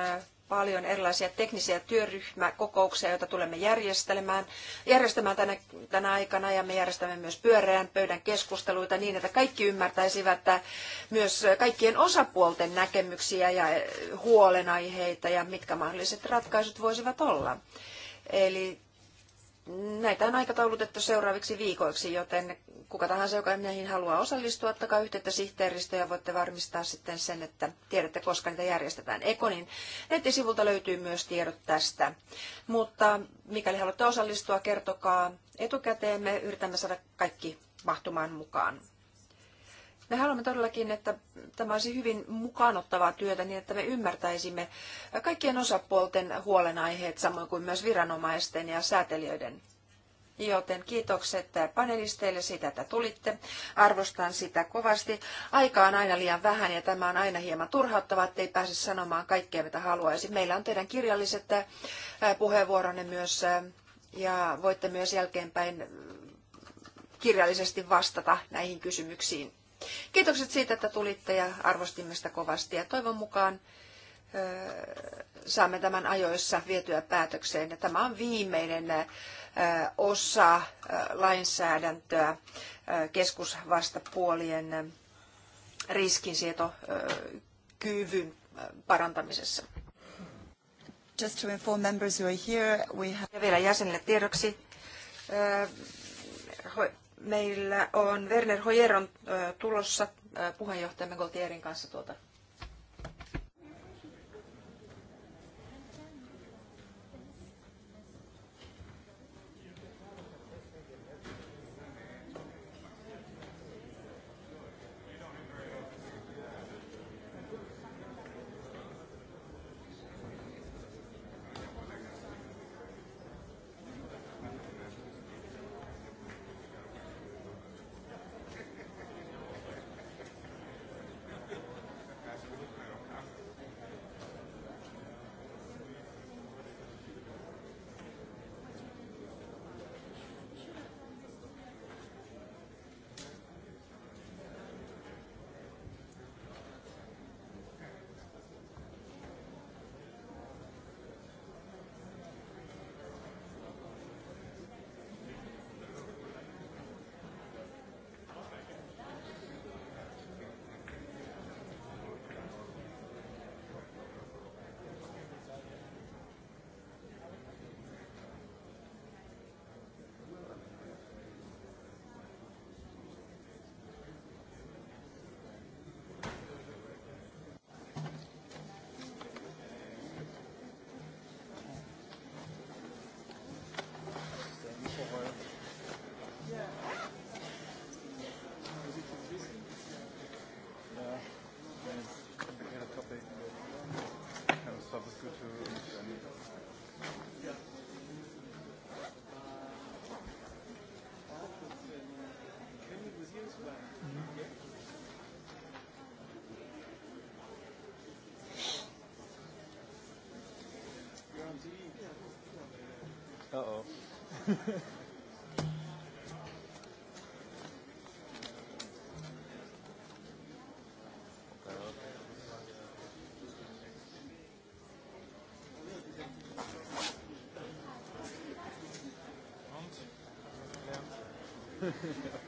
Speaker 3: paljon erilaisia teknisiä työryhmäkokouksia, joita tulemme järjestelemään, järjestämään tänä, tänä aikana ja me järjestämme myös pyöreän pöydän keskusteluita niin, että kaikki ymmärtäisivät että myös kaikkien osapuolten näkemyksiä ja huolenaiheita ja mitkä mahdolliset ratkaisut voisivat olla. Eli Näitä on aikataulutettu seuraaviksi viikoiksi, joten kuka tahansa, joka näihin haluaa osallistua, ottakaa yhteyttä sihteeristöön ja voitte varmistaa sitten sen, että tiedätte, koska niitä järjestetään. Ekonin nettisivulta löytyy myös tiedot tästä. Mutta mikäli haluatte osallistua, kertokaa etukäteen. Me yritämme saada kaikki mahtumaan mukaan. Me haluamme todellakin, että tämä olisi hyvin mukaanottavaa työtä niin, että me ymmärtäisimme kaikkien osapuolten huolenaiheet, samoin kuin myös viranomaisten ja säätelijöiden. Joten kiitokset panelisteille siitä, että tulitte. Arvostan sitä kovasti. Aika on aina liian vähän ja tämä on aina hieman turhauttavaa, ettei pääse sanomaan kaikkea, mitä haluaisi. Meillä on teidän kirjalliset äh, puheenvuoronne myös äh, ja voitte myös jälkeenpäin kirjallisesti vastata näihin kysymyksiin. Kiitokset siitä, että tulitte ja arvostimme sitä kovasti ja toivon mukaan saamme tämän ajoissa vietyä päätökseen. Ja tämä on viimeinen osa lainsäädäntöä keskusvastapuolien riskinsietokyvyn parantamisessa. Just to inform members who are here, we have... Ja vielä jäsenille tiedoksi. Meillä on Werner on tulossa puheenjohtajamme Gaultierin kanssa tuolta
Speaker 2: Uh-oh. Thank you.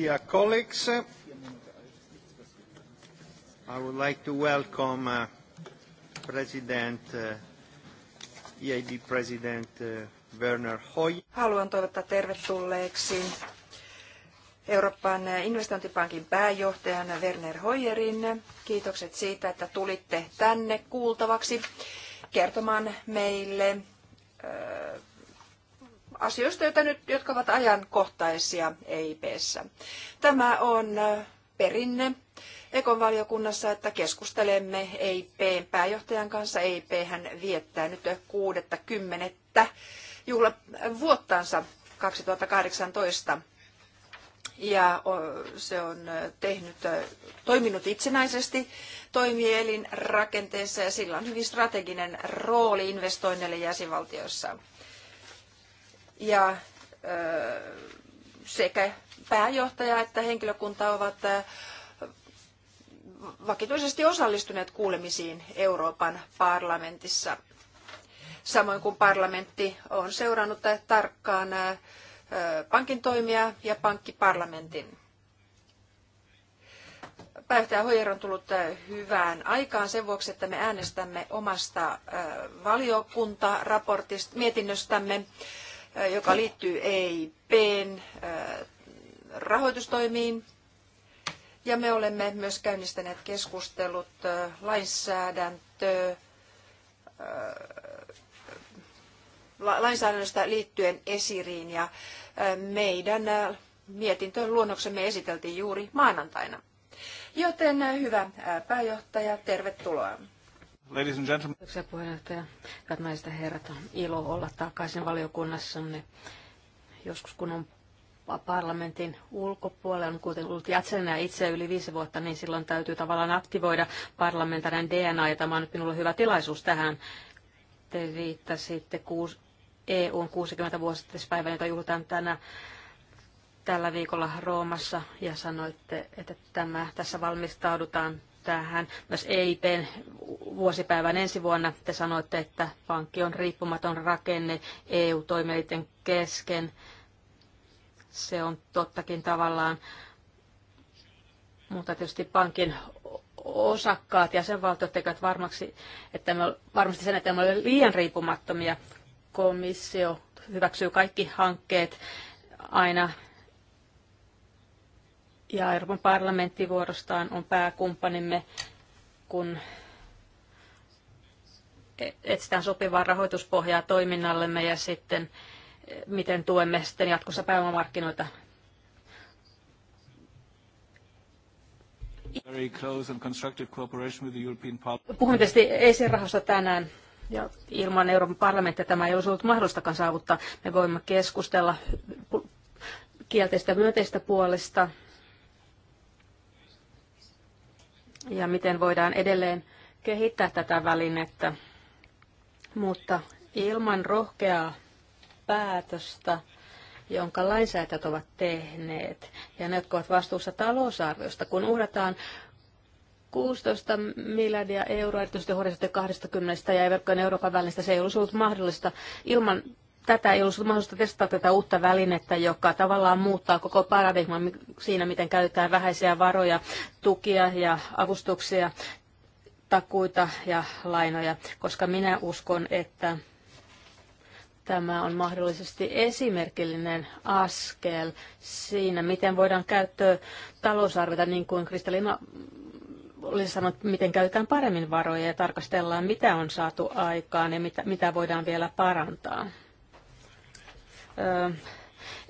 Speaker 2: Dear colleagues, I would like to welcome uh, President, uh, e President uh, Werner
Speaker 4: Hoy.
Speaker 3: Haluan toivottaa tervetulleeksi Euroopan investointipankin pääjohtajan Werner Hoyerin. Kiitokset siitä, että tulitte tänne kuultavaksi kertomaan meille asioista, joita nyt, jotka ovat ajankohtaisia EIPssä. Tämä on perinne Ekon valiokunnassa, että keskustelemme EIPn pääjohtajan kanssa. EIP hän viettää nyt 60. juhlavuottansa 2018 ja se on tehnyt, toiminut itsenäisesti toimielin rakenteessa ja sillä on hyvin strateginen rooli investoinneille jäsenvaltioissa ja sekä pääjohtaja että henkilökunta ovat vakituisesti osallistuneet kuulemisiin Euroopan parlamentissa. Samoin kuin parlamentti on seurannut tarkkaan pankin toimia ja pankkiparlamentin. Pääjohtaja Hoyer on tullut hyvään aikaan sen vuoksi, että me äänestämme omasta valiokuntaraportista, mietinnöstämme joka liittyy EIPn rahoitustoimiin. Ja me olemme myös käynnistäneet keskustelut lainsäädäntö, lainsäädännöstä liittyen esiriin ja meidän mietintöön luonnoksemme esiteltiin juuri
Speaker 1: maanantaina. Joten hyvä pääjohtaja, tervetuloa.
Speaker 2: Ladies and gentlemen.
Speaker 1: Kiitoksia puheenjohtaja. Hyvät naiset ja herrat, on ilo olla takaisin valiokunnassanne. Joskus kun on parlamentin ulkopuolella, on kuten ollut jäsenenä itse yli viisi vuotta, niin silloin täytyy tavallaan aktivoida parlamentaarinen DNA, ja tämä on nyt minulle hyvä tilaisuus tähän. Te viittasitte e kuusi, EUn 60-vuotispäivän, jota juhlitaan tänä tällä viikolla Roomassa ja sanoitte, että tämä, tässä valmistaudutaan tähän myös EIPn vuosipäivän ensi vuonna. Te sanoitte, että pankki on riippumaton rakenne eu toimijoiden kesken. Se on tottakin tavallaan, mutta tietysti pankin osakkaat ja sen valtiot tekevät varmaksi, että me, varmasti sen, että me olemme liian riippumattomia. Komissio hyväksyy kaikki hankkeet aina ja Euroopan parlamentti vuorostaan on pääkumppanimme, kun etsitään sopivaa rahoituspohjaa toiminnallemme ja sitten eh, miten tuemme sitten jatkossa pääomamarkkinoita.
Speaker 2: Very Puhuin
Speaker 1: tietysti ESI-rahoista tänään ja ilman Euroopan parlamenttia tämä ei olisi ollut mahdollistakaan saavuttaa. Me voimme keskustella kielteistä myönteistä puolesta ja miten voidaan edelleen kehittää tätä välinettä. Mutta ilman rohkeaa päätöstä, jonka lainsäätäjät ovat tehneet, ja ne, jotka ovat vastuussa talousarviosta, kun uhrataan 16 miljardia euroa, erityisesti horisontti 20 ja verkkojen Euroopan välistä, se ei olisi ollut mahdollista ilman tätä ei ollut mahdollista testata tätä uutta välinettä, joka tavallaan muuttaa koko paradigman siinä, miten käytetään vähäisiä varoja, tukia ja avustuksia, takuita ja lainoja, koska minä uskon, että tämä on mahdollisesti esimerkillinen askel siinä, miten voidaan käyttää talousarvita, niin kuin Kristalina oli sanonut, miten käytetään paremmin varoja ja tarkastellaan, mitä on saatu aikaan ja mitä, mitä voidaan vielä parantaa.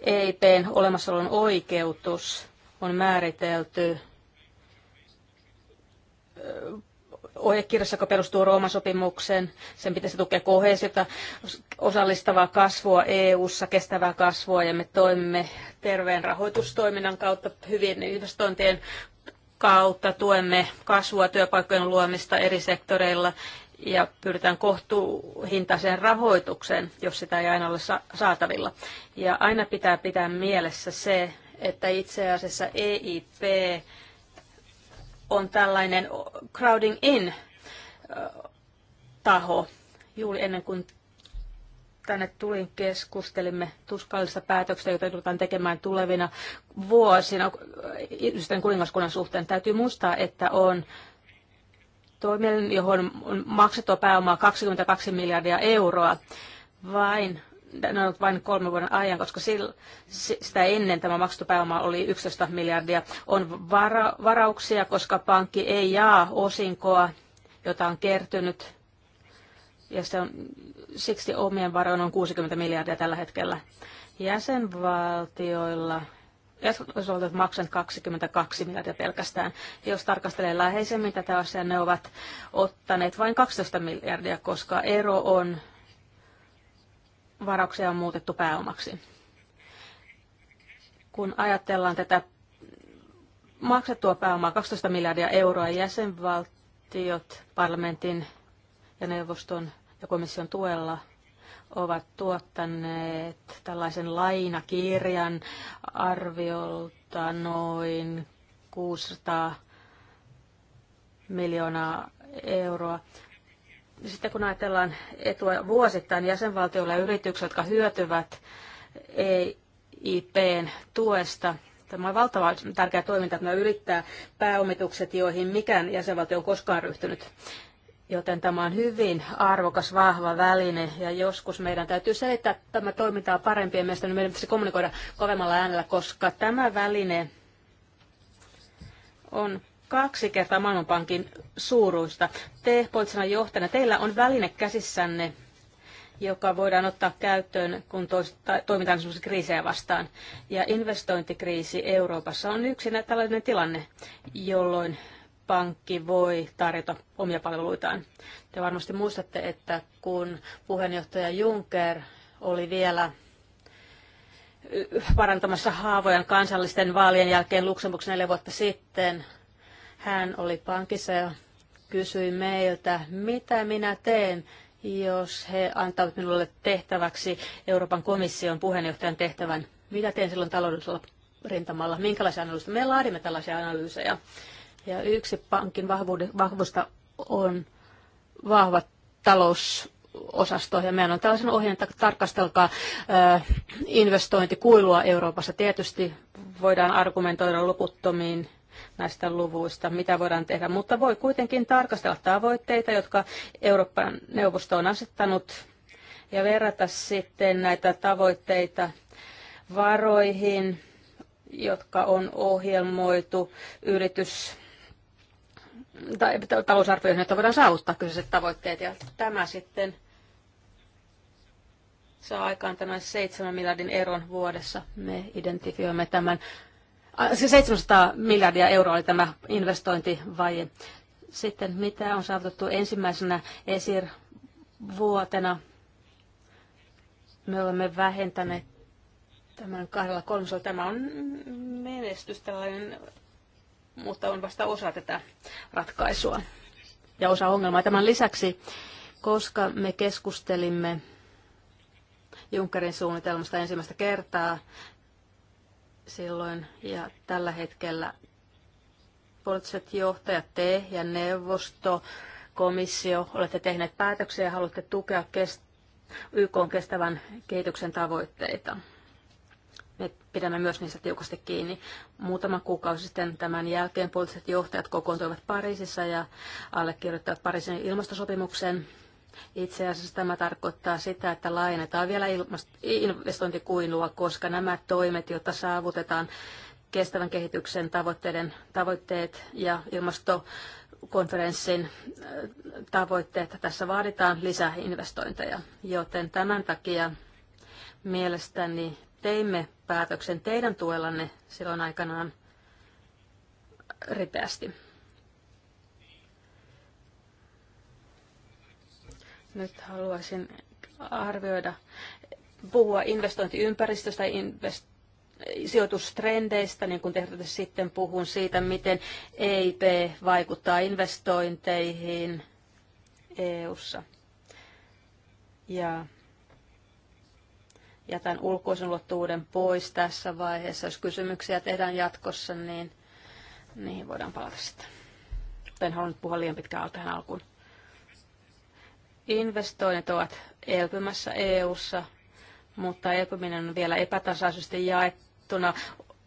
Speaker 1: EIPn olemassaolon oikeutus on määritelty ohjekirjassa, joka perustuu Rooman sopimukseen. Sen pitäisi tukea kohesiota, osallistavaa kasvua EU-ssa, kestävää kasvua, ja me toimimme terveen rahoitustoiminnan kautta, hyvien investointien kautta, tuemme kasvua, työpaikkojen luomista eri sektoreilla ja pyritään kohtuuhintaiseen rahoitukseen, jos sitä ei aina ole saatavilla. Ja aina pitää pitää mielessä se, että itse asiassa EIP on tällainen crowding in taho. Juuri ennen kuin tänne tulin, keskustelimme tuskallista päätöksistä, joita joudutaan tekemään tulevina vuosina yhdistön kuningaskunnan suhteen. Täytyy muistaa, että on Toimielin, johon on maksettua pääomaa 22 miljardia euroa vain no, vain kolme vuoden ajan, koska sillä, sitä ennen tämä pääoma oli 11 miljardia. On vara, varauksia, koska pankki ei jaa osinkoa, jota on kertynyt, ja se on, siksi omien varojen on 60 miljardia tällä hetkellä. Jäsenvaltioilla Yhdysvallat maksan 22 miljardia pelkästään. Jos tarkastelee läheisemmin tätä asiaa, ne ovat ottaneet vain 12 miljardia, koska ero on varauksia on muutettu pääomaksi. Kun ajatellaan tätä maksettua pääomaa 12 miljardia euroa jäsenvaltiot parlamentin ja neuvoston ja komission tuella – ovat tuottaneet tällaisen lainakirjan arviolta noin 600 miljoonaa euroa. Sitten kun ajatellaan etua vuosittain jäsenvaltioilla ja yrityksille, jotka hyötyvät EIPn tuesta, Tämä on valtavan tärkeä toiminta, että yrittää pääomitukset, joihin mikään jäsenvaltio on koskaan ryhtynyt. Joten tämä on hyvin arvokas, vahva väline ja joskus meidän täytyy selittää että tämä on parempi, ja niin meidän pitäisi kommunikoida kovemmalla äänellä, koska tämä väline on kaksi kertaa Maailmanpankin suuruista. Te poliittisena johtajana, teillä on väline käsissänne, joka voidaan ottaa käyttöön, kun toimitaan esimerkiksi kriisejä vastaan. Ja investointikriisi Euroopassa on yksi tällainen tilanne, jolloin pankki voi tarjota omia palveluitaan. Te varmasti muistatte, että kun puheenjohtaja Juncker oli vielä parantamassa haavojen kansallisten vaalien jälkeen Luxemburgissa neljä vuotta sitten, hän oli pankissa ja kysyi meiltä, mitä minä teen, jos he antavat minulle tehtäväksi Euroopan komission puheenjohtajan tehtävän. Mitä teen silloin taloudellisella rintamalla? Minkälaisia analyysejä? Me laadimme tällaisia analyysejä ja yksi pankin vahvuista on vahvat talousosasto. Ja meidän on tällaisen ohjeen, että tarkastelkaa investointikuilua Euroopassa. Tietysti voidaan argumentoida loputtomiin näistä luvuista, mitä voidaan tehdä, mutta voi kuitenkin tarkastella tavoitteita, jotka Euroopan neuvosto on asettanut ja verrata sitten näitä tavoitteita varoihin, jotka on ohjelmoitu yritys tai talousarvioihin, että voidaan saavuttaa kyseiset tavoitteet. Ja tämä sitten saa aikaan tämän 7 miljardin eron vuodessa. Me identifioimme tämän. Se 700 miljardia euroa oli tämä investointivaje. Sitten mitä on saavutettu ensimmäisenä ESIR-vuotena? Me olemme vähentäneet tämän kahdella kolmosella. Tämä on menestys, tällainen mutta on vasta osa tätä ratkaisua ja osa ongelmaa. Tämän lisäksi, koska me keskustelimme Junckerin suunnitelmasta ensimmäistä kertaa silloin ja tällä hetkellä poliittiset johtajat, te ja neuvosto, komissio, olette tehneet päätöksiä ja haluatte tukea kest- YK kestävän kehityksen tavoitteita me pidämme myös niistä tiukasti kiinni. Muutama kuukausi sitten tämän jälkeen poliittiset johtajat kokoontuivat Pariisissa ja allekirjoittavat Pariisin ilmastosopimuksen. Itse asiassa tämä tarkoittaa sitä, että laajennetaan vielä investointikuilua, koska nämä toimet, joita saavutetaan kestävän kehityksen tavoitteiden tavoitteet ja ilmastokonferenssin äh, tavoitteet, tässä vaaditaan lisää investointeja, joten tämän takia mielestäni teimme päätöksen teidän tuellanne silloin aikanaan ripeästi. Nyt haluaisin arvioida, puhua investointiympäristöstä, invest- sijoitustrendeistä, niin kuin tehdään sitten puhun siitä, miten EIP vaikuttaa investointeihin EU:ssa. Ja jätän ulkoisen luottuuden pois tässä vaiheessa. Jos kysymyksiä tehdään jatkossa, niin niihin voidaan palata sitten. En halunnut puhua liian pitkään tähän alkuun. Investoinnit ovat elpymässä EU:ssa, mutta elpyminen on vielä epätasaisesti jaettuna,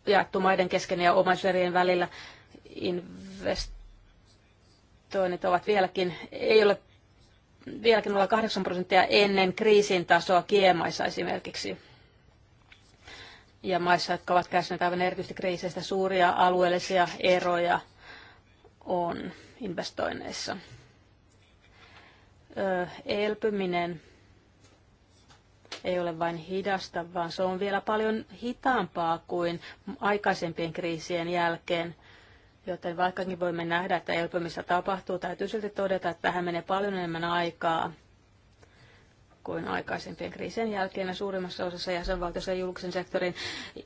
Speaker 1: jaettu maiden kesken ja omaiserien välillä. Investoinnit ovat vieläkin, ei ole vieläkin 0,8 prosenttia ennen kriisin tasoa kiemaissa esimerkiksi. Ja maissa, jotka ovat kärsineet aivan erityisesti kriiseistä, suuria alueellisia eroja on investoinneissa. Elpyminen ei ole vain hidasta, vaan se on vielä paljon hitaampaa kuin aikaisempien kriisien jälkeen. Joten vaikkakin voimme nähdä, että elpymistä tapahtuu, täytyy silti todeta, että tähän menee paljon enemmän aikaa kuin aikaisempien kriisien jälkeen ja suurimmassa osassa jäsenvaltiossa ja julkisen sektorin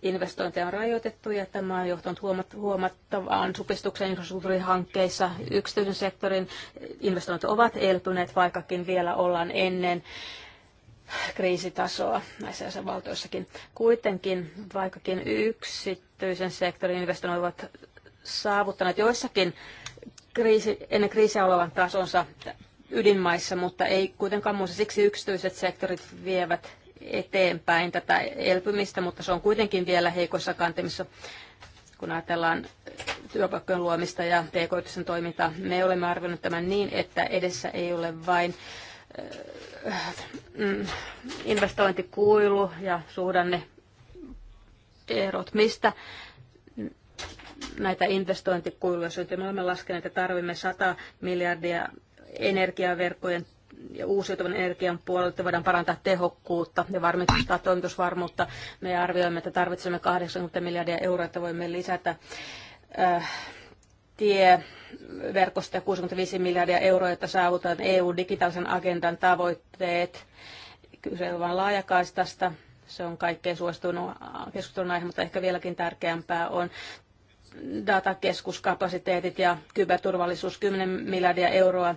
Speaker 1: investointeja on rajoitettu ja tämä on johtanut huomattavaan supistukseen infrastruktuurihankkeissa. Yksityisen sektorin investoinnit ovat elpyneet, vaikkakin vielä ollaan ennen kriisitasoa näissä jäsenvaltioissakin. Kuitenkin, vaikkakin yksityisen sektorin investoinnit ovat saavuttaneet joissakin kriisi, ennen kriisiä olevan tasonsa ydinmaissa, mutta ei kuitenkaan muussa. Siksi yksityiset sektorit vievät eteenpäin tätä elpymistä, mutta se on kuitenkin vielä heikoissa kantimissa, kun ajatellaan työpaikkojen luomista ja tk toimintaa. Me olemme arvioineet tämän niin, että edessä ei ole vain äh, mm, investointikuilu ja suhdanne erot, mistä näitä investointikuiluja syntyy. Me olemme laskeneet, että tarvimme 100 miljardia energiaverkkojen ja uusiutuvan energian puolelta, että voidaan parantaa tehokkuutta ja varmistaa toimitusvarmuutta. Me arvioimme, että tarvitsemme 80 miljardia euroa, että voimme lisätä äh, tieverkosta 65 miljardia euroa, että saavutaan EU-digitaalisen agendan tavoitteet. Kyse on vain laajakaistasta. Se on kaikkein suosituin keskustelun aihe, mutta ehkä vieläkin tärkeämpää on datakeskuskapasiteetit ja kyberturvallisuus 10 miljardia euroa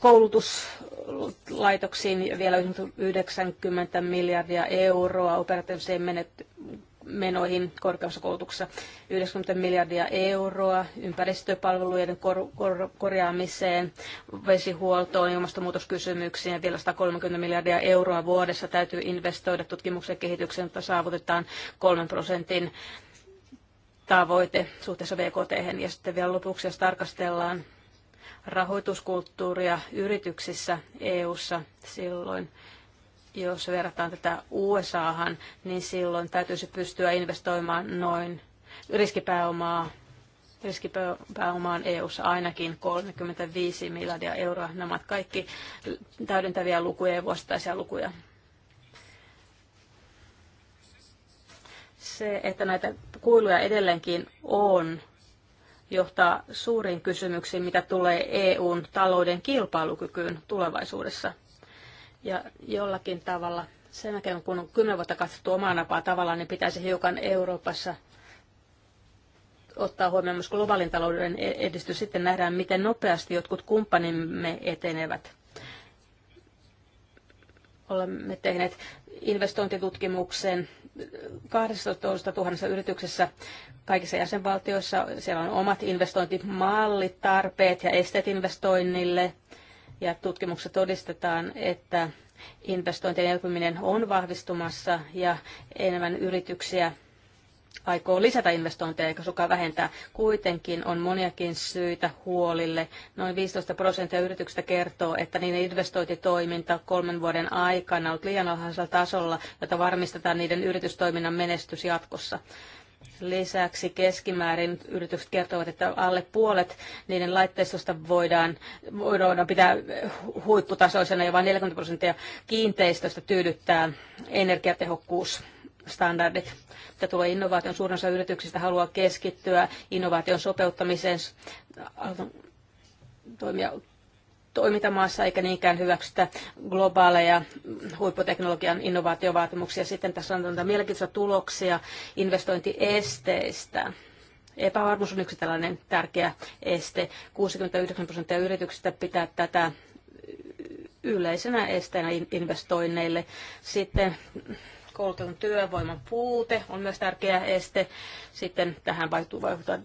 Speaker 1: koulutuslaitoksiin vielä 90 miljardia euroa operatiiviseen menet- menoihin korkeassa koulutuksessa 90 miljardia euroa ympäristöpalveluiden kor- kor- korjaamiseen, vesihuoltoon, ilmastonmuutoskysymyksiin ja vielä 130 miljardia euroa vuodessa täytyy investoida tutkimuksen kehitykseen, jotta saavutetaan 3 prosentin tavoite suhteessa BKT. Ja sitten vielä lopuksi, jos tarkastellaan rahoituskulttuuria yrityksissä EU-ssa silloin, jos verrataan tätä USAhan, niin silloin täytyisi pystyä investoimaan noin riskipääomaa riskipääomaan EU-ssa ainakin 35 miljardia euroa. Nämä ovat kaikki täydentäviä lukuja ja vuosittaisia lukuja. Se, että näitä kuiluja edelleenkin on, johtaa suuriin kysymyksiin, mitä tulee EUn talouden kilpailukykyyn tulevaisuudessa. Ja jollakin tavalla sen jälkeen, kun on kymmenen vuotta katsottu omaa napaa tavallaan, niin pitäisi hiukan Euroopassa ottaa huomioon myös globaalin talouden edistys. Sitten nähdään, miten nopeasti jotkut kumppanimme etenevät. Olemme tehneet investointitutkimuksen 12 000 yrityksessä kaikissa jäsenvaltioissa. Siellä on omat investointimallit, tarpeet ja esteet investoinnille. Ja tutkimuksessa todistetaan, että investointien elpyminen on vahvistumassa ja enemmän yrityksiä aikoo lisätä investointeja eikä sukaan vähentää. Kuitenkin on moniakin syitä huolille. Noin 15 prosenttia yrityksistä kertoo, että niiden investointitoiminta kolmen vuoden aikana on liian alhaisella tasolla, jota varmistetaan niiden yritystoiminnan menestys jatkossa. Lisäksi keskimäärin yritykset kertovat, että alle puolet niiden laitteistosta voidaan, voidaan pitää huipputasoisena ja vain 40 prosenttia kiinteistöstä tyydyttää energiatehokkuus standardit. Mitä tulee innovaation, suurin osa yrityksistä haluaa keskittyä innovaation sopeuttamiseen toimia toimintamaassa eikä niinkään hyväksytä globaaleja huipputeknologian innovaatiovaatimuksia. Sitten tässä on mielenkiintoisia tuloksia investointiesteistä. Epävarmuus on yksi tällainen tärkeä este. 69 prosenttia yrityksistä pitää tätä yleisenä esteenä investoinneille. Sitten koulutetun työvoiman puute on myös tärkeä este. Sitten tähän vaikuttaa, vaikuttaa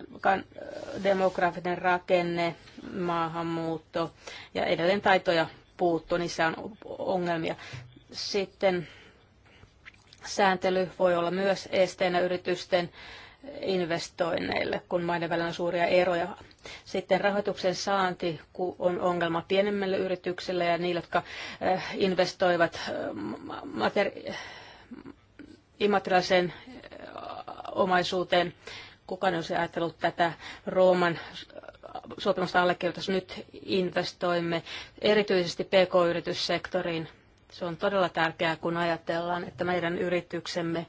Speaker 1: demografinen rakenne, maahanmuutto ja edelleen taitoja puuttu, niissä on ongelmia. Sitten sääntely voi olla myös esteenä yritysten investoinneille, kun maiden välillä on suuria eroja. Sitten rahoituksen saanti on ongelma pienemmille yrityksille ja niille, jotka eh, investoivat eh, materiaaleja immateriaaliseen omaisuuteen. Kukaan ei olisi ajatellut tätä Rooman sopimusta allekirjoitus. Nyt investoimme erityisesti pk-yrityssektoriin. Se on todella tärkeää, kun ajatellaan, että meidän yrityksemme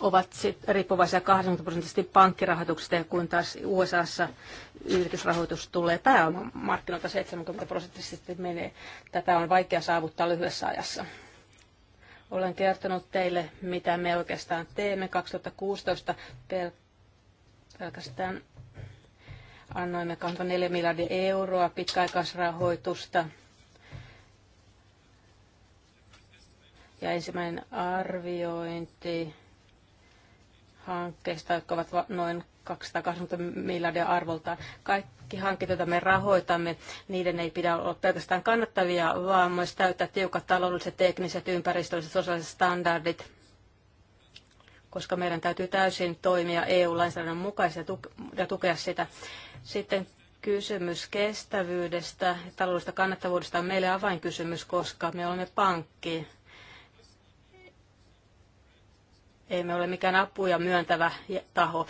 Speaker 1: ovat sit riippuvaisia 80 prosenttisesti pankkirahoituksesta, kun taas USAssa yritysrahoitus tulee pääomamarkkinoilta 70 prosenttisesti menee. Tätä on vaikea saavuttaa lyhyessä ajassa. Olen kertonut teille, mitä me oikeastaan teemme. 2016 pel- pelkästään annoimme 4 miljardia euroa pitkäaikaisrahoitusta. Ja ensimmäinen arviointi hankkeista, jotka ovat noin 220 miljardia arvolta Kaikki hankkeet, joita me rahoitamme, niiden ei pidä olla pelkästään kannattavia, vaan myös täyttää tiukat taloudelliset, tekniset, ympäristölliset, sosiaaliset standardit, koska meidän täytyy täysin toimia EU-lainsäädännön mukaisesti ja tukea sitä. Sitten kysymys kestävyydestä ja taloudellisesta kannattavuudesta on meille avainkysymys, koska me olemme pankki. Ei me ole mikään apuja myöntävä taho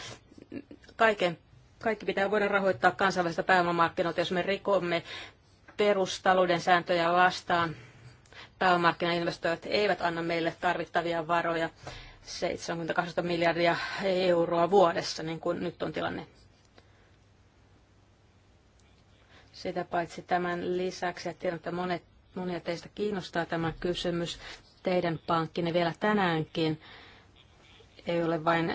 Speaker 1: kaiken, kaikki pitää voida rahoittaa kansainvälistä pääomamarkkinoita, jos me rikomme perustalouden sääntöjä vastaan. Pääomamarkkinainvestoijat eivät anna meille tarvittavia varoja 78 miljardia euroa vuodessa, niin kuin nyt on tilanne. Sitä paitsi tämän lisäksi, ja tiedän, että monet, monia teistä kiinnostaa tämä kysymys, teidän pankkinne vielä tänäänkin ei ole vain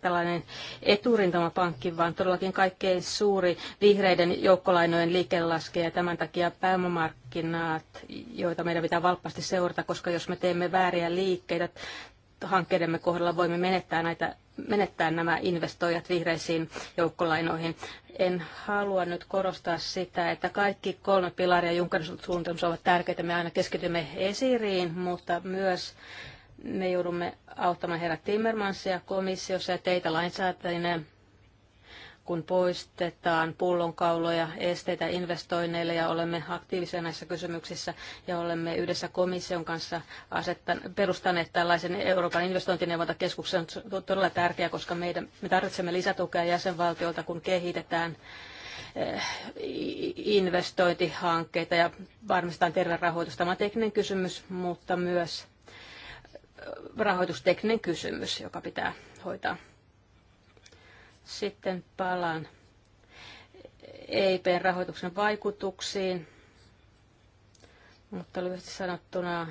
Speaker 1: tällainen eturintamapankki, vaan todellakin kaikkein suuri vihreiden joukkolainojen liikelaskija. Tämän takia pääomamarkkinat, joita meidän pitää valppaasti seurata, koska jos me teemme vääriä liikkeitä, hankkeidemme kohdalla voimme menettää, näitä, menettää nämä investoijat vihreisiin joukkolainoihin. En halua nyt korostaa sitä, että kaikki kolme pilaria Junckerin suunnitelmassa ovat tärkeitä. Me aina keskitymme esiriin, mutta myös me joudumme auttamaan herra Timmermansia komissiossa ja teitä lainsäätäjinä, kun poistetaan pullonkauloja, esteitä investoinneille ja olemme aktiivisia näissä kysymyksissä ja olemme yhdessä komission kanssa asettan, perustaneet tällaisen Euroopan investointineuvontakeskuksen. Se on todella tärkeää, koska meidän, me tarvitsemme lisätukea jäsenvaltiolta, kun kehitetään eh, investointihankkeita ja varmistetaan terveen rahoitus. Tämä on tekninen kysymys, mutta myös rahoitustekninen kysymys, joka pitää hoitaa. Sitten palaan EIPn rahoituksen vaikutuksiin, mutta lyhyesti sanottuna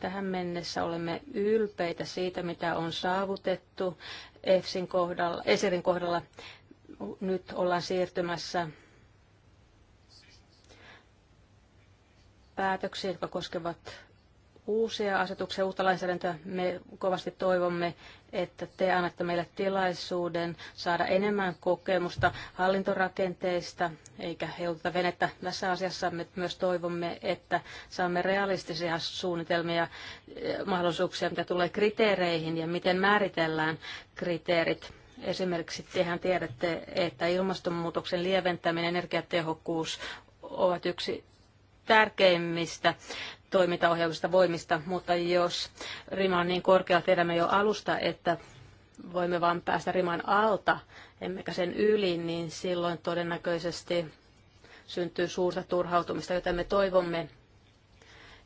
Speaker 1: tähän mennessä olemme ylpeitä siitä, mitä on saavutettu EFSin kohdalla, ESERin kohdalla. Nyt ollaan siirtymässä päätöksiä, jotka koskevat uusia asetuksia, uutta lainsäädäntöä. Me kovasti toivomme, että te annatte meille tilaisuuden saada enemmän kokemusta hallintorakenteista, eikä heiltä venettä tässä asiassa. Me myös toivomme, että saamme realistisia suunnitelmia eh, mahdollisuuksia, mitä tulee kriteereihin ja miten määritellään kriteerit. Esimerkiksi tehän tiedätte, että ilmastonmuutoksen lieventäminen, energiatehokkuus ovat yksi tärkeimmistä toimintaohjauksesta voimista, mutta jos rima on niin korkea, tiedämme jo alusta, että voimme vain päästä riman alta, emmekä sen yli, niin silloin todennäköisesti syntyy suurta turhautumista, joten me toivomme,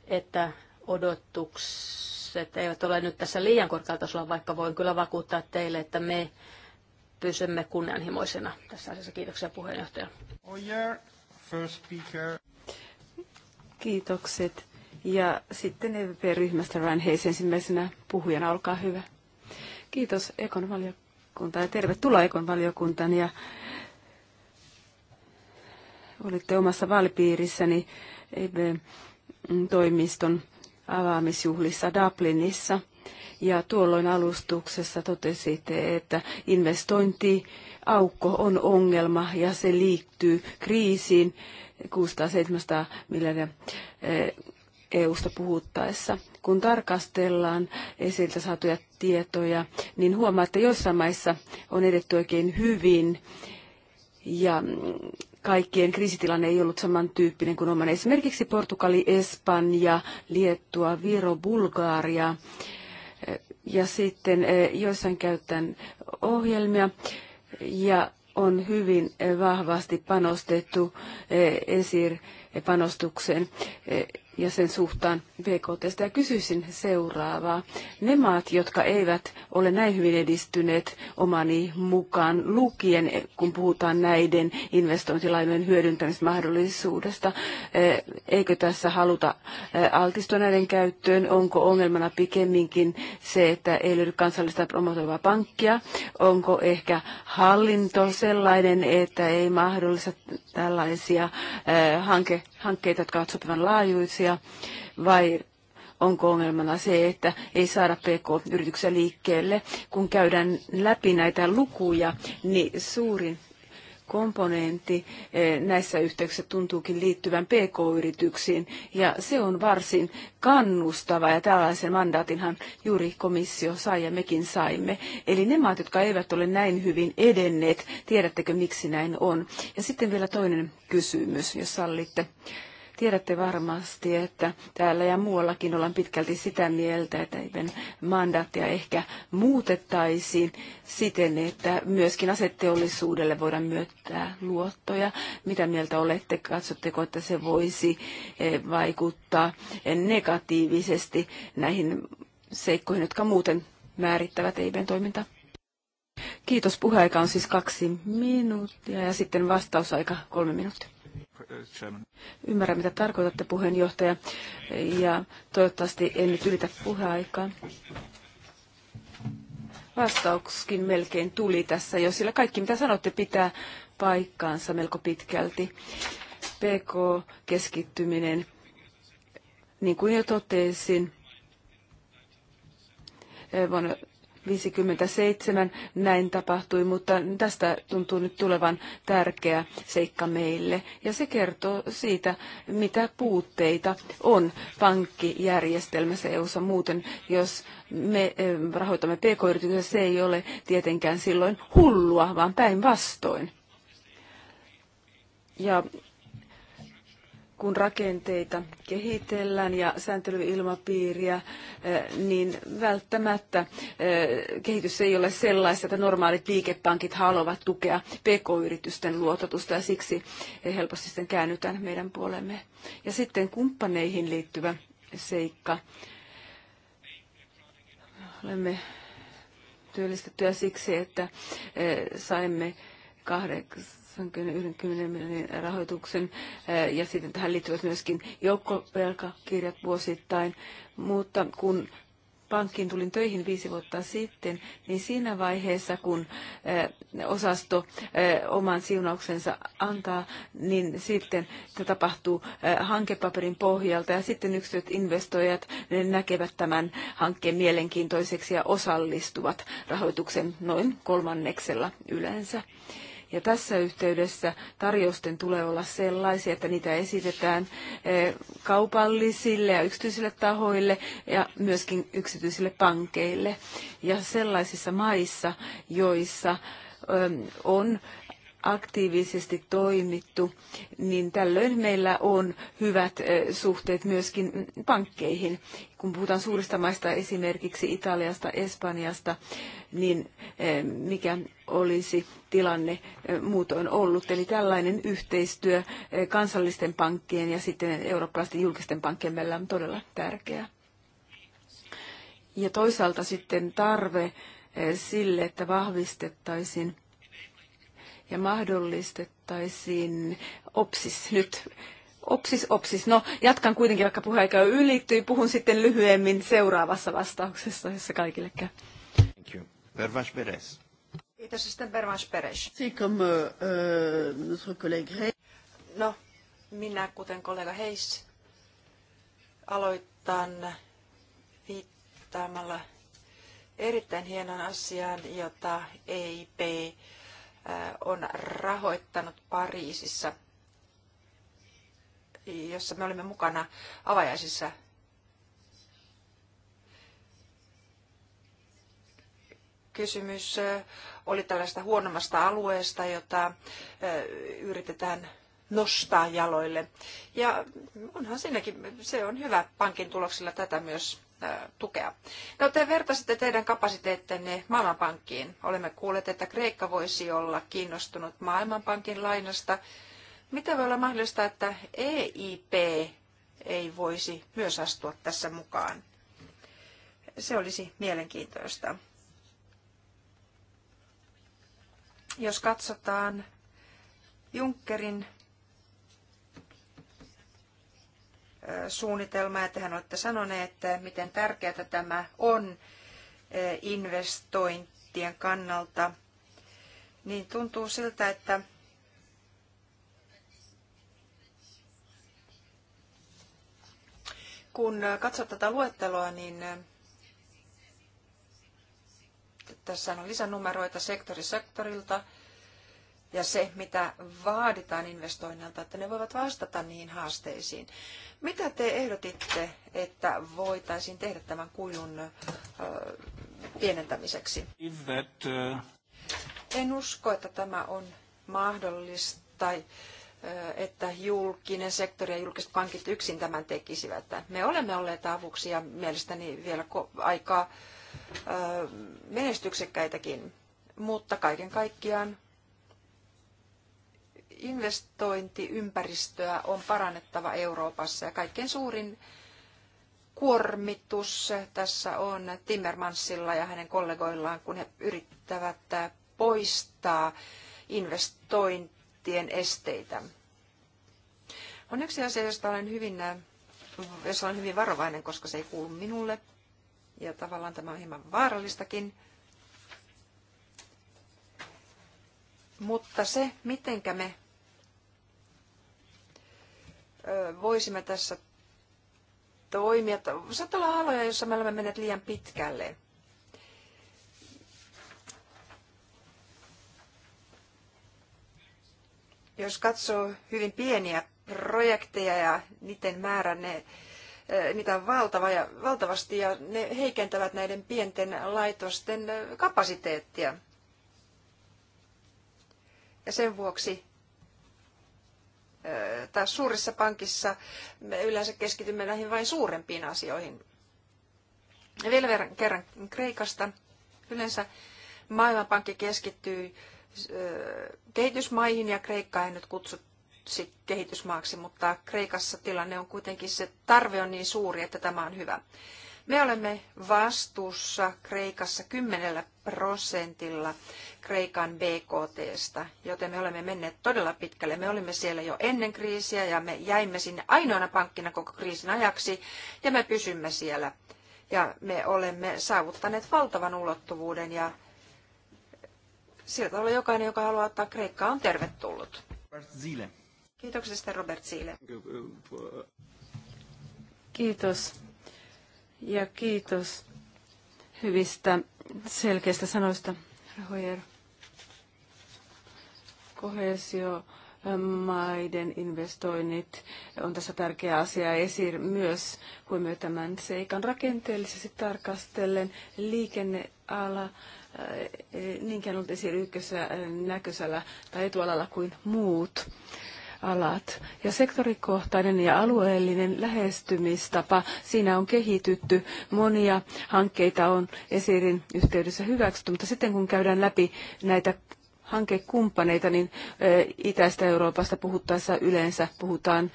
Speaker 1: että odotukset eivät ole nyt tässä liian korkealla tasolla, vaikka voin kyllä vakuuttaa teille, että me pysymme kunnianhimoisena tässä asiassa. Kiitoksia puheenjohtaja.
Speaker 4: Oyer, first speaker.
Speaker 1: Kiitokset ja sitten EVP-ryhmästä
Speaker 4: Ryan Hayes ensimmäisenä puhujana, olkaa hyvä. Kiitos Ekon valiokunta ja tervetuloa Ekon valiokuntaan. Ja olitte omassa vaalipiirissäni evp toimiston avaamisjuhlissa Dublinissa. Ja tuolloin alustuksessa totesitte, että investointiaukko on ongelma ja se liittyy kriisiin 600-700 miljardia EUsta puhuttaessa. Kun tarkastellaan esiltä saatuja tietoja, niin huomaa, että joissain maissa on edetty oikein hyvin ja kaikkien kriisitilanne ei ollut samantyyppinen kuin oman. Esimerkiksi Portugali, Espanja, Liettua, Viro, Bulgaaria ja sitten e, joissain käytän ohjelmia ja on hyvin e, vahvasti panostettu e, esir panostukseen ja sen suhtaan BKT. Ja kysyisin seuraavaa. Ne maat, jotka eivät ole näin hyvin edistyneet omani mukaan lukien, kun puhutaan näiden investointilainojen hyödyntämismahdollisuudesta, eh, eikö tässä haluta eh, altistua näiden käyttöön? Onko ongelmana pikemminkin se, että ei löydy kansallista promotoivaa pankkia? Onko ehkä hallinto sellainen, että ei mahdollista tällaisia eh, hanke, hankkeita, jotka ovat sopivan laajuisia? asia vai onko ongelmana se, että ei saada pk-yrityksiä liikkeelle. Kun käydään läpi näitä lukuja, niin suurin komponentti eh, näissä yhteyksissä tuntuukin liittyvän PK-yrityksiin, ja se on varsin kannustava, ja tällaisen mandaatinhan juuri komissio sai ja mekin saimme. Eli ne maat, jotka eivät ole näin hyvin edenneet, tiedättekö miksi näin on? Ja sitten vielä toinen kysymys, jos sallitte. Tiedätte varmasti, että täällä ja muuallakin ollaan pitkälti sitä mieltä, että EIBen mandaattia ehkä muutettaisiin siten, että myöskin asetteollisuudelle voidaan myöntää luottoja. Mitä mieltä olette? Katsotteko, että se voisi eh, vaikuttaa negatiivisesti näihin seikkoihin, jotka muuten määrittävät EIBen toimintaa? Kiitos. Puheaika on siis kaksi minuuttia ja sitten vastausaika kolme minuuttia. Ymmärrän, mitä tarkoitatte, puheenjohtaja, ja toivottavasti en nyt ylitä puheaikaa. Vastauksikin melkein tuli tässä jo, sillä kaikki mitä sanotte pitää paikkaansa melko pitkälti. PK-keskittyminen, niin kuin jo totesin, vuonna 57 näin tapahtui, mutta tästä tuntuu nyt tulevan tärkeä seikka meille. Ja se kertoo siitä, mitä puutteita on pankkijärjestelmässä eu muuten, jos me eh, rahoitamme pk-yrityksiä, se ei ole tietenkään silloin hullua, vaan päinvastoin. Ja kun rakenteita kehitellään ja sääntelyilmapiiriä, eh, niin välttämättä eh, kehitys ei ole sellaista, että normaalit liikepankit haluavat tukea pk-yritysten luototusta ja siksi helposti sitten käännytään meidän puolemme. Ja sitten kumppaneihin liittyvä seikka. Olemme työllistettyä siksi, että eh, saimme kahdeksan 190 miljoonan rahoituksen eh, ja sitten tähän liittyvät myöskin joukkovelkakirjat vuosittain. Mutta kun pankkiin tulin töihin viisi vuotta sitten, niin siinä vaiheessa, kun eh, osasto eh, oman siunauksensa antaa, niin sitten se tapahtuu hankepaperin pohjalta ja sitten yksityiset investoijat näkevät tämän hankkeen mielenkiintoiseksi ja osallistuvat rahoituksen noin kolmanneksella yleensä. Ja tässä yhteydessä tarjousten tulee olla sellaisia, että niitä esitetään eh, kaupallisille ja yksityisille tahoille ja myöskin yksityisille pankeille. Ja sellaisissa maissa, joissa eh, on aktiivisesti toimittu, niin tällöin meillä on hyvät suhteet myöskin pankkeihin. Kun puhutaan suurista maista, esimerkiksi Italiasta, Espanjasta, niin mikä olisi tilanne muutoin ollut. Eli tällainen yhteistyö kansallisten pankkien ja sitten eurooppalaisten julkisten pankkien välillä on todella tärkeää. Ja toisaalta sitten tarve sille, että vahvistettaisiin ja mahdollistettaisiin OPSIS nyt. OPSIS, OPSIS. No, jatkan kuitenkin, vaikka puheaika jo ylittyi. Puhun sitten lyhyemmin seuraavassa vastauksessa, jossa kaikille käy.
Speaker 1: Thank you. Pervash Perez.
Speaker 3: Kiitos sitten Pervash
Speaker 4: Beres. Euh, no, minä, kuten
Speaker 3: kollega Heis, aloitan viittaamalla erittäin hienon asian, jota EIP on rahoittanut Pariisissa, jossa me olimme mukana avajaisissa. Kysymys oli tällaista huonommasta alueesta, jota yritetään nostaa jaloille. Ja onhan siinäkin, se on hyvä pankin tuloksilla tätä myös tukea. No te vertasitte teidän kapasiteettenne Maailmanpankkiin. Olemme kuulleet, että Kreikka voisi olla kiinnostunut Maailmanpankin lainasta. Mitä voi olla mahdollista, että EIP ei voisi myös astua tässä mukaan? Se olisi mielenkiintoista. Jos katsotaan Junckerin suunnitelma ja tehän olette sanoneet, miten tärkeää tämä on e, investointien kannalta, niin tuntuu siltä, että kun katsoo tätä luetteloa, niin e, tässä on lisänumeroita sektori sektorilta, ja se, mitä vaaditaan investoinnilta, että ne voivat vastata niihin haasteisiin. Mitä te ehdotitte, että voitaisiin tehdä tämän kuilun pienentämiseksi?
Speaker 2: That, uh...
Speaker 3: En usko, että tämä on mahdollista, että julkinen sektori ja julkiset pankit yksin tämän tekisivät. Me olemme olleet avuksi ja mielestäni vielä aika menestyksekkäitäkin, mutta kaiken kaikkiaan investointiympäristöä on parannettava Euroopassa ja kaikkein suurin kuormitus tässä on Timmermansilla ja hänen kollegoillaan, kun he yrittävät poistaa investointien esteitä. On yksi asia, josta olen hyvin, olen hyvin varovainen, koska se ei kuulu minulle. Ja tavallaan tämä on hieman vaarallistakin. Mutta se, mitenkä me voisimme tässä toimia. Saattaa olla aloja, joissa me olemme menneet liian pitkälle. Jos katsoo hyvin pieniä projekteja ja niiden määrä, ne, niitä on valtava ja, valtavasti ja ne heikentävät näiden pienten laitosten kapasiteettia. Ja sen vuoksi taas suurissa pankissa me yleensä keskitymme näihin vain suurempiin asioihin. Ja vielä kerran Kreikasta. Yleensä Maailmanpankki keskittyy kehitysmaihin ja Kreikka ei nyt kutsu kehitysmaaksi, mutta Kreikassa tilanne on kuitenkin se tarve on niin suuri, että tämä on hyvä. Me olemme vastuussa Kreikassa 10 prosentilla Kreikan BKTstä, joten me olemme menneet todella pitkälle. Me olimme siellä jo ennen kriisiä ja me jäimme sinne ainoana pankkina koko kriisin ajaksi ja me pysymme siellä. Ja me olemme saavuttaneet valtavan ulottuvuuden ja sillä tavalla jokainen, joka haluaa ottaa Kreikkaa, on tervetullut. Kiitoksesta Robert Siile.
Speaker 4: Kiitos ja kiitos hyvistä selkeistä sanoista, Hoyer. Kohesio maiden investoinnit on tässä tärkeä asia. Esir myös huomioi tämän seikan rakenteellisesti tarkastellen liikenneala eh, niinkään ollut esir ykkösä näköisellä tai etualalla kuin muut alat. Ja sektorikohtainen ja alueellinen lähestymistapa, siinä on kehitytty. Monia hankkeita on esirin yhteydessä hyväksytty, mutta sitten kun käydään läpi näitä hankekumppaneita, niin Itäistä Euroopasta puhuttaessa yleensä puhutaan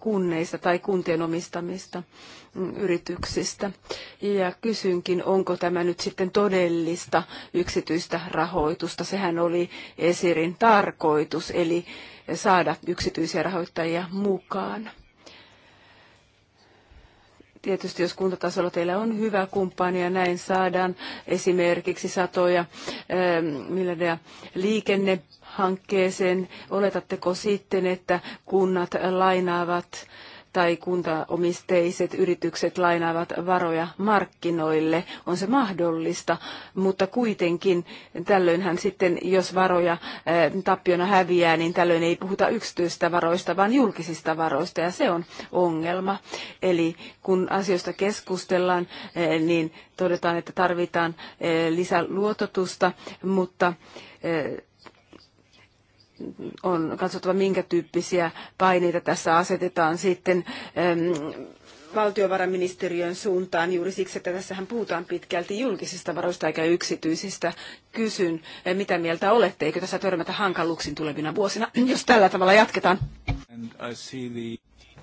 Speaker 4: kunneista tai kuntien omistamista mm, yrityksistä. Ja kysynkin, onko tämä nyt sitten todellista yksityistä rahoitusta. Sehän oli Esirin tarkoitus, eli saada yksityisiä rahoittajia mukaan. Tietysti jos kuntatasolla teillä on hyvä kumppani ja näin saadaan esimerkiksi satoja ähm, miljardia liikennehankkeeseen Oletatteko sitten, että kunnat lainaavat tai kuntaomisteiset yritykset lainaavat varoja markkinoille, on se mahdollista, mutta kuitenkin tällöinhän sitten, jos varoja eh, tappiona häviää, niin tällöin ei puhuta yksityistä varoista, vaan julkisista varoista, ja se on ongelma. Eli kun asioista keskustellaan, eh, niin todetaan, että tarvitaan eh, lisäluototusta, mutta on katsottava, minkä tyyppisiä paineita tässä asetetaan sitten ähm, valtiovarainministeriön suuntaan juuri siksi, että tässähän puhutaan pitkälti julkisista varoista eikä yksityisistä. Kysyn, äh, mitä mieltä olette, eikö tässä törmätä hankaluuksiin tulevina vuosina, jos tällä tavalla jatketaan? The...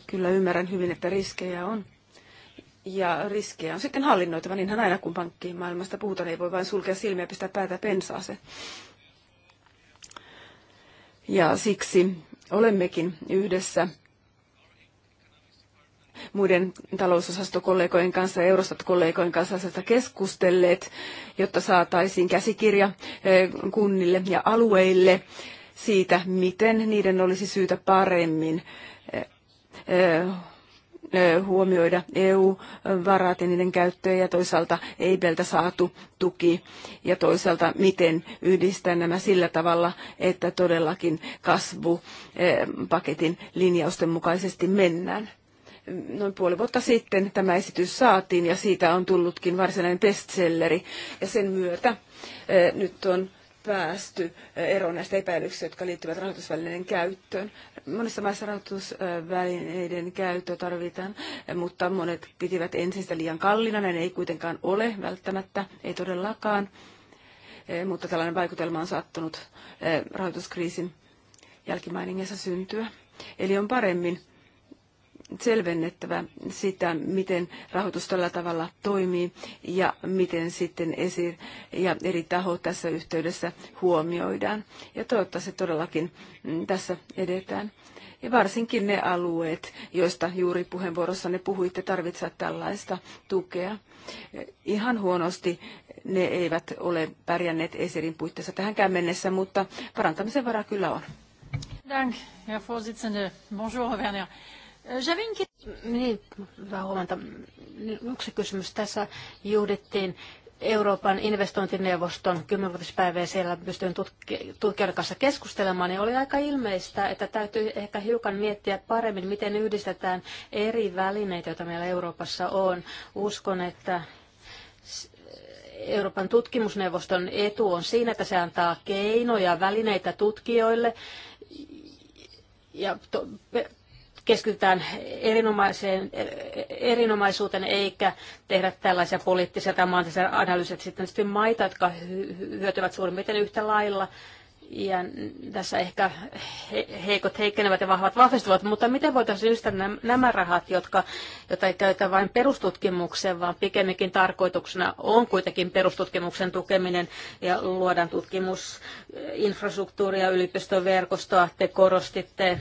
Speaker 4: Kyllä ymmärrän hyvin, että riskejä on. Ja riskejä on sitten hallinnoitava, niinhän aina kun pankkiin maailmasta puhutaan, ei voi vain sulkea silmiä ja pistää päätä pensaaseen. Ja siksi olemmekin yhdessä muiden talousosastokollegojen kanssa ja Eurostat-kollegojen kanssa asiasta keskustelleet, jotta saataisiin käsikirja eh, kunnille ja alueille siitä, miten niiden olisi syytä paremmin eh, eh, huomioida EU-varat ja niiden käyttöä ja toisaalta EIPeltä saatu tuki ja toisaalta miten yhdistää nämä sillä tavalla, että todellakin kasvupaketin linjausten mukaisesti mennään noin puoli vuotta sitten tämä esitys saatiin ja siitä on tullutkin varsinainen bestselleri. Ja sen myötä nyt on päästy eh, eroon näistä epäilyksistä, jotka liittyvät rahoitusvälineiden käyttöön. Monissa maissa rahoitusvälineiden käyttöä tarvitaan, eh, mutta monet pitivät ensin sitä liian kallina. Näin ei kuitenkaan ole välttämättä, ei todellakaan, eh, mutta tällainen vaikutelma on sattunut rahoituskriisin jälkimainingissa syntyä. Eli on paremmin selvennettävä sitä, miten rahoitus tällä tavalla toimii ja miten sitten esi- ja eri tahot tässä yhteydessä huomioidaan. Ja toivottavasti todellakin mm, tässä edetään. Ja varsinkin ne alueet, joista juuri puheenvuorossanne puhuitte, tarvitsevat tällaista tukea. Ihan huonosti ne eivät ole pärjänneet Eserin puitteissa tähänkään mennessä, mutta parantamisen varaa kyllä on.
Speaker 1: Dank, Herr Vorsitzende. Bonjour, Werner. J'avais une Niin, huomenta. Niin, yksi kysymys tässä juudittiin Euroopan investointineuvoston kymmenvuotispäivää siellä pystyin tutkijoiden kanssa keskustelemaan, niin oli aika ilmeistä, että täytyy ehkä hiukan miettiä paremmin, miten yhdistetään eri välineitä, joita meillä Euroopassa on. Uskon, että Euroopan tutkimusneuvoston etu on siinä, että se antaa keinoja, välineitä tutkijoille ja keskitytään erinomaiseen, erinomaisuuteen eikä tehdä tällaisia poliittisia tai maantisia analyysejä. Sitten sitten maita, jotka hyötyvät suurin piirtein yhtä lailla. Ja tässä ehkä heikot heikkenevät ja vahvat vahvistuvat, mutta miten voitaisiin yhdistää nämä rahat, jotka, joita ei käytä vain perustutkimukseen, vaan pikemminkin tarkoituksena on kuitenkin perustutkimuksen tukeminen ja luodaan tutkimusinfrastruktuuria, yliopistoverkostoa, te korostitte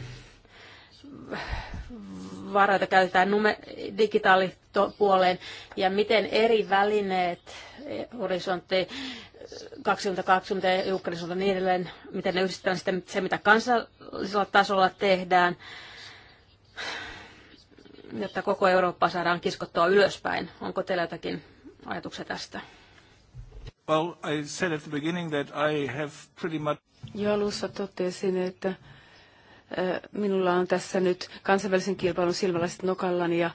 Speaker 1: varoita käytetään nume- digitaalipuoleen ja miten eri välineet, horisontti 2020 ja niin edelleen, miten ne yhdistetään sitten se, mitä kansallisella tasolla tehdään, jotta koko Eurooppa saadaan kiskottua ylöspäin. Onko teillä jotakin ajatuksia tästä?
Speaker 2: Well, I said at the beginning that I have pretty much...
Speaker 1: Jo
Speaker 4: alussa totesin, että Minulla on tässä nyt kansainvälisen kilpailun silmälaiset nokallani ja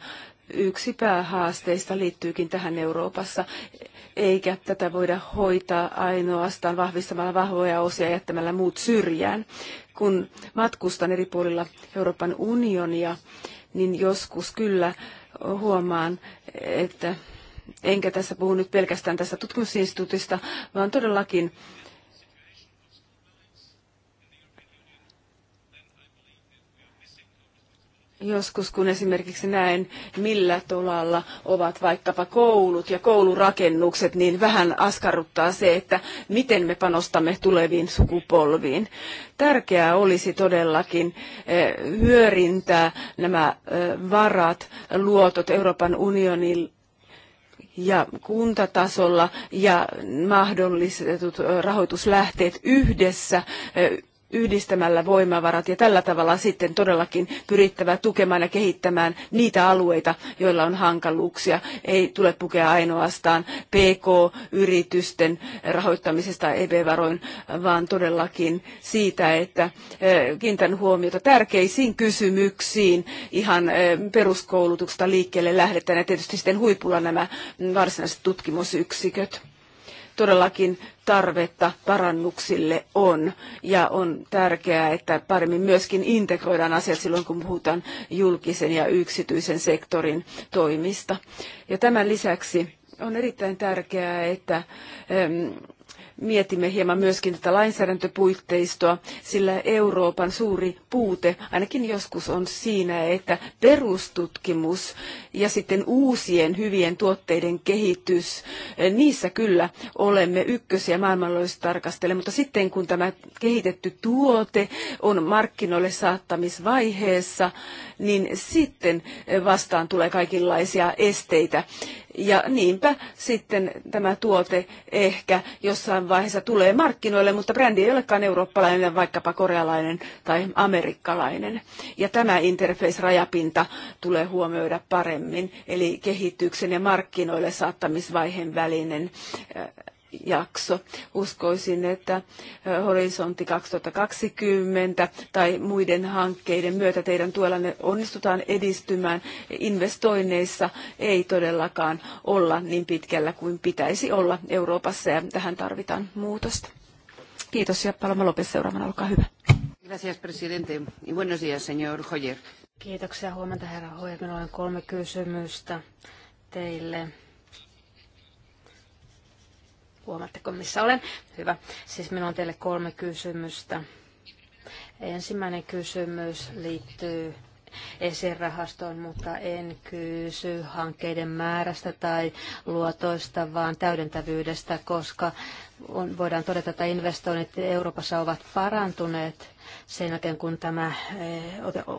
Speaker 4: yksi päähaasteista liittyykin tähän Euroopassa, eikä tätä voida hoitaa ainoastaan vahvistamalla vahvoja osia ja jättämällä muut syrjään. Kun matkustan eri puolilla Euroopan unionia, niin joskus kyllä huomaan, että enkä tässä puhu nyt pelkästään tästä tutkimusinstituutista, vaan todellakin Joskus kun esimerkiksi näen, millä tolalla ovat vaikkapa koulut ja koulurakennukset, niin vähän askarruttaa se, että miten me panostamme tuleviin sukupolviin. Tärkeää olisi todellakin eh, hyörintää nämä eh, varat, luotot Euroopan unionin ja kuntatasolla ja mahdollistetut eh, rahoituslähteet yhdessä yhdistämällä voimavarat ja tällä tavalla sitten todellakin pyrittävä tukemaan ja kehittämään niitä alueita, joilla on hankaluuksia. Ei tule pukea ainoastaan PK-yritysten rahoittamisesta EB-varoin, vaan todellakin siitä, että e, kiinnitän huomiota tärkeisiin kysymyksiin ihan e, peruskoulutuksesta liikkeelle lähdetään ja tietysti sitten huipulla nämä varsinaiset tutkimusyksiköt todellakin tarvetta parannuksille on. Ja on tärkeää, että paremmin myöskin integroidaan asiat silloin, kun puhutaan julkisen ja yksityisen sektorin toimista. Ja tämän lisäksi on erittäin tärkeää, että mietimme hieman myöskin tätä lainsäädäntöpuitteistoa, sillä Euroopan suuri puute ainakin joskus on siinä, että perustutkimus ja sitten uusien hyvien tuotteiden kehitys, niissä kyllä olemme ykkösiä maailmanlaajuisesti tarkastellen, mutta sitten kun tämä kehitetty tuote on markkinoille saattamisvaiheessa, niin sitten vastaan tulee kaikenlaisia esteitä ja niinpä sitten tämä tuote ehkä jossain vaiheessa tulee markkinoille, mutta brändi ei olekaan eurooppalainen, vaikkapa korealainen tai amerikkalainen. Ja tämä interface-rajapinta tulee huomioida paremmin, eli kehityksen ja markkinoille saattamisvaiheen välinen jakso. Uskoisin, että Horisontti 2020 tai muiden hankkeiden myötä teidän tuellanne onnistutaan edistymään. Investoinneissa ei todellakaan olla niin pitkällä kuin pitäisi olla Euroopassa ja tähän tarvitaan muutosta. Kiitos ja Paloma Lopes seuraavana, olkaa hyvä. Gracias, presidente. Y buenos días, señor Hoyer.
Speaker 1: Kiitoksia. Huomenta, herra Hoyer. Minulla on kolme kysymystä teille Huomaatteko, missä olen? Hyvä. Siis minulla on teille kolme kysymystä. Ensimmäinen kysymys liittyy esirahastoon, mutta en kysy hankkeiden määrästä tai luotoista, vaan täydentävyydestä, koska on, voidaan todeta, että investoinnit Euroopassa ovat parantuneet sen jälkeen, kun tämä eh,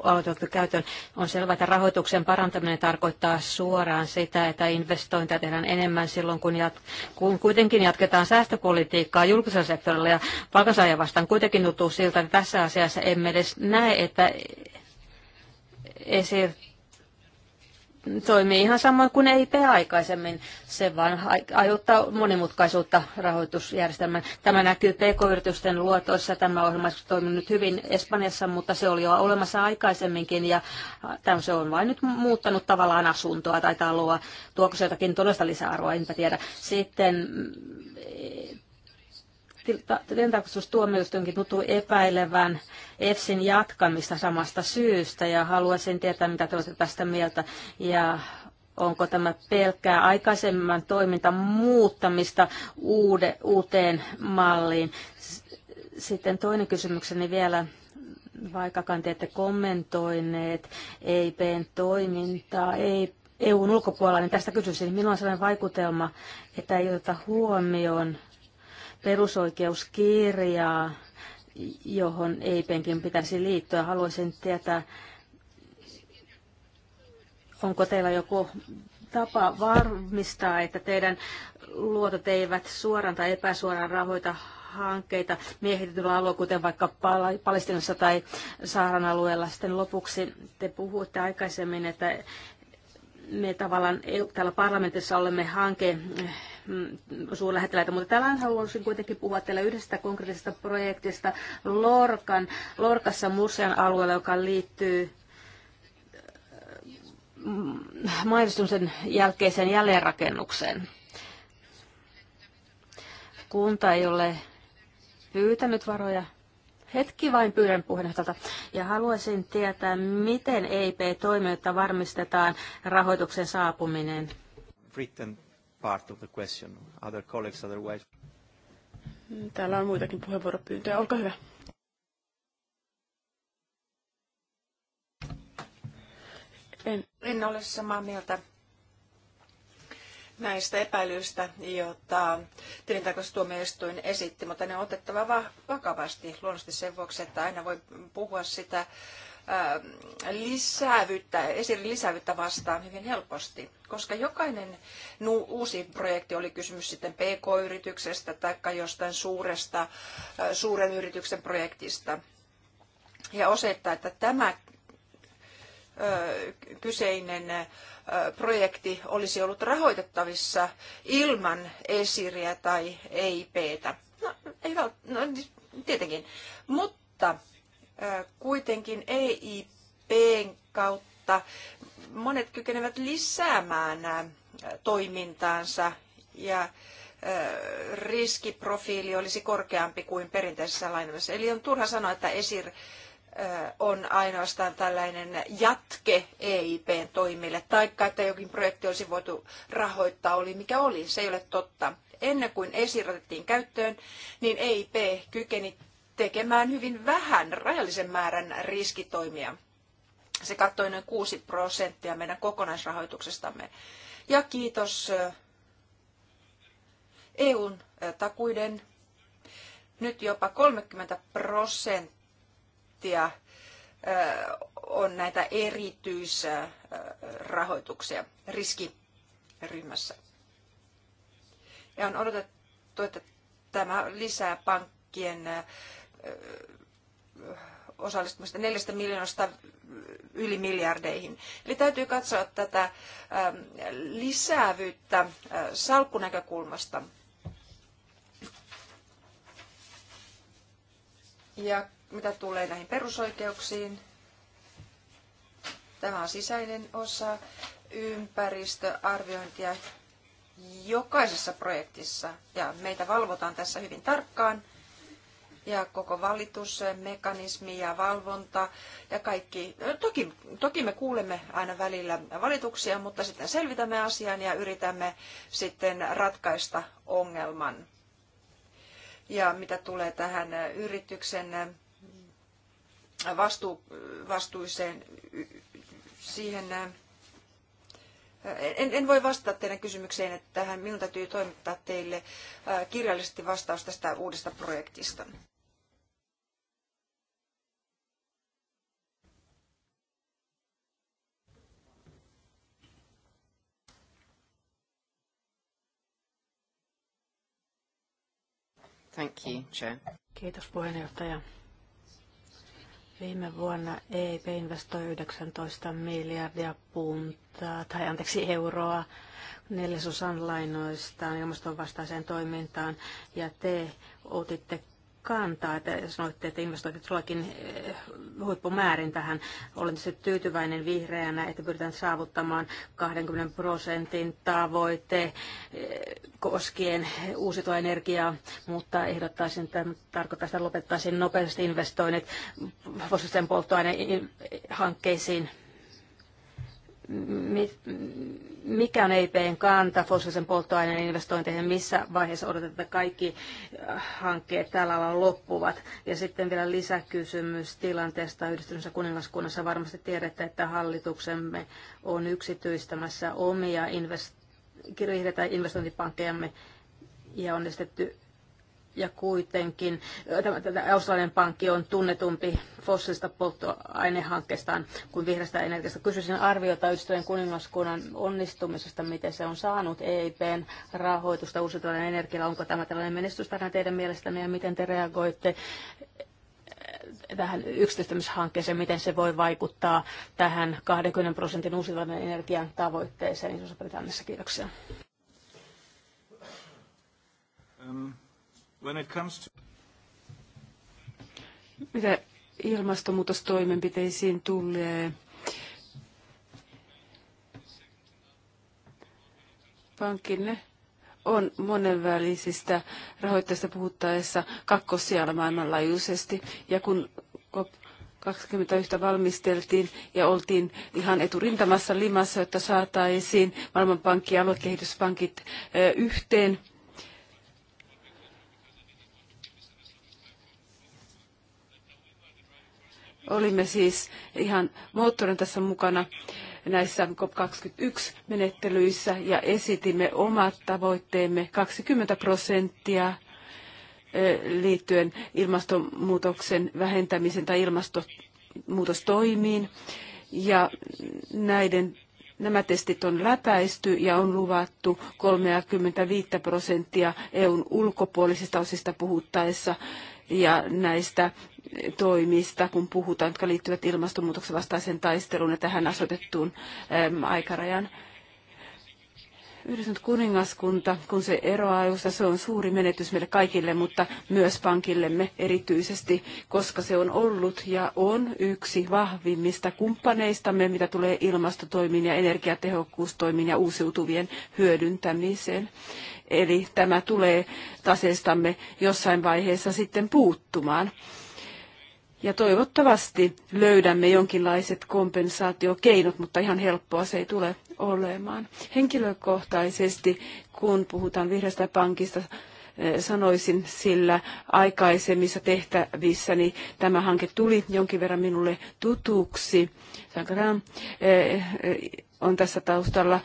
Speaker 1: aloite otettu käyttöön. On selvää, että rahoituksen parantaminen tarkoittaa suoraan sitä, että investointeja tehdään enemmän silloin, kun, jat- kun kuitenkin jatketaan säästöpolitiikkaa julkisella sektorilla ja palkansaajia vastaan kuitenkin tuntuu siltä, että tässä asiassa emme edes näe, että esi- toimii ihan samoin kuin EIP aikaisemmin. Se vaan aiheuttaa monimutkaisuutta rahoitusjärjestelmään. Tämä näkyy pk-yritysten luotoissa. Tämä ohjelma on toiminut hyvin Espanjassa, mutta se oli jo olemassa aikaisemminkin ja tämä se on vain nyt muuttanut tavallaan asuntoa tai taloa. Tuoko se jotakin todellista lisäarvoa, enpä tiedä. Sitten Tilintarkastustuomioistuinkin tuntuu epäilevän EFSin jatkamista samasta syystä ja haluaisin tietää, mitä te olette tästä mieltä. Ja onko tämä pelkkää aikaisemman toiminta muuttamista uude, uuteen malliin. Sitten toinen kysymykseni vielä, vaikkakaan te ette kommentoineet EIPn toimintaa, ei EUn ulkopuolella, niin tästä kysyisin. Minulla on sellainen vaikutelma, että ei oteta huomioon perusoikeuskirjaa, johon EIPenkin pitäisi liittyä. Haluaisin tietää, onko teillä joku tapa varmistaa, että teidän luotot eivät suoraan tai epäsuoraan rahoita hankkeita miehitetyllä alueella, kuten vaikka Palestinassa tai Saaran alueella. Sitten lopuksi te puhuitte aikaisemmin, että me tavallaan täällä parlamentissa olemme hanke Mm, suurlähettiläitä, mutta tänään haluaisin kuitenkin puhua teille yhdestä konkreettisesta projektista Lorkan, Lorkassa museon alueella, joka liittyy mm, maailmastumisen jälkeiseen jälleenrakennukseen. Kunta ei ole pyytänyt varoja. Hetki vain pyydän puheenjohtajalta. Ja haluaisin tietää, miten EIP toimijoita varmistetaan rahoituksen saapuminen.
Speaker 3: Britain part of the question. Other colleagues otherwise.
Speaker 1: Täällä on muitakin puheenvuoropyyntöjä. Olkaa hyvä.
Speaker 3: En, en ole samaa mieltä näistä epäilyistä, joita tilintarkastustuomioistuin esitti, mutta ne on otettava vakavasti luonnollisesti sen vuoksi, että aina voi puhua sitä lisäävyyttä, esirin lisäävyyttä vastaan hyvin helposti, koska jokainen nu, uusi projekti, oli kysymys sitten PK-yrityksestä tai jostain suuresta, suuren yrityksen projektista, ja osoittaa, että tämä kyseinen projekti olisi ollut rahoitettavissa ilman esiriä tai EIPtä. No, ei vält- no tietenkin, mutta kuitenkin EIPn kautta monet kykenevät lisäämään toimintaansa ja riskiprofiili olisi korkeampi kuin perinteisessä lainoissa. Eli on turha sanoa, että ESIR on ainoastaan tällainen jatke EIPn toimille, taikka että jokin projekti olisi voitu rahoittaa, oli mikä oli, se ei ole totta. Ennen kuin ESIR otettiin käyttöön, niin EIP kykeni tekemään hyvin vähän, rajallisen määrän riskitoimia. Se kattoi noin 6 prosenttia meidän kokonaisrahoituksestamme. Ja kiitos EUn takuiden nyt jopa 30 prosenttia on näitä erityisrahoituksia riskiryhmässä. Ja on odotettu, että tämä lisää pankkien osallistumista neljästä miljoonasta yli miljardeihin. Eli täytyy katsoa tätä lisäävyyttä salkkunäkökulmasta. Ja mitä tulee näihin perusoikeuksiin, tämä on sisäinen osa ympäristöarviointia jokaisessa projektissa ja meitä valvotaan tässä hyvin tarkkaan – ja koko valitusmekanismi ja valvonta ja kaikki. Toki, toki me kuulemme aina välillä valituksia, mutta sitten selvitämme asian ja yritämme sitten ratkaista ongelman. Ja mitä tulee tähän yrityksen vastu, vastuiseen, siihen en, en voi vastata teidän kysymykseen, että tähän minun täytyy toimittaa teille kirjallisesti vastaus tästä uudesta projektista.
Speaker 4: Thank you,
Speaker 2: Chair.
Speaker 1: Kiitos puheenjohtaja. Viime vuonna EIP investoi 19 miljardia puntaa, tai anteeksi euroa, neljäsosan lainoistaan ilmastonvastaiseen toimintaan, ja te otitte kantaa, että sanoitte, että investoinnit sullakin eh, huippumäärin tähän. Olen tietysti siis tyytyväinen vihreänä, että pyritään saavuttamaan 20 prosentin tavoite eh, koskien uusiutua energiaa, mutta ehdottaisin, että tarkoittaa sitä lopettaisiin nopeasti investoinnit fossiilisten polttoainehankkeisiin mikä on EIPn kanta fossiilisen polttoaineen investointeihin, missä vaiheessa odotetaan, että kaikki äh, hankkeet tällä alalla loppuvat. Ja sitten vielä lisäkysymys tilanteesta yhdistyneessä kuningaskunnassa. Varmasti tiedätte, että hallituksemme on yksityistämässä omia invest- investointipankkejamme ja on estetty ja kuitenkin Australian pankki on tunnetumpi fossiilista polttoainehankkeestaan kuin vihreästä energiasta. Kysyisin arviota ystävien kuningaskunnan onnistumisesta, miten se on saanut EIPn rahoitusta uusiutuvan energialla. Onko tämä tällainen menestystarina teidän mielestänne ja miten te reagoitte tähän yksityistämishankkeeseen, miten se voi vaikuttaa tähän 20 prosentin uusiutuvan energian tavoitteeseen iso britanniassa Kiitoksia.
Speaker 2: Um. When it comes to...
Speaker 4: Mitä ilmastonmuutostoimenpiteisiin tulee? Pankkinne on monenvälisistä rahoitteista puhuttaessa kakkosijalla maailmanlaajuisesti. Ja kun COP 21 valmisteltiin ja oltiin ihan eturintamassa limassa, että saataisiin Maailmanpankki ja aluekehityspankit yhteen Olimme siis ihan moottorin tässä mukana näissä COP21-menettelyissä ja esitimme omat tavoitteemme 20 prosenttia liittyen ilmastonmuutoksen vähentämisen tai ilmastonmuutostoimiin. Ja näiden, nämä testit on läpäisty ja on luvattu 35 prosenttia EUn ulkopuolisista osista puhuttaessa ja näistä toimista, kun puhutaan, jotka liittyvät ilmastonmuutoksen vastaiseen taisteluun ja tähän asetettuun aikarajan. Yhdistynyt kuningaskunta, kun se eroaa EUsta, se on suuri menetys meille kaikille, mutta myös pankillemme erityisesti, koska se on ollut ja on yksi vahvimmista kumppaneistamme, mitä tulee ilmastotoimiin ja energiatehokkuustoimiin ja uusiutuvien hyödyntämiseen eli tämä tulee taseestamme jossain vaiheessa sitten puuttumaan. Ja toivottavasti löydämme jonkinlaiset kompensaatiokeinot, mutta ihan helppoa se ei tule olemaan. Henkilökohtaisesti, kun puhutaan vihreästä pankista, eh, sanoisin, sillä aikaisemmissa tehtävissäni niin tämä hanke tuli jonkin verran minulle tutuksi. Eh, eh, on tässä taustalla,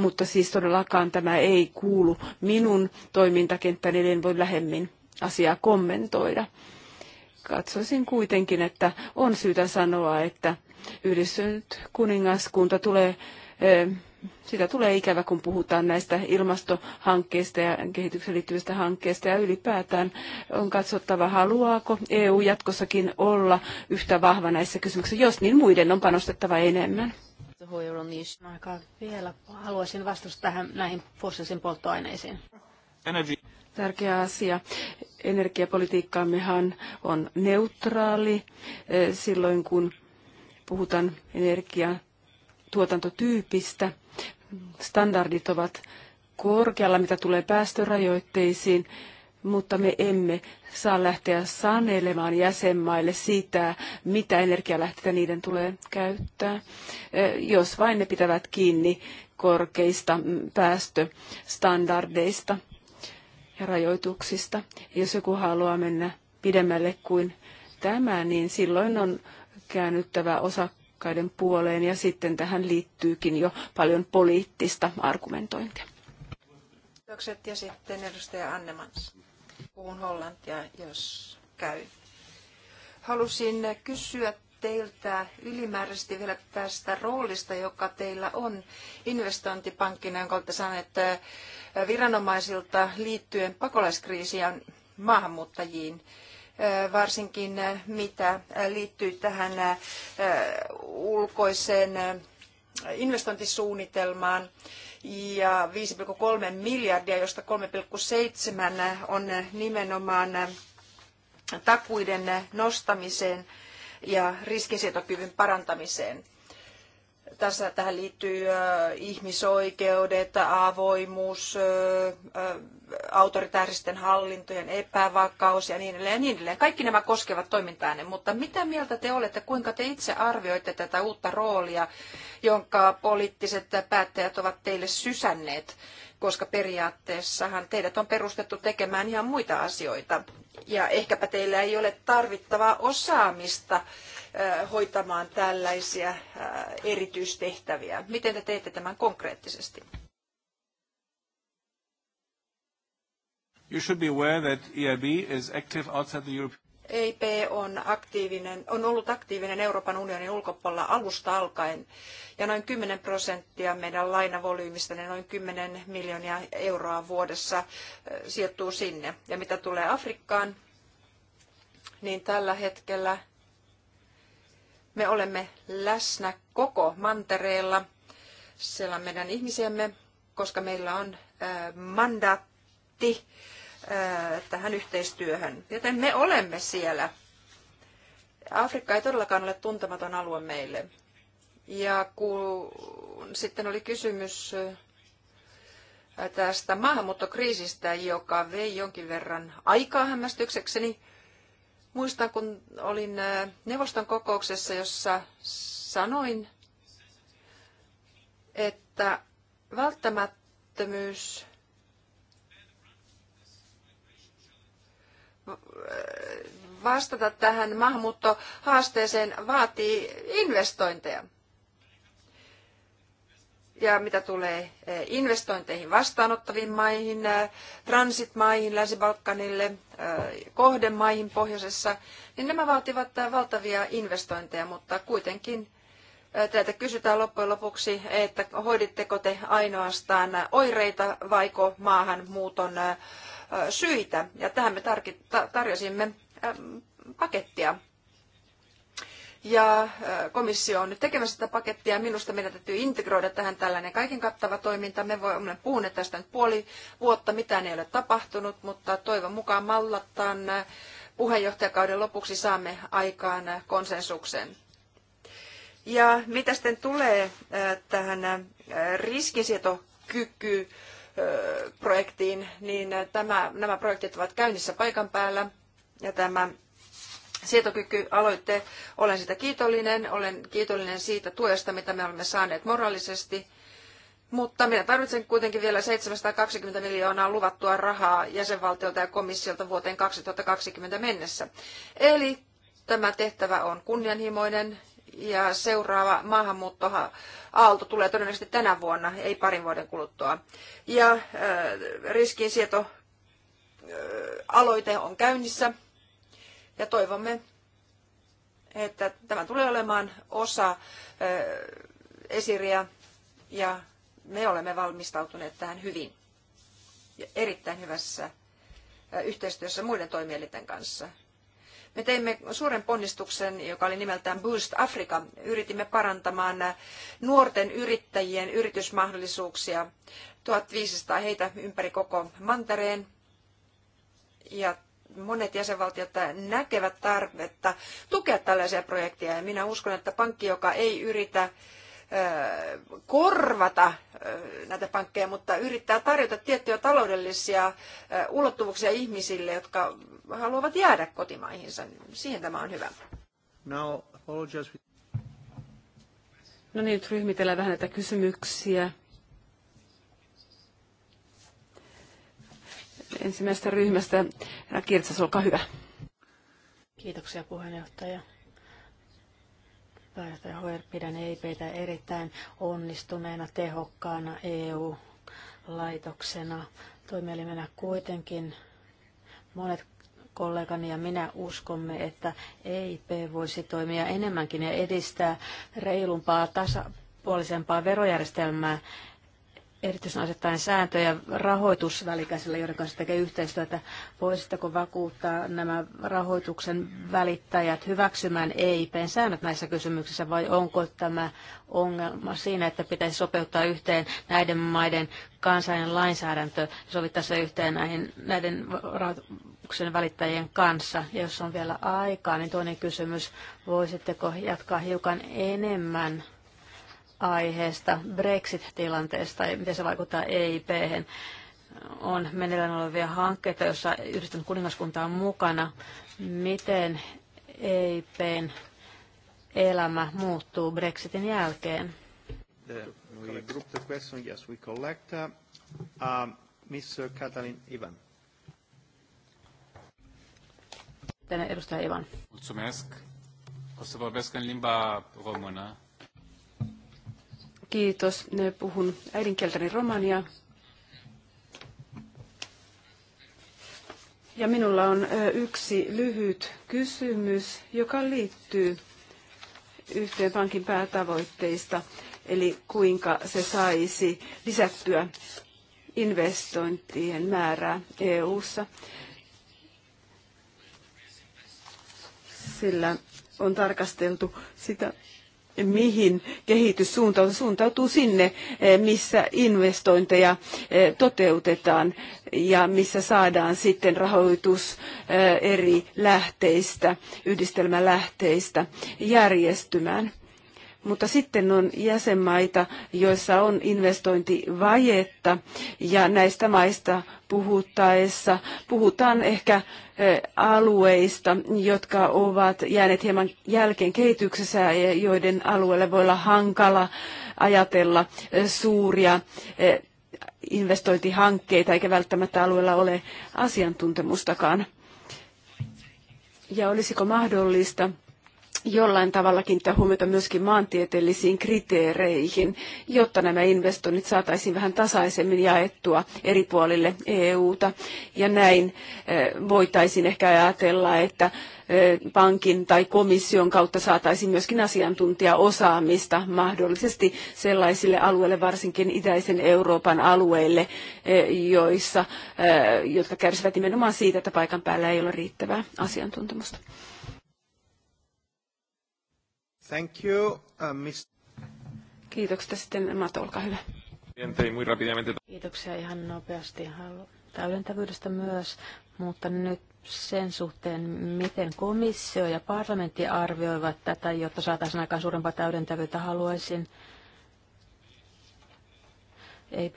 Speaker 4: mutta siis todellakaan tämä ei kuulu minun toimintakenttäni, eli en voi lähemmin asiaa kommentoida. Katsoisin kuitenkin, että on syytä sanoa, että yhdistynyt kuningaskunta tulee sitä tulee ikävä, kun puhutaan näistä ilmastohankkeista ja kehitykseen liittyvistä hankkeista ja ylipäätään on katsottava, haluaako EU jatkossakin olla yhtä vahva näissä kysymyksissä, jos niin muiden on panostettava enemmän.
Speaker 1: Aikaa vielä. Haluaisin vastustaa tähän näihin fossiilisiin polttoaineisiin.
Speaker 4: Energy. Tärkeä asia. Energiapolitiikkaammehan on neutraali eh, silloin, kun puhutaan energiatuotantotyypistä. Standardit ovat korkealla, mitä tulee päästörajoitteisiin mutta me emme saa lähteä sanelemaan jäsenmaille sitä, mitä energialähteitä niiden tulee käyttää, jos vain ne pitävät kiinni korkeista päästöstandardeista ja rajoituksista. Jos joku haluaa mennä pidemmälle kuin tämä, niin silloin on käännyttävä osakkaiden puoleen ja sitten tähän liittyykin jo paljon poliittista argumentointia.
Speaker 3: Kiitokset ja sitten edustaja Annemans. Puhun hollantia, jos käy. Halusin kysyä teiltä ylimääräisesti vielä tästä roolista, joka teillä on investointipankkina, jonka olette saaneet viranomaisilta liittyen pakolaiskriisiin maahanmuuttajiin varsinkin mitä liittyy tähän ulkoiseen investointisuunnitelmaan ja 5,3 miljardia, josta 3,7 on nimenomaan takuiden nostamiseen ja riskinsietokyvyn parantamiseen. Tässä, tähän liittyy ihmisoikeudet, avoimuus, autoritääristen hallintojen epävakaus ja niin edelleen ja niin edelleen. Kaikki nämä koskevat toimintaanne, mutta mitä mieltä te olette, kuinka te itse arvioitte tätä uutta roolia, jonka poliittiset päättäjät ovat teille sysänneet? koska periaatteessahan teidät on perustettu tekemään ihan muita asioita. Ja ehkäpä teillä ei ole tarvittavaa osaamista hoitamaan tällaisia erityistehtäviä. Miten te teette tämän konkreettisesti?
Speaker 2: You should be aware that EIB is active outside the European
Speaker 3: EIP on, aktiivinen, on ollut aktiivinen Euroopan unionin ulkopuolella alusta alkaen ja noin 10 prosenttia meidän lainavolyymista, niin noin 10 miljoonia euroa vuodessa sijoittuu sinne. Ja mitä tulee Afrikkaan, niin tällä hetkellä me olemme läsnä koko mantereella, siellä on meidän ihmisiämme, koska meillä on mandaatti tähän yhteistyöhön. Joten me olemme siellä. Afrikka ei todellakaan ole tuntematon alue meille. Ja kun sitten oli kysymys tästä maahanmuuttokriisistä, joka vei jonkin verran aikaa hämmästyksekseni, muistaa, kun olin äh, neuvoston kokouksessa, jossa sanoin, että välttämättömyys äh, vastata tähän maahanmuuttohaasteeseen vaatii investointeja. Ja mitä tulee eh, investointeihin vastaanottaviin maihin, eh, transitmaihin, Länsi-Balkanille, eh, kohdemaihin pohjoisessa, niin nämä vaativat valtavia investointeja, mutta kuitenkin Teiltä kysytään loppujen lopuksi, että hoiditteko te ainoastaan oireita vaiko maahanmuuton syitä. Ja tähän me tarjosimme pakettia ja komissio on nyt tekemässä tätä pakettia. Minusta meidän täytyy integroida tähän tällainen kaiken kattava toiminta. Me voimme puhua tästä nyt puoli vuotta, mitään ei ole tapahtunut, mutta toivon mukaan mallattaan puheenjohtajakauden lopuksi saamme aikaan konsensuksen. Ja mitä sitten tulee tähän riskisietokyky projektiin, niin tämä, nämä projektit ovat käynnissä paikan päällä ja tämä sietokykyaloitte. Olen sitä kiitollinen. Olen kiitollinen siitä tuesta, mitä me olemme saaneet moraalisesti. Mutta minä tarvitsen kuitenkin vielä 720 miljoonaa luvattua rahaa jäsenvaltiolta ja komissiolta vuoteen 2020 mennessä. Eli tämä tehtävä on kunnianhimoinen ja seuraava maahanmuuttoaalto tulee todennäköisesti tänä vuonna, ei parin vuoden kuluttua. Ja äh, riskinsietoaloite on käynnissä ja toivomme, että tämä tulee olemaan osa esiriä ja me olemme valmistautuneet tähän hyvin ja erittäin hyvässä yhteistyössä muiden toimielinten kanssa. Me teimme suuren ponnistuksen, joka oli nimeltään Boost Africa. Yritimme parantamaan nuorten yrittäjien yritysmahdollisuuksia. 1500 heitä ympäri koko mantereen. Ja monet jäsenvaltiot näkevät tarvetta tukea tällaisia projekteja. Ja minä uskon, että pankki, joka ei yritä korvata näitä pankkeja, mutta yrittää tarjota tiettyjä taloudellisia ulottuvuuksia ihmisille, jotka haluavat jäädä kotimaihinsa. Niin siihen tämä on hyvä.
Speaker 4: No niin, nyt ryhmitellään vähän näitä kysymyksiä. ensimmäisestä ryhmästä. Kirtsas, olkaa hyvä.
Speaker 1: Kiitoksia puheenjohtaja. Pääjohtaja Hoer, pidän EIPtä erittäin onnistuneena, tehokkaana EU-laitoksena. Toimielimenä kuitenkin monet kollegani ja minä uskomme, että EIP voisi toimia enemmänkin ja edistää reilumpaa, tasapuolisempaa verojärjestelmää erityisen asettaen sääntöjä rahoitusvälikäisille, joiden kanssa tekee yhteistyötä. Voisitteko vakuuttaa nämä rahoituksen välittäjät hyväksymään EIPn säännöt näissä kysymyksissä, vai onko tämä ongelma siinä, että pitäisi sopeuttaa yhteen näiden maiden kansainen lainsäädäntö ja sovittaa se yhteen näihin, näiden rahoituksen välittäjien kanssa? Ja jos on vielä aikaa, niin toinen kysymys, voisitteko jatkaa hiukan enemmän – aiheesta, Brexit-tilanteesta ja miten se vaikuttaa eip -hän. On meneillään olevia hankkeita, joissa yhdistynyt kuningaskunta on mukana. Miten EIPn elämä muuttuu Brexitin jälkeen?
Speaker 2: We group the question, yes, we collect. Uh, Katalin Ivan.
Speaker 1: Tänne edustaja Ivan.
Speaker 2: Mulțumesc. O să vorbesc în limba română.
Speaker 4: Kiitos. Puhun äidinkieltäni romania. Ja minulla on yksi lyhyt kysymys, joka liittyy yhteen pankin päätavoitteista, eli kuinka se saisi lisättyä investointien määrää EU:ssa. Sillä on tarkasteltu sitä, mihin kehitys suuntautuu. Suuntautuu sinne, eh, missä investointeja eh, toteutetaan ja missä saadaan sitten rahoitus eh, eri lähteistä, yhdistelmälähteistä järjestymään. Mutta sitten on jäsenmaita, joissa on investointivajetta ja näistä maista puhuttaessa puhutaan ehkä eh, alueista, jotka ovat jääneet hieman jälkeen kehityksessä ja joiden alueelle voi olla hankala ajatella eh, suuria eh, investointihankkeita, eikä välttämättä alueella ole asiantuntemustakaan. Ja olisiko mahdollista jollain tavalla kiinnittää huomiota myöskin maantieteellisiin kriteereihin, jotta nämä investoinnit saataisiin vähän tasaisemmin jaettua eri puolille EUta. Ja näin eh, voitaisiin ehkä ajatella, että eh, pankin tai komission kautta saataisiin myöskin asiantuntijaosaamista mahdollisesti sellaisille alueille, varsinkin itäisen Euroopan alueille, eh, joissa, jotka kärsivät nimenomaan siitä, että paikan päällä ei ole riittävää asiantuntemusta. Thank you,
Speaker 2: uh, Mr.
Speaker 4: Kiitoksia sitten,
Speaker 1: Mato, olkaa hyvä. Kiitoksia ihan nopeasti täydentävyydestä myös, mutta nyt sen suhteen, miten komissio ja parlamentti arvioivat tätä, jotta saataisiin aikaan suurempaa täydentävyyttä, haluaisin ei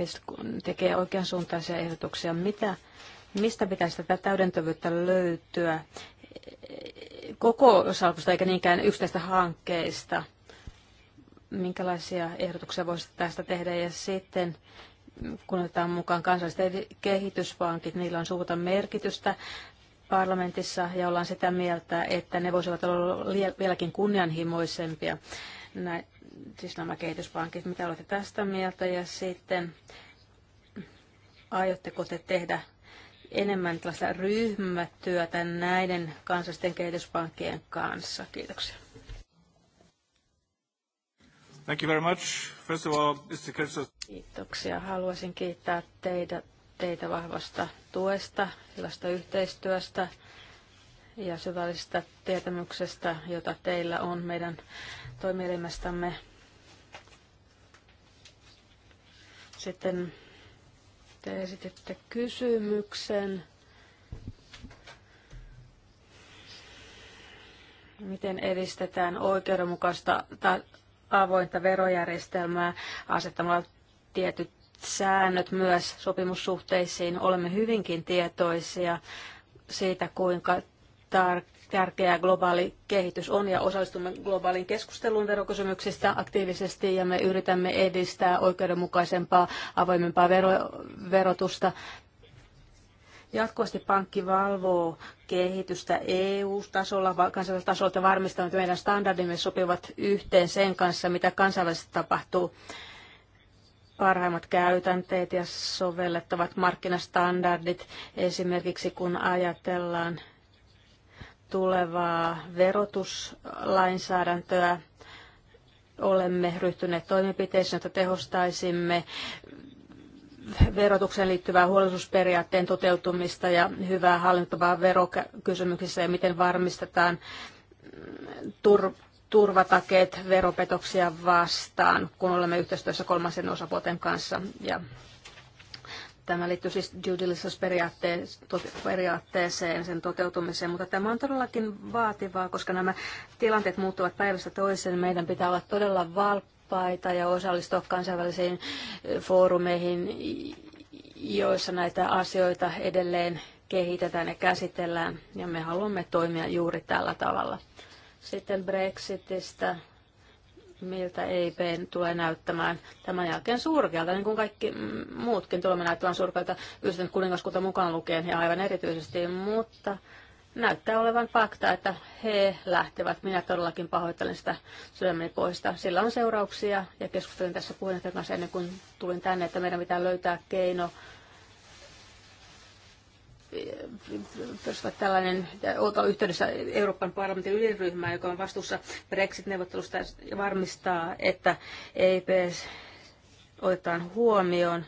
Speaker 1: tekee oikeansuuntaisia ehdotuksia. Mitä, mistä pitäisi tätä täydentävyyttä löytyä koko salkusta eikä niinkään yksittäistä hankkeista. Minkälaisia ehdotuksia voisi tästä tehdä? Ja sitten kun otetaan mukaan kansalliset kehityspankit, niillä on suurta merkitystä parlamentissa ja ollaan sitä mieltä, että ne voisivat olla vieläkin kunnianhimoisempia, Nä, siis nämä kehityspankit. Mitä olette tästä mieltä ja sitten aiotteko te tehdä enemmän tällaista ryhmätyötä näiden kansallisten kehityspankkien kanssa. Kiitoksia.
Speaker 2: Thank you very much. First of all, Mr. Kirchhoff.
Speaker 1: Kiitoksia. Haluaisin kiittää teitä, teitä vahvasta tuesta, hyvästä yhteistyöstä ja syvällisestä tietämyksestä, jota teillä on meidän toimielimestämme. Sitten te esititte kysymyksen. Miten edistetään oikeudenmukaista avointa verojärjestelmää asettamalla tietyt säännöt myös sopimussuhteisiin? Olemme hyvinkin tietoisia siitä, kuinka tarkkaan tärkeää globaali kehitys on ja osallistumme globaaliin keskusteluun verokysymyksistä aktiivisesti ja me yritämme edistää oikeudenmukaisempaa, avoimempaa vero- verotusta. Jatkuvasti pankki valvoo kehitystä EU-tasolla, kansainvälisellä tasolla, että että meidän standardimme sopivat yhteen sen kanssa, mitä kansainvälisesti tapahtuu parhaimmat käytänteet ja sovellettavat markkinastandardit, esimerkiksi kun ajatellaan tulevaa verotuslainsäädäntöä. Olemme ryhtyneet toimenpiteisiin, jotta tehostaisimme verotukseen liittyvää huolellisuusperiaatteen toteutumista ja hyvää hallintavaa verokysymyksissä ja miten varmistetaan tur- turvatakeet veropetoksia vastaan, kun olemme yhteistyössä kolmansien osapuolten kanssa ja Tämä liittyy siis due diligence-periaatteeseen, sen toteutumiseen, mutta tämä on todellakin vaativaa, koska nämä tilanteet muuttuvat päivästä toiseen. Meidän pitää olla todella valppaita ja osallistua kansainvälisiin eh, foorumeihin, joissa näitä asioita edelleen kehitetään ja käsitellään, ja me haluamme toimia juuri tällä tavalla. Sitten Brexitistä miltä EIP tulee näyttämään tämän jälkeen surkealta, niin kuin kaikki muutkin tulemme näyttämään surkealta yhdistynyt kuningaskunta mukaan lukien ja aivan erityisesti, mutta näyttää olevan fakta, että he lähtevät. Minä todellakin pahoittelen sitä sydämeni poista. Sillä on seurauksia ja keskustelin tässä puheenjohtajan kanssa ennen kuin tulin tänne, että meidän pitää löytää keino perustavat tällainen, olla yhteydessä Euroopan parlamentin ydinryhmään, joka on vastuussa Brexit-neuvottelusta ja varmistaa, että EIP otetaan huomioon.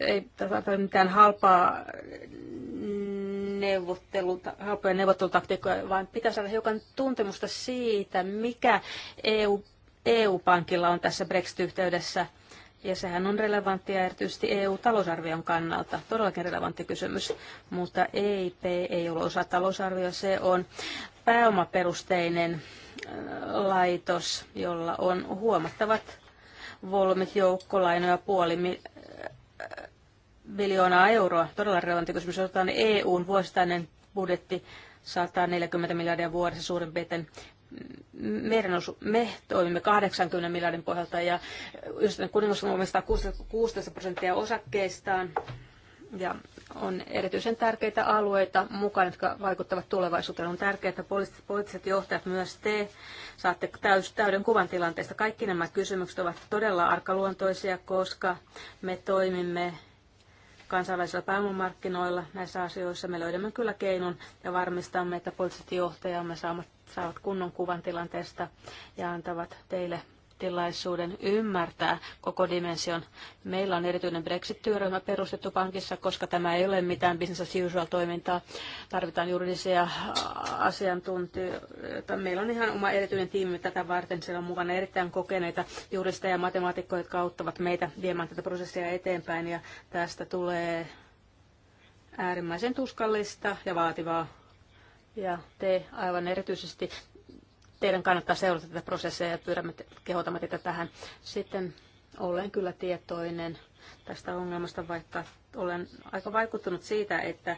Speaker 1: Ei tarvita mitään halpaa halpoja neuvottelutaktiikkoja, vaan pitää saada hiukan tuntemusta siitä, mikä EU, EU-pankilla on tässä Brexit-yhteydessä – ja sehän on relevanttia erityisesti EU-talousarvion kannalta, todellakin relevantti kysymys, mutta EIP ei ole osa talousarvio, se on pääomaperusteinen äh, laitos, jolla on huomattavat volumit joukkolainoja puoli äh, miljoonaa euroa. Todella relevantti kysymys. Otetaan EUn vuosittainen budjetti 140 miljardia vuodessa suurin piirtein meidän osu, me toimimme 80 miljardin pohjalta ja yhdistyneen kuningas on 16 prosenttia osakkeistaan ja on erityisen tärkeitä alueita mukaan, jotka vaikuttavat tulevaisuuteen. On tärkeää, että poliittiset, poliittiset johtajat myös te saatte täys, täyden kuvan tilanteesta. Kaikki nämä kysymykset ovat todella arkaluontoisia, koska me toimimme kansainvälisillä pääomamarkkinoilla näissä asioissa. Me löydämme kyllä keinon ja varmistamme, että poliittiset johtajamme saavat saavat kunnon kuvan tilanteesta ja antavat teille tilaisuuden ymmärtää koko dimension. Meillä on erityinen Brexit-työryhmä perustettu pankissa, koska tämä ei ole mitään business as usual toimintaa. Tarvitaan juridisia asiantuntijoita. Meillä on ihan oma erityinen tiimi tätä varten. Siellä on mukana erittäin kokeneita juristeja ja matemaatikkoja, jotka auttavat meitä viemään tätä prosessia eteenpäin. Ja tästä tulee äärimmäisen tuskallista ja vaativaa ja te aivan erityisesti, teidän kannattaa seurata tätä prosessia ja pyydämme, kehotamme teitä tähän. Sitten olen kyllä tietoinen tästä ongelmasta, vaikka olen aika vaikuttunut siitä, että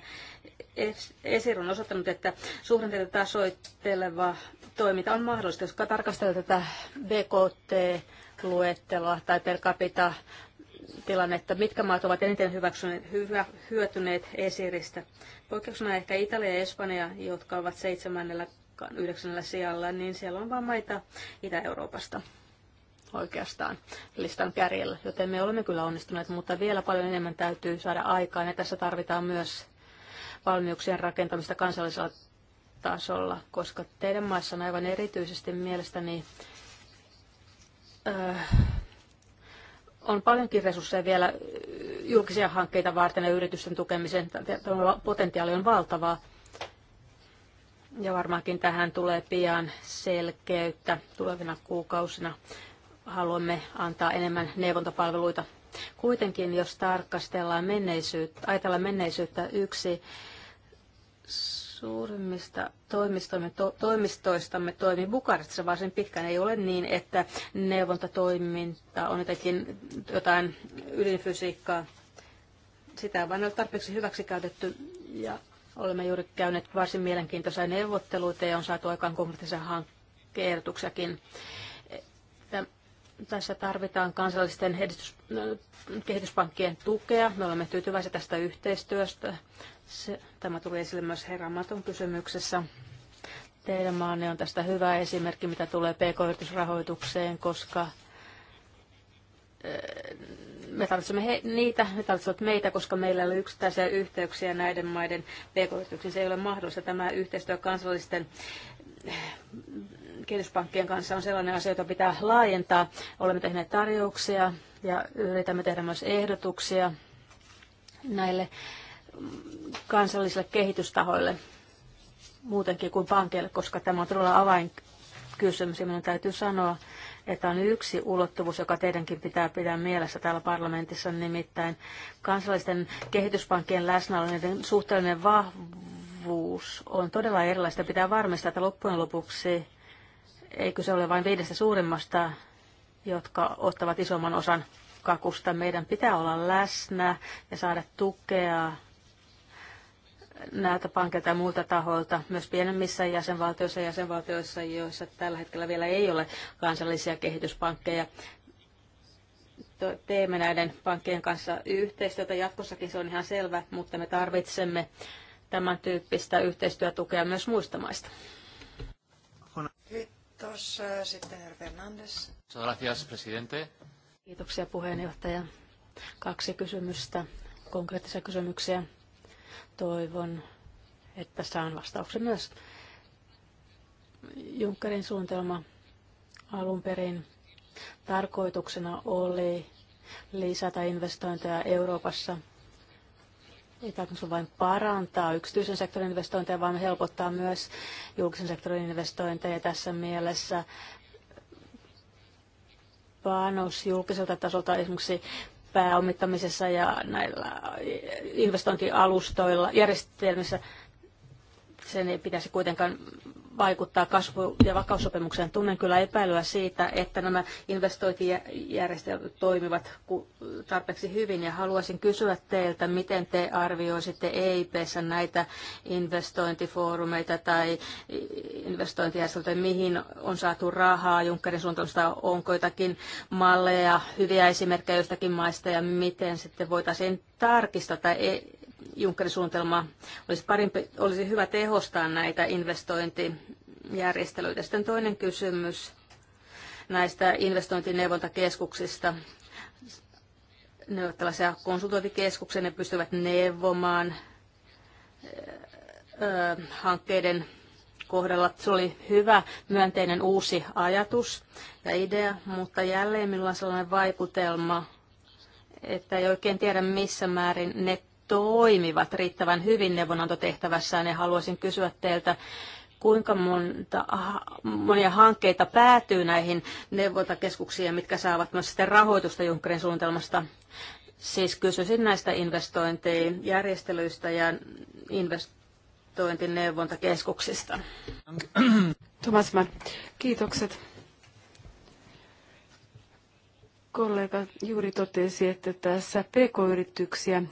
Speaker 1: ESIR on osoittanut, että suhdanteita tasoitteleva toiminta on mahdollista. Jos tarkastellaan tätä BKT-luetteloa tai per capita tilanne, että Mitkä maat ovat eniten hyvä, hyötyneet esiristä? Poikkeuksena ehkä Italia ja Espanja, jotka ovat seitsemännellä yhdeksännellä sijalla, niin siellä on vain maita Itä-Euroopasta oikeastaan listan kärjellä, joten me olemme kyllä onnistuneet, mutta vielä paljon enemmän täytyy saada aikaan ja tässä tarvitaan myös valmiuksien rakentamista kansallisella tasolla, koska teidän maissa on aivan erityisesti mielestäni äh, on paljonkin resursseja vielä julkisia hankkeita varten ja yritysten tukemisen Potentiaali on valtavaa. Ja varmaankin tähän tulee pian selkeyttä tulevina kuukausina. Haluamme antaa enemmän neuvontapalveluita. Kuitenkin, jos tarkastellaan menneisyyttä, ajatellaan menneisyyttä, yksi suurimmista toimistoimme, to, toimistoistamme toimii Bukarestissa varsin pitkään. Ei ole niin, että neuvontatoiminta on jotenkin jotain ydinfysiikkaa. Sitä on vain tarpeeksi hyväksi käytetty ja olemme juuri käyneet varsin mielenkiintoisia neuvotteluita ja on saatu aikaan konkreettisia hankkeertuksiakin. Tässä tarvitaan kansallisten edistys, kehityspankkien tukea. Me olemme tyytyväisiä tästä yhteistyöstä. Se, tämä tuli esille myös herra Maton kysymyksessä. Teidän maanne on tästä hyvä esimerkki, mitä tulee pk-yritysrahoitukseen, koska eh, me tarvitsemme he, niitä, me tarvitsemme meitä, koska meillä ei ole yksittäisiä yhteyksiä näiden maiden pk-yrityksiin. Se ei ole mahdollista tämä yhteistyö kansallisten eh, kehityspankkien kanssa on sellainen asia, jota pitää laajentaa. Olemme tehneet tarjouksia ja yritämme tehdä myös ehdotuksia näille kansallisille kehitystahoille muutenkin kuin pankeille, koska tämä on todella avainkysymys ja minun täytyy sanoa, että on yksi ulottuvuus, joka teidänkin pitää pitää mielessä täällä parlamentissa, nimittäin kansallisten kehityspankkien läsnäolinen suhteellinen vahvuus on todella erilaista. Pitää varmistaa, että loppujen lopuksi eikö se ole vain viidestä suurimmasta, jotka ottavat isomman osan kakusta. Meidän pitää olla läsnä ja saada tukea näiltä pankilta ja muilta tahoilta, myös pienemmissä jäsenvaltioissa ja jäsenvaltioissa, joissa tällä hetkellä vielä ei ole kansallisia kehityspankkeja. Teemme näiden pankkien kanssa yhteistyötä. Jatkossakin se on ihan selvä, mutta me tarvitsemme tämän tyyppistä yhteistyötukea myös muista maista.
Speaker 3: Kiitos. Sitten herra Fernandes.
Speaker 2: Gracias, presidente.
Speaker 1: Kiitoksia puheenjohtaja. Kaksi kysymystä, konkreettisia kysymyksiä. Toivon, että saan vastauksen myös. Junckerin suunnitelma alun perin tarkoituksena oli lisätä investointeja Euroopassa – ei tarkoitus vain parantaa yksityisen sektorin investointeja, vaan helpottaa myös julkisen sektorin investointeja. Tässä mielessä panos julkiselta tasolta esimerkiksi pääomittamisessa ja näillä investointialustoilla, järjestelmissä, sen ei pitäisi kuitenkaan vaikuttaa kasvu- ja vakaussopimukseen. Tunnen kyllä epäilyä siitä, että nämä investointijärjestelmät toimivat tarpeeksi hyvin ja haluaisin kysyä teiltä, miten te arvioisitte EIPssä näitä investointifoorumeita tai investointijärjestelmiä, mihin on saatu rahaa Junckerin suuntaista, onko jotakin malleja, hyviä esimerkkejä jostakin maista ja miten sitten voitaisiin tarkistaa tai Junckerin suunnitelmaa. Olisi, parimpi, olisi hyvä tehostaa näitä investointijärjestelyitä. Sitten toinen kysymys näistä investointineuvontakeskuksista. Ne ovat tällaisia konsultointikeskuksia, ne pystyvät neuvomaan hankkeiden kohdalla. Se oli hyvä, myönteinen uusi ajatus ja idea, mutta jälleen minulla on sellainen vaikutelma, että ei oikein tiedä missä määrin ne toimivat riittävän hyvin neuvonantotehtävässään ja haluaisin kysyä teiltä, kuinka monta, monia hankkeita päätyy näihin neuvontakeskuksiin ja mitkä saavat myös sitten rahoitusta Junckerin suunnitelmasta. Siis kysyisin näistä järjestelyistä ja investointineuvontakeskuksista.
Speaker 4: Thomas Mann, kiitokset. Kollega juuri totesi, että tässä PK-yrityksiä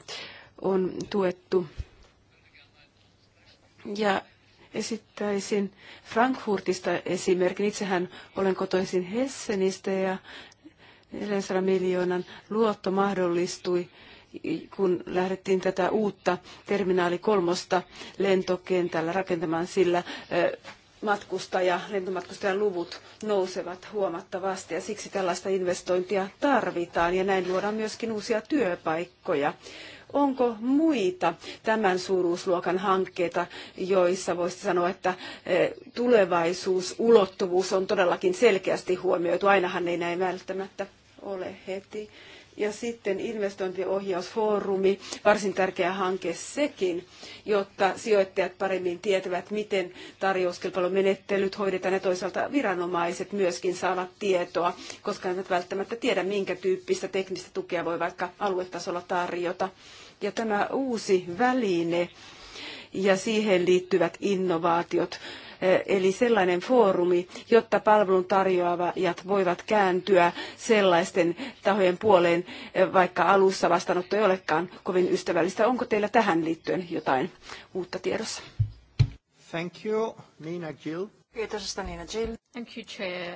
Speaker 4: on tuettu. Ja esittäisin Frankfurtista esimerkin. Itsehän olen kotoisin Hessenistä ja 400 miljoonan luotto mahdollistui, kun lähdettiin tätä uutta terminaali kolmosta lentokentällä rakentamaan, sillä matkustaja, lentomatkustajan luvut nousevat huomattavasti ja siksi tällaista investointia tarvitaan ja näin luodaan myöskin uusia työpaikkoja Onko muita tämän suuruusluokan hankkeita, joissa voisi sanoa, että eh, tulevaisuusulottuvuus on todellakin selkeästi huomioitu? Ainahan ei näin välttämättä ole heti. Ja sitten investointiohjausfoorumi, varsin tärkeä hanke sekin, jotta sijoittajat paremmin tietävät, miten tarjouskilpailumenettelyt hoidetaan ja toisaalta viranomaiset myöskin saavat tietoa, koska eivät välttämättä tiedä, minkä tyyppistä teknistä tukea voi vaikka aluetasolla tarjota. Ja tämä uusi väline ja siihen liittyvät innovaatiot, eh, eli sellainen foorumi, jotta palvelun tarjoajat voivat kääntyä sellaisten tahojen puoleen, eh, vaikka alussa vastaanotto ei olekaan kovin ystävällistä. Onko teillä tähän liittyen jotain uutta tiedossa? Thank you, Nina Gill.
Speaker 1: Kiitos, Nina Gill. Thank you, Chair.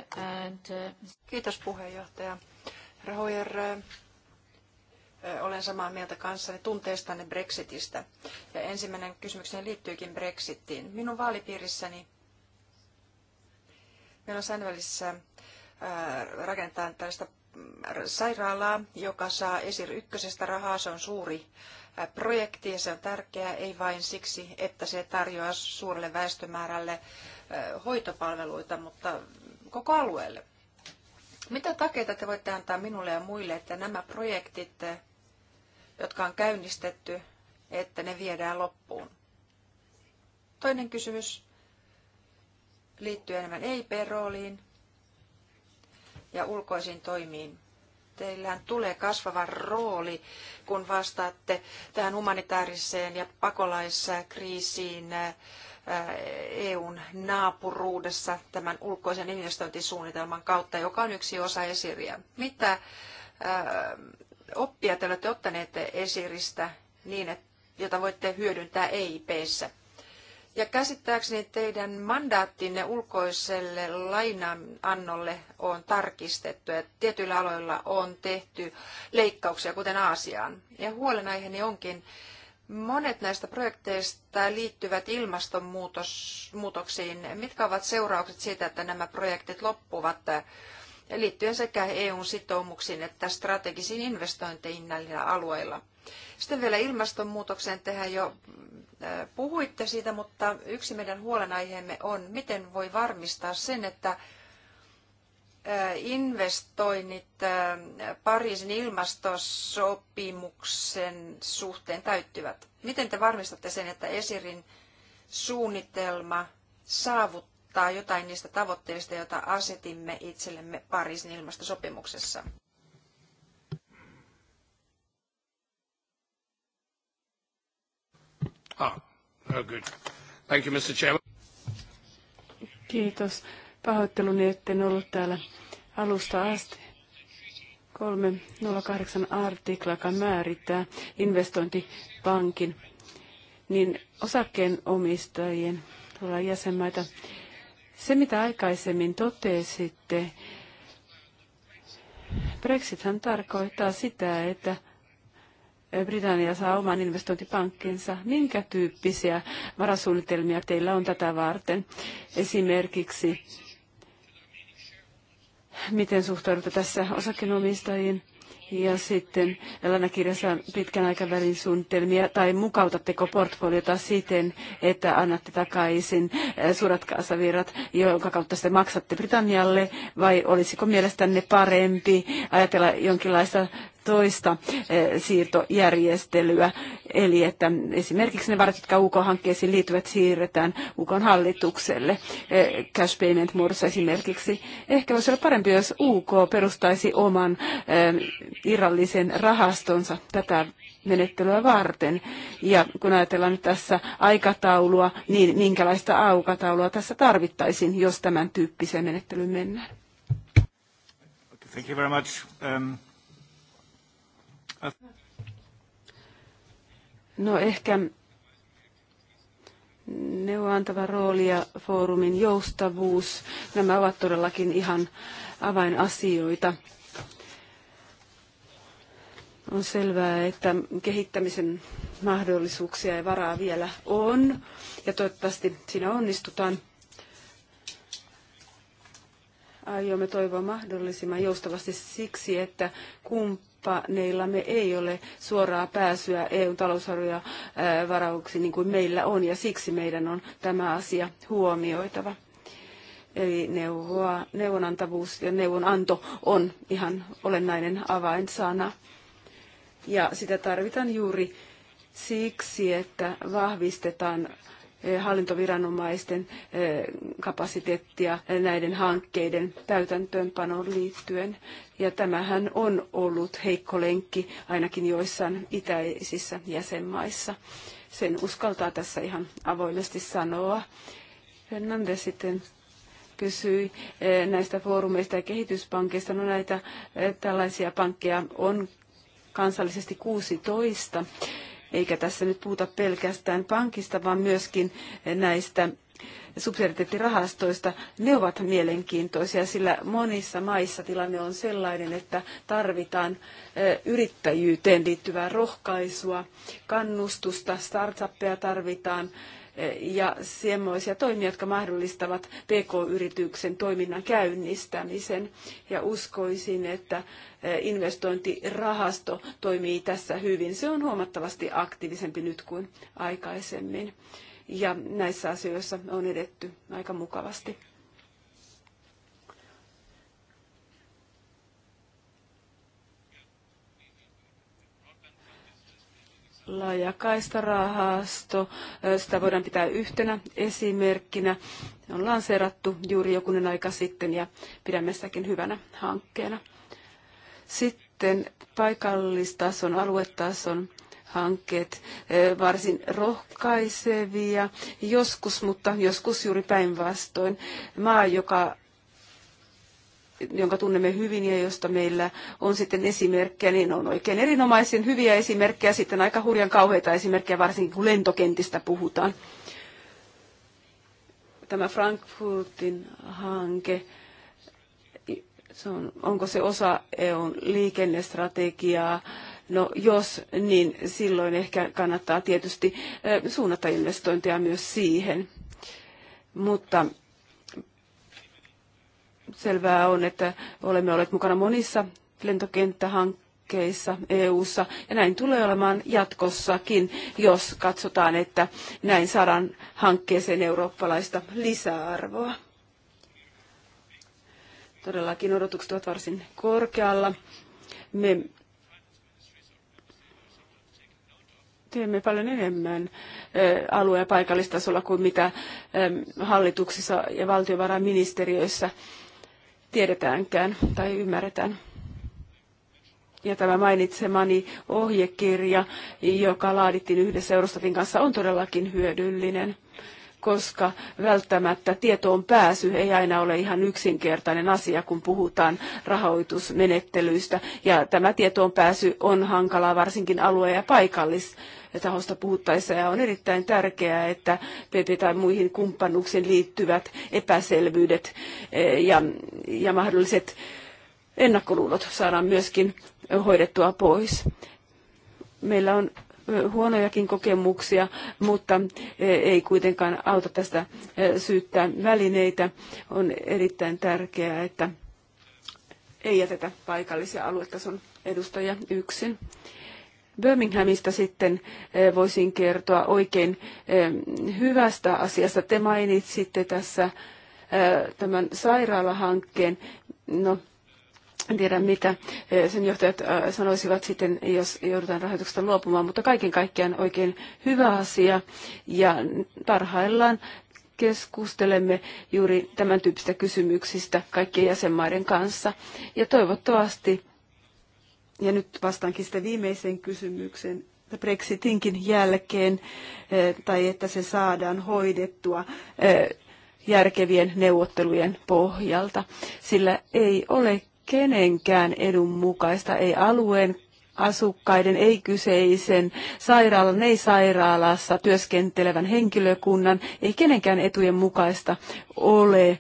Speaker 3: And, uh... Kiitos puheenjohtaja. Rahoyer, uh olen samaa mieltä kanssanne tunteestanne Brexitistä. Ja ensimmäinen kysymykseni liittyykin Brexitiin. Minun vaalipiirissäni meillä on säännöllisissä rakennetaan tällaista mm, sairaalaa, joka saa esir ykkösestä rahaa. Se on suuri projekti ja se on tärkeää ei vain siksi, että se tarjoaa suurelle väestömäärälle hoitopalveluita, mutta koko alueelle. Mitä takeita te voitte antaa minulle ja muille, että nämä projektit jotka on käynnistetty, että ne viedään loppuun. Toinen kysymys liittyy enemmän ei rooliin ja ulkoisiin toimiin. Teillähän tulee kasvava rooli, kun vastaatte tähän humanitaariseen ja pakolaiskriisiin äh, EUn naapuruudessa tämän ulkoisen investointisuunnitelman kautta, joka on yksi osa esiriä. Mitä äh, oppia te olette ottaneet esiristä niin, että, jota voitte hyödyntää EIPssä? Ja käsittääkseni teidän mandaattinne ulkoiselle lainanannolle on tarkistettu ja tietyillä aloilla on tehty leikkauksia, kuten Aasiaan. Ja huolenaiheeni onkin, Monet näistä projekteista liittyvät ilmastonmuutoksiin. Mitkä ovat seuraukset siitä, että nämä projektit loppuvat? liittyen sekä EUn sitoumuksiin että strategisiin investointeihin näillä alueilla. Sitten vielä ilmastonmuutokseen tehän jo puhuitte siitä, mutta yksi meidän huolenaiheemme on, miten voi varmistaa sen, että investoinnit Pariisin ilmastosopimuksen suhteen täyttyvät. Miten te varmistatte sen, että Esirin suunnitelma saavuttaa saavuttaa jotain niistä tavoitteista, joita asetimme itsellemme Pariisin ilmastosopimuksessa.
Speaker 2: Ah, oh, good.
Speaker 4: Thank you, Mr. Chairman. Kiitos. Pahoitteluni, etten ollut täällä alusta asti. 308 artikla, joka määrittää investointipankin, niin osakkeenomistajien tuolla jäsenmaita se, mitä aikaisemmin totesitte, Brexithän tarkoittaa sitä, että Britannia saa oman investointipankkinsa. Minkä tyyppisiä varasuunnitelmia teillä on tätä varten? Esimerkiksi, miten suhtaudutte tässä osakkeenomistajiin? ja sitten Elana kirjassa pitkän aikavälin suunnitelmia tai mukautatteko portfoliota siten, että annatte takaisin eh, suurat kaasavirrat, jonka kautta sitten maksatte Britannialle vai olisiko mielestänne parempi ajatella jonkinlaista toista eh, siirtojärjestelyä, eli että esimerkiksi ne varat, jotka UK-hankkeisiin liittyvät, siirretään UK-hallitukselle eh, cash payment muodossa esimerkiksi. Ehkä voisi olla parempi, jos UK perustaisi oman eh, irrallisen rahastonsa tätä menettelyä varten. Ja kun ajatellaan nyt tässä aikataulua, niin minkälaista aukataulua tässä tarvittaisiin, jos tämän tyyppiseen menettelyyn mennään?
Speaker 2: Thank you very much. Um...
Speaker 4: No ehkä neuvoantava rooli ja foorumin joustavuus, nämä ovat todellakin ihan avainasioita. On selvää, että kehittämisen mahdollisuuksia ja varaa vielä on, ja toivottavasti siinä onnistutaan. Aiomme toivoa mahdollisimman joustavasti siksi, että kumppanit me ei ole suoraa pääsyä EUn talousarvoja varauksiin niin kuin meillä on, ja siksi meidän on tämä asia huomioitava. Eli neuvoa, neuvonantavuus ja neuvonanto on ihan olennainen avainsana. Ja sitä tarvitaan juuri siksi, että vahvistetaan Eh, hallintoviranomaisten eh, kapasiteettia eh, näiden hankkeiden täytäntöönpanoon liittyen. Ja tämähän on ollut heikko lenkki ainakin joissain itäisissä jäsenmaissa. Sen uskaltaa tässä ihan avoimesti sanoa. Fernandes sitten kysyi näistä foorumeista ja kehityspankkeista. No näitä tällaisia pankkeja on kansallisesti 16 eikä tässä nyt puhuta pelkästään pankista, vaan myöskin näistä subsidiariteettirahastoista, ne ovat mielenkiintoisia, sillä monissa maissa tilanne on sellainen, että tarvitaan yrittäjyyteen liittyvää rohkaisua, kannustusta, startuppeja tarvitaan ja semmoisia toimia, jotka mahdollistavat PK-yrityksen toiminnan käynnistämisen. Ja uskoisin, että e, investointirahasto toimii tässä hyvin. Se on huomattavasti aktiivisempi nyt kuin aikaisemmin. Ja näissä asioissa on edetty aika mukavasti. laajakaistarahasto, sitä voidaan pitää yhtenä esimerkkinä. Se on lanseerattu juuri jokunen aika sitten ja pidämme sitäkin hyvänä hankkeena. Sitten paikallistason, aluetason hankkeet varsin rohkaisevia joskus, mutta joskus juuri päinvastoin. Maa, joka jonka tunnemme hyvin ja josta meillä on sitten esimerkkejä, niin on oikein erinomaisen hyviä esimerkkejä, sitten aika hurjan kauheita esimerkkejä, varsinkin kun lentokentistä puhutaan. Tämä Frankfurtin hanke, se on, onko se osa EUn liikennestrategiaa? No jos, niin silloin ehkä kannattaa tietysti eh, suunnata investointeja myös siihen. Mutta Selvää on, että olemme olleet mukana monissa lentokenttähankkeissa EU-ssa, ja näin tulee olemaan jatkossakin, jos katsotaan, että näin saadaan hankkeeseen eurooppalaista lisäarvoa. Todellakin odotukset ovat varsin korkealla. Me teemme paljon enemmän alue- ja paikallistasolla kuin mitä hallituksissa ja valtiovarainministeriöissä tiedetäänkään tai ymmärretään. Ja tämä mainitsemani ohjekirja, joka laadittiin yhdessä Eurostatin kanssa, on todellakin hyödyllinen koska välttämättä tietoon pääsy ei aina ole ihan yksinkertainen asia, kun puhutaan rahoitusmenettelyistä. Ja tämä tietoon pääsy on hankalaa varsinkin alue- ja paikallis puhuttaessa ja on erittäin tärkeää, että PP tai muihin kumppanuksiin liittyvät epäselvyydet eh, ja, ja mahdolliset ennakkoluulot saadaan myöskin hoidettua pois. Meillä on huonojakin kokemuksia, mutta e, ei kuitenkaan auta tästä e, syyttää välineitä. On erittäin tärkeää, että ei jätetä paikallisia aluetason edustajia yksin. Birminghamista sitten e, voisin kertoa oikein hyvästä asiasta. Te mainitsitte tässä tämän sairaalahankkeen. No, en tiedä, mitä eh, sen johtajat eh, sanoisivat sitten, jos joudutaan rahoituksesta luopumaan, mutta kaiken kaikkiaan oikein hyvä asia. Ja parhaillaan keskustelemme juuri tämän tyyppistä kysymyksistä kaikkien jäsenmaiden kanssa. Ja toivottavasti, ja nyt vastaankin sitä viimeiseen kysymykseen, Brexitinkin jälkeen, eh, tai että se saadaan hoidettua järkevien neuvottelujen pohjalta, sillä ei ole kenenkään edun mukaista, ei alueen asukkaiden, ei kyseisen sairaalan, ei sairaalassa työskentelevän henkilökunnan, ei kenenkään etujen mukaista ole, eh,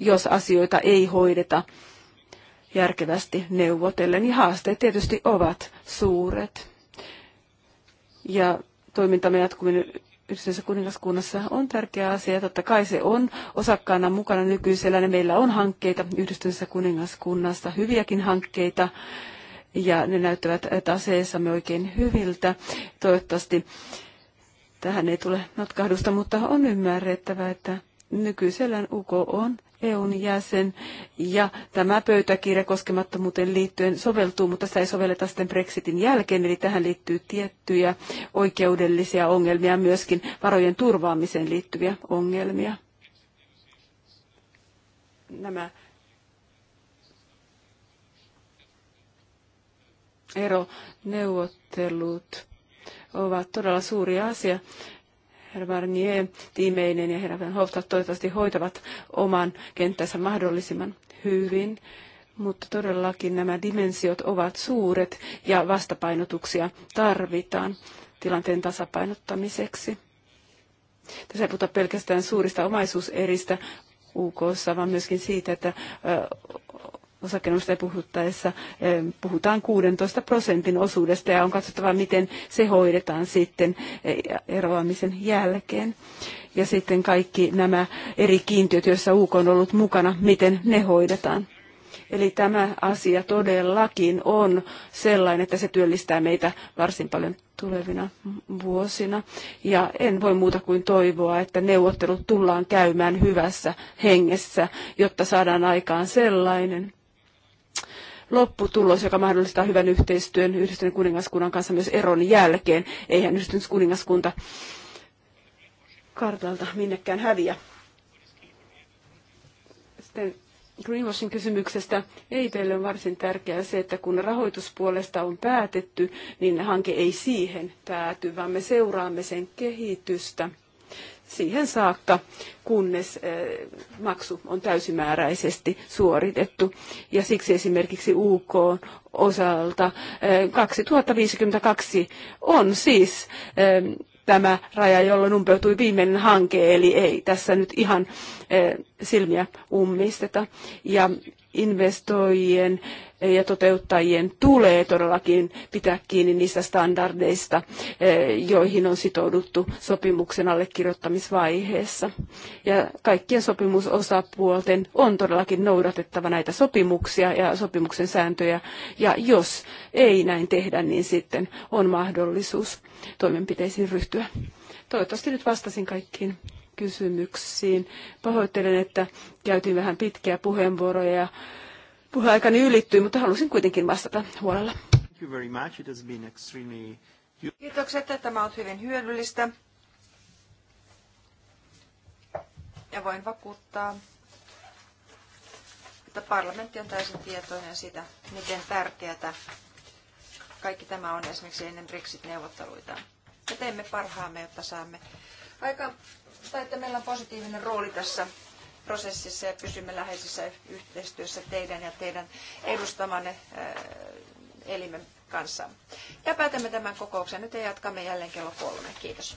Speaker 4: jos asioita ei hoideta järkevästi neuvotellen. Ja haasteet tietysti ovat suuret. Ja toimintamme jatkuminen yhdessä kuningaskunnassa on tärkeä asia. Totta kai se on osakkaana mukana nykyisellä. Ne meillä on hankkeita yhdistyneessä kuningaskunnassa, hyviäkin hankkeita, ja ne näyttävät taseessamme oikein hyviltä. Toivottavasti tähän ei tule notkahdusta, mutta on ymmärrettävä, että nykyisellään UK on EUn jäsen ja tämä pöytäkirja koskemattomuuteen liittyen soveltuu, mutta sitä ei sovelleta sitten Brexitin jälkeen, eli tähän liittyy tiettyjä oikeudellisia ongelmia, myöskin varojen turvaamiseen liittyviä ongelmia. Nämä eroneuvottelut ovat todella suuri asia herra Barnier tiimeinen ja herra Van Hofstad toivottavasti hoitavat oman kenttänsä mahdollisimman hyvin. Mutta todellakin nämä dimensiot ovat suuret ja vastapainotuksia tarvitaan tilanteen tasapainottamiseksi. Tässä ei puhuta pelkästään suurista omaisuuseristä UK, vaan myöskin siitä, että osakennusta puhuttaessa eh, puhutaan 16 prosentin osuudesta ja on katsottava, miten se hoidetaan sitten eh, eroamisen jälkeen. Ja sitten kaikki nämä eri kiintiöt, joissa UK on ollut mukana, miten ne hoidetaan. Eli tämä asia todellakin on sellainen, että se työllistää meitä varsin paljon tulevina vuosina. Ja en voi muuta kuin toivoa, että neuvottelut tullaan käymään hyvässä hengessä, jotta saadaan aikaan sellainen lopputulos, joka mahdollistaa hyvän yhteistyön yhdistyneen kuningaskunnan kanssa myös eron jälkeen. Eihän yhdistynyt kuningaskunta kartalta minnekään häviä. Sitten Greenwashin kysymyksestä teille on varsin tärkeää se, että kun rahoituspuolesta on päätetty, niin hanke ei siihen pääty, vaan me seuraamme sen kehitystä siihen saakka, kunnes eh, maksu on täysimääräisesti suoritettu. Ja siksi esimerkiksi UK osalta 2052 eh, on siis eh, tämä raja, jolloin umpeutui viimeinen hanke, eli ei tässä nyt ihan silmiä ummisteta. Ja investoijien ja toteuttajien tulee todellakin pitää kiinni niistä standardeista, eh, joihin on sitouduttu sopimuksen allekirjoittamisvaiheessa. Ja kaikkien sopimusosapuolten on todellakin noudatettava näitä sopimuksia ja sopimuksen sääntöjä, ja jos ei näin tehdä, niin sitten on mahdollisuus toimenpiteisiin ryhtyä. Toivottavasti nyt vastasin kaikkiin kysymyksiin. Pahoittelen, että käytin vähän pitkiä puheenvuoroja ja puheaikani ylittyi, mutta halusin kuitenkin vastata huolella.
Speaker 3: Kiitokset, että tämä on hyvin hyödyllistä. Ja voin vakuuttaa, että parlamentti on täysin tietoinen sitä, miten tärkeää kaikki tämä on esimerkiksi ennen Brexit-neuvotteluita. Ja teemme parhaamme, jotta saamme aika tai että meillä on positiivinen rooli tässä prosessissa ja pysymme läheisessä yhteistyössä teidän ja teidän edustamanne äh, elimen kanssa. Ja päätämme tämän kokouksen. Nyt ja jatkamme jälleen kello kolme. Kiitos.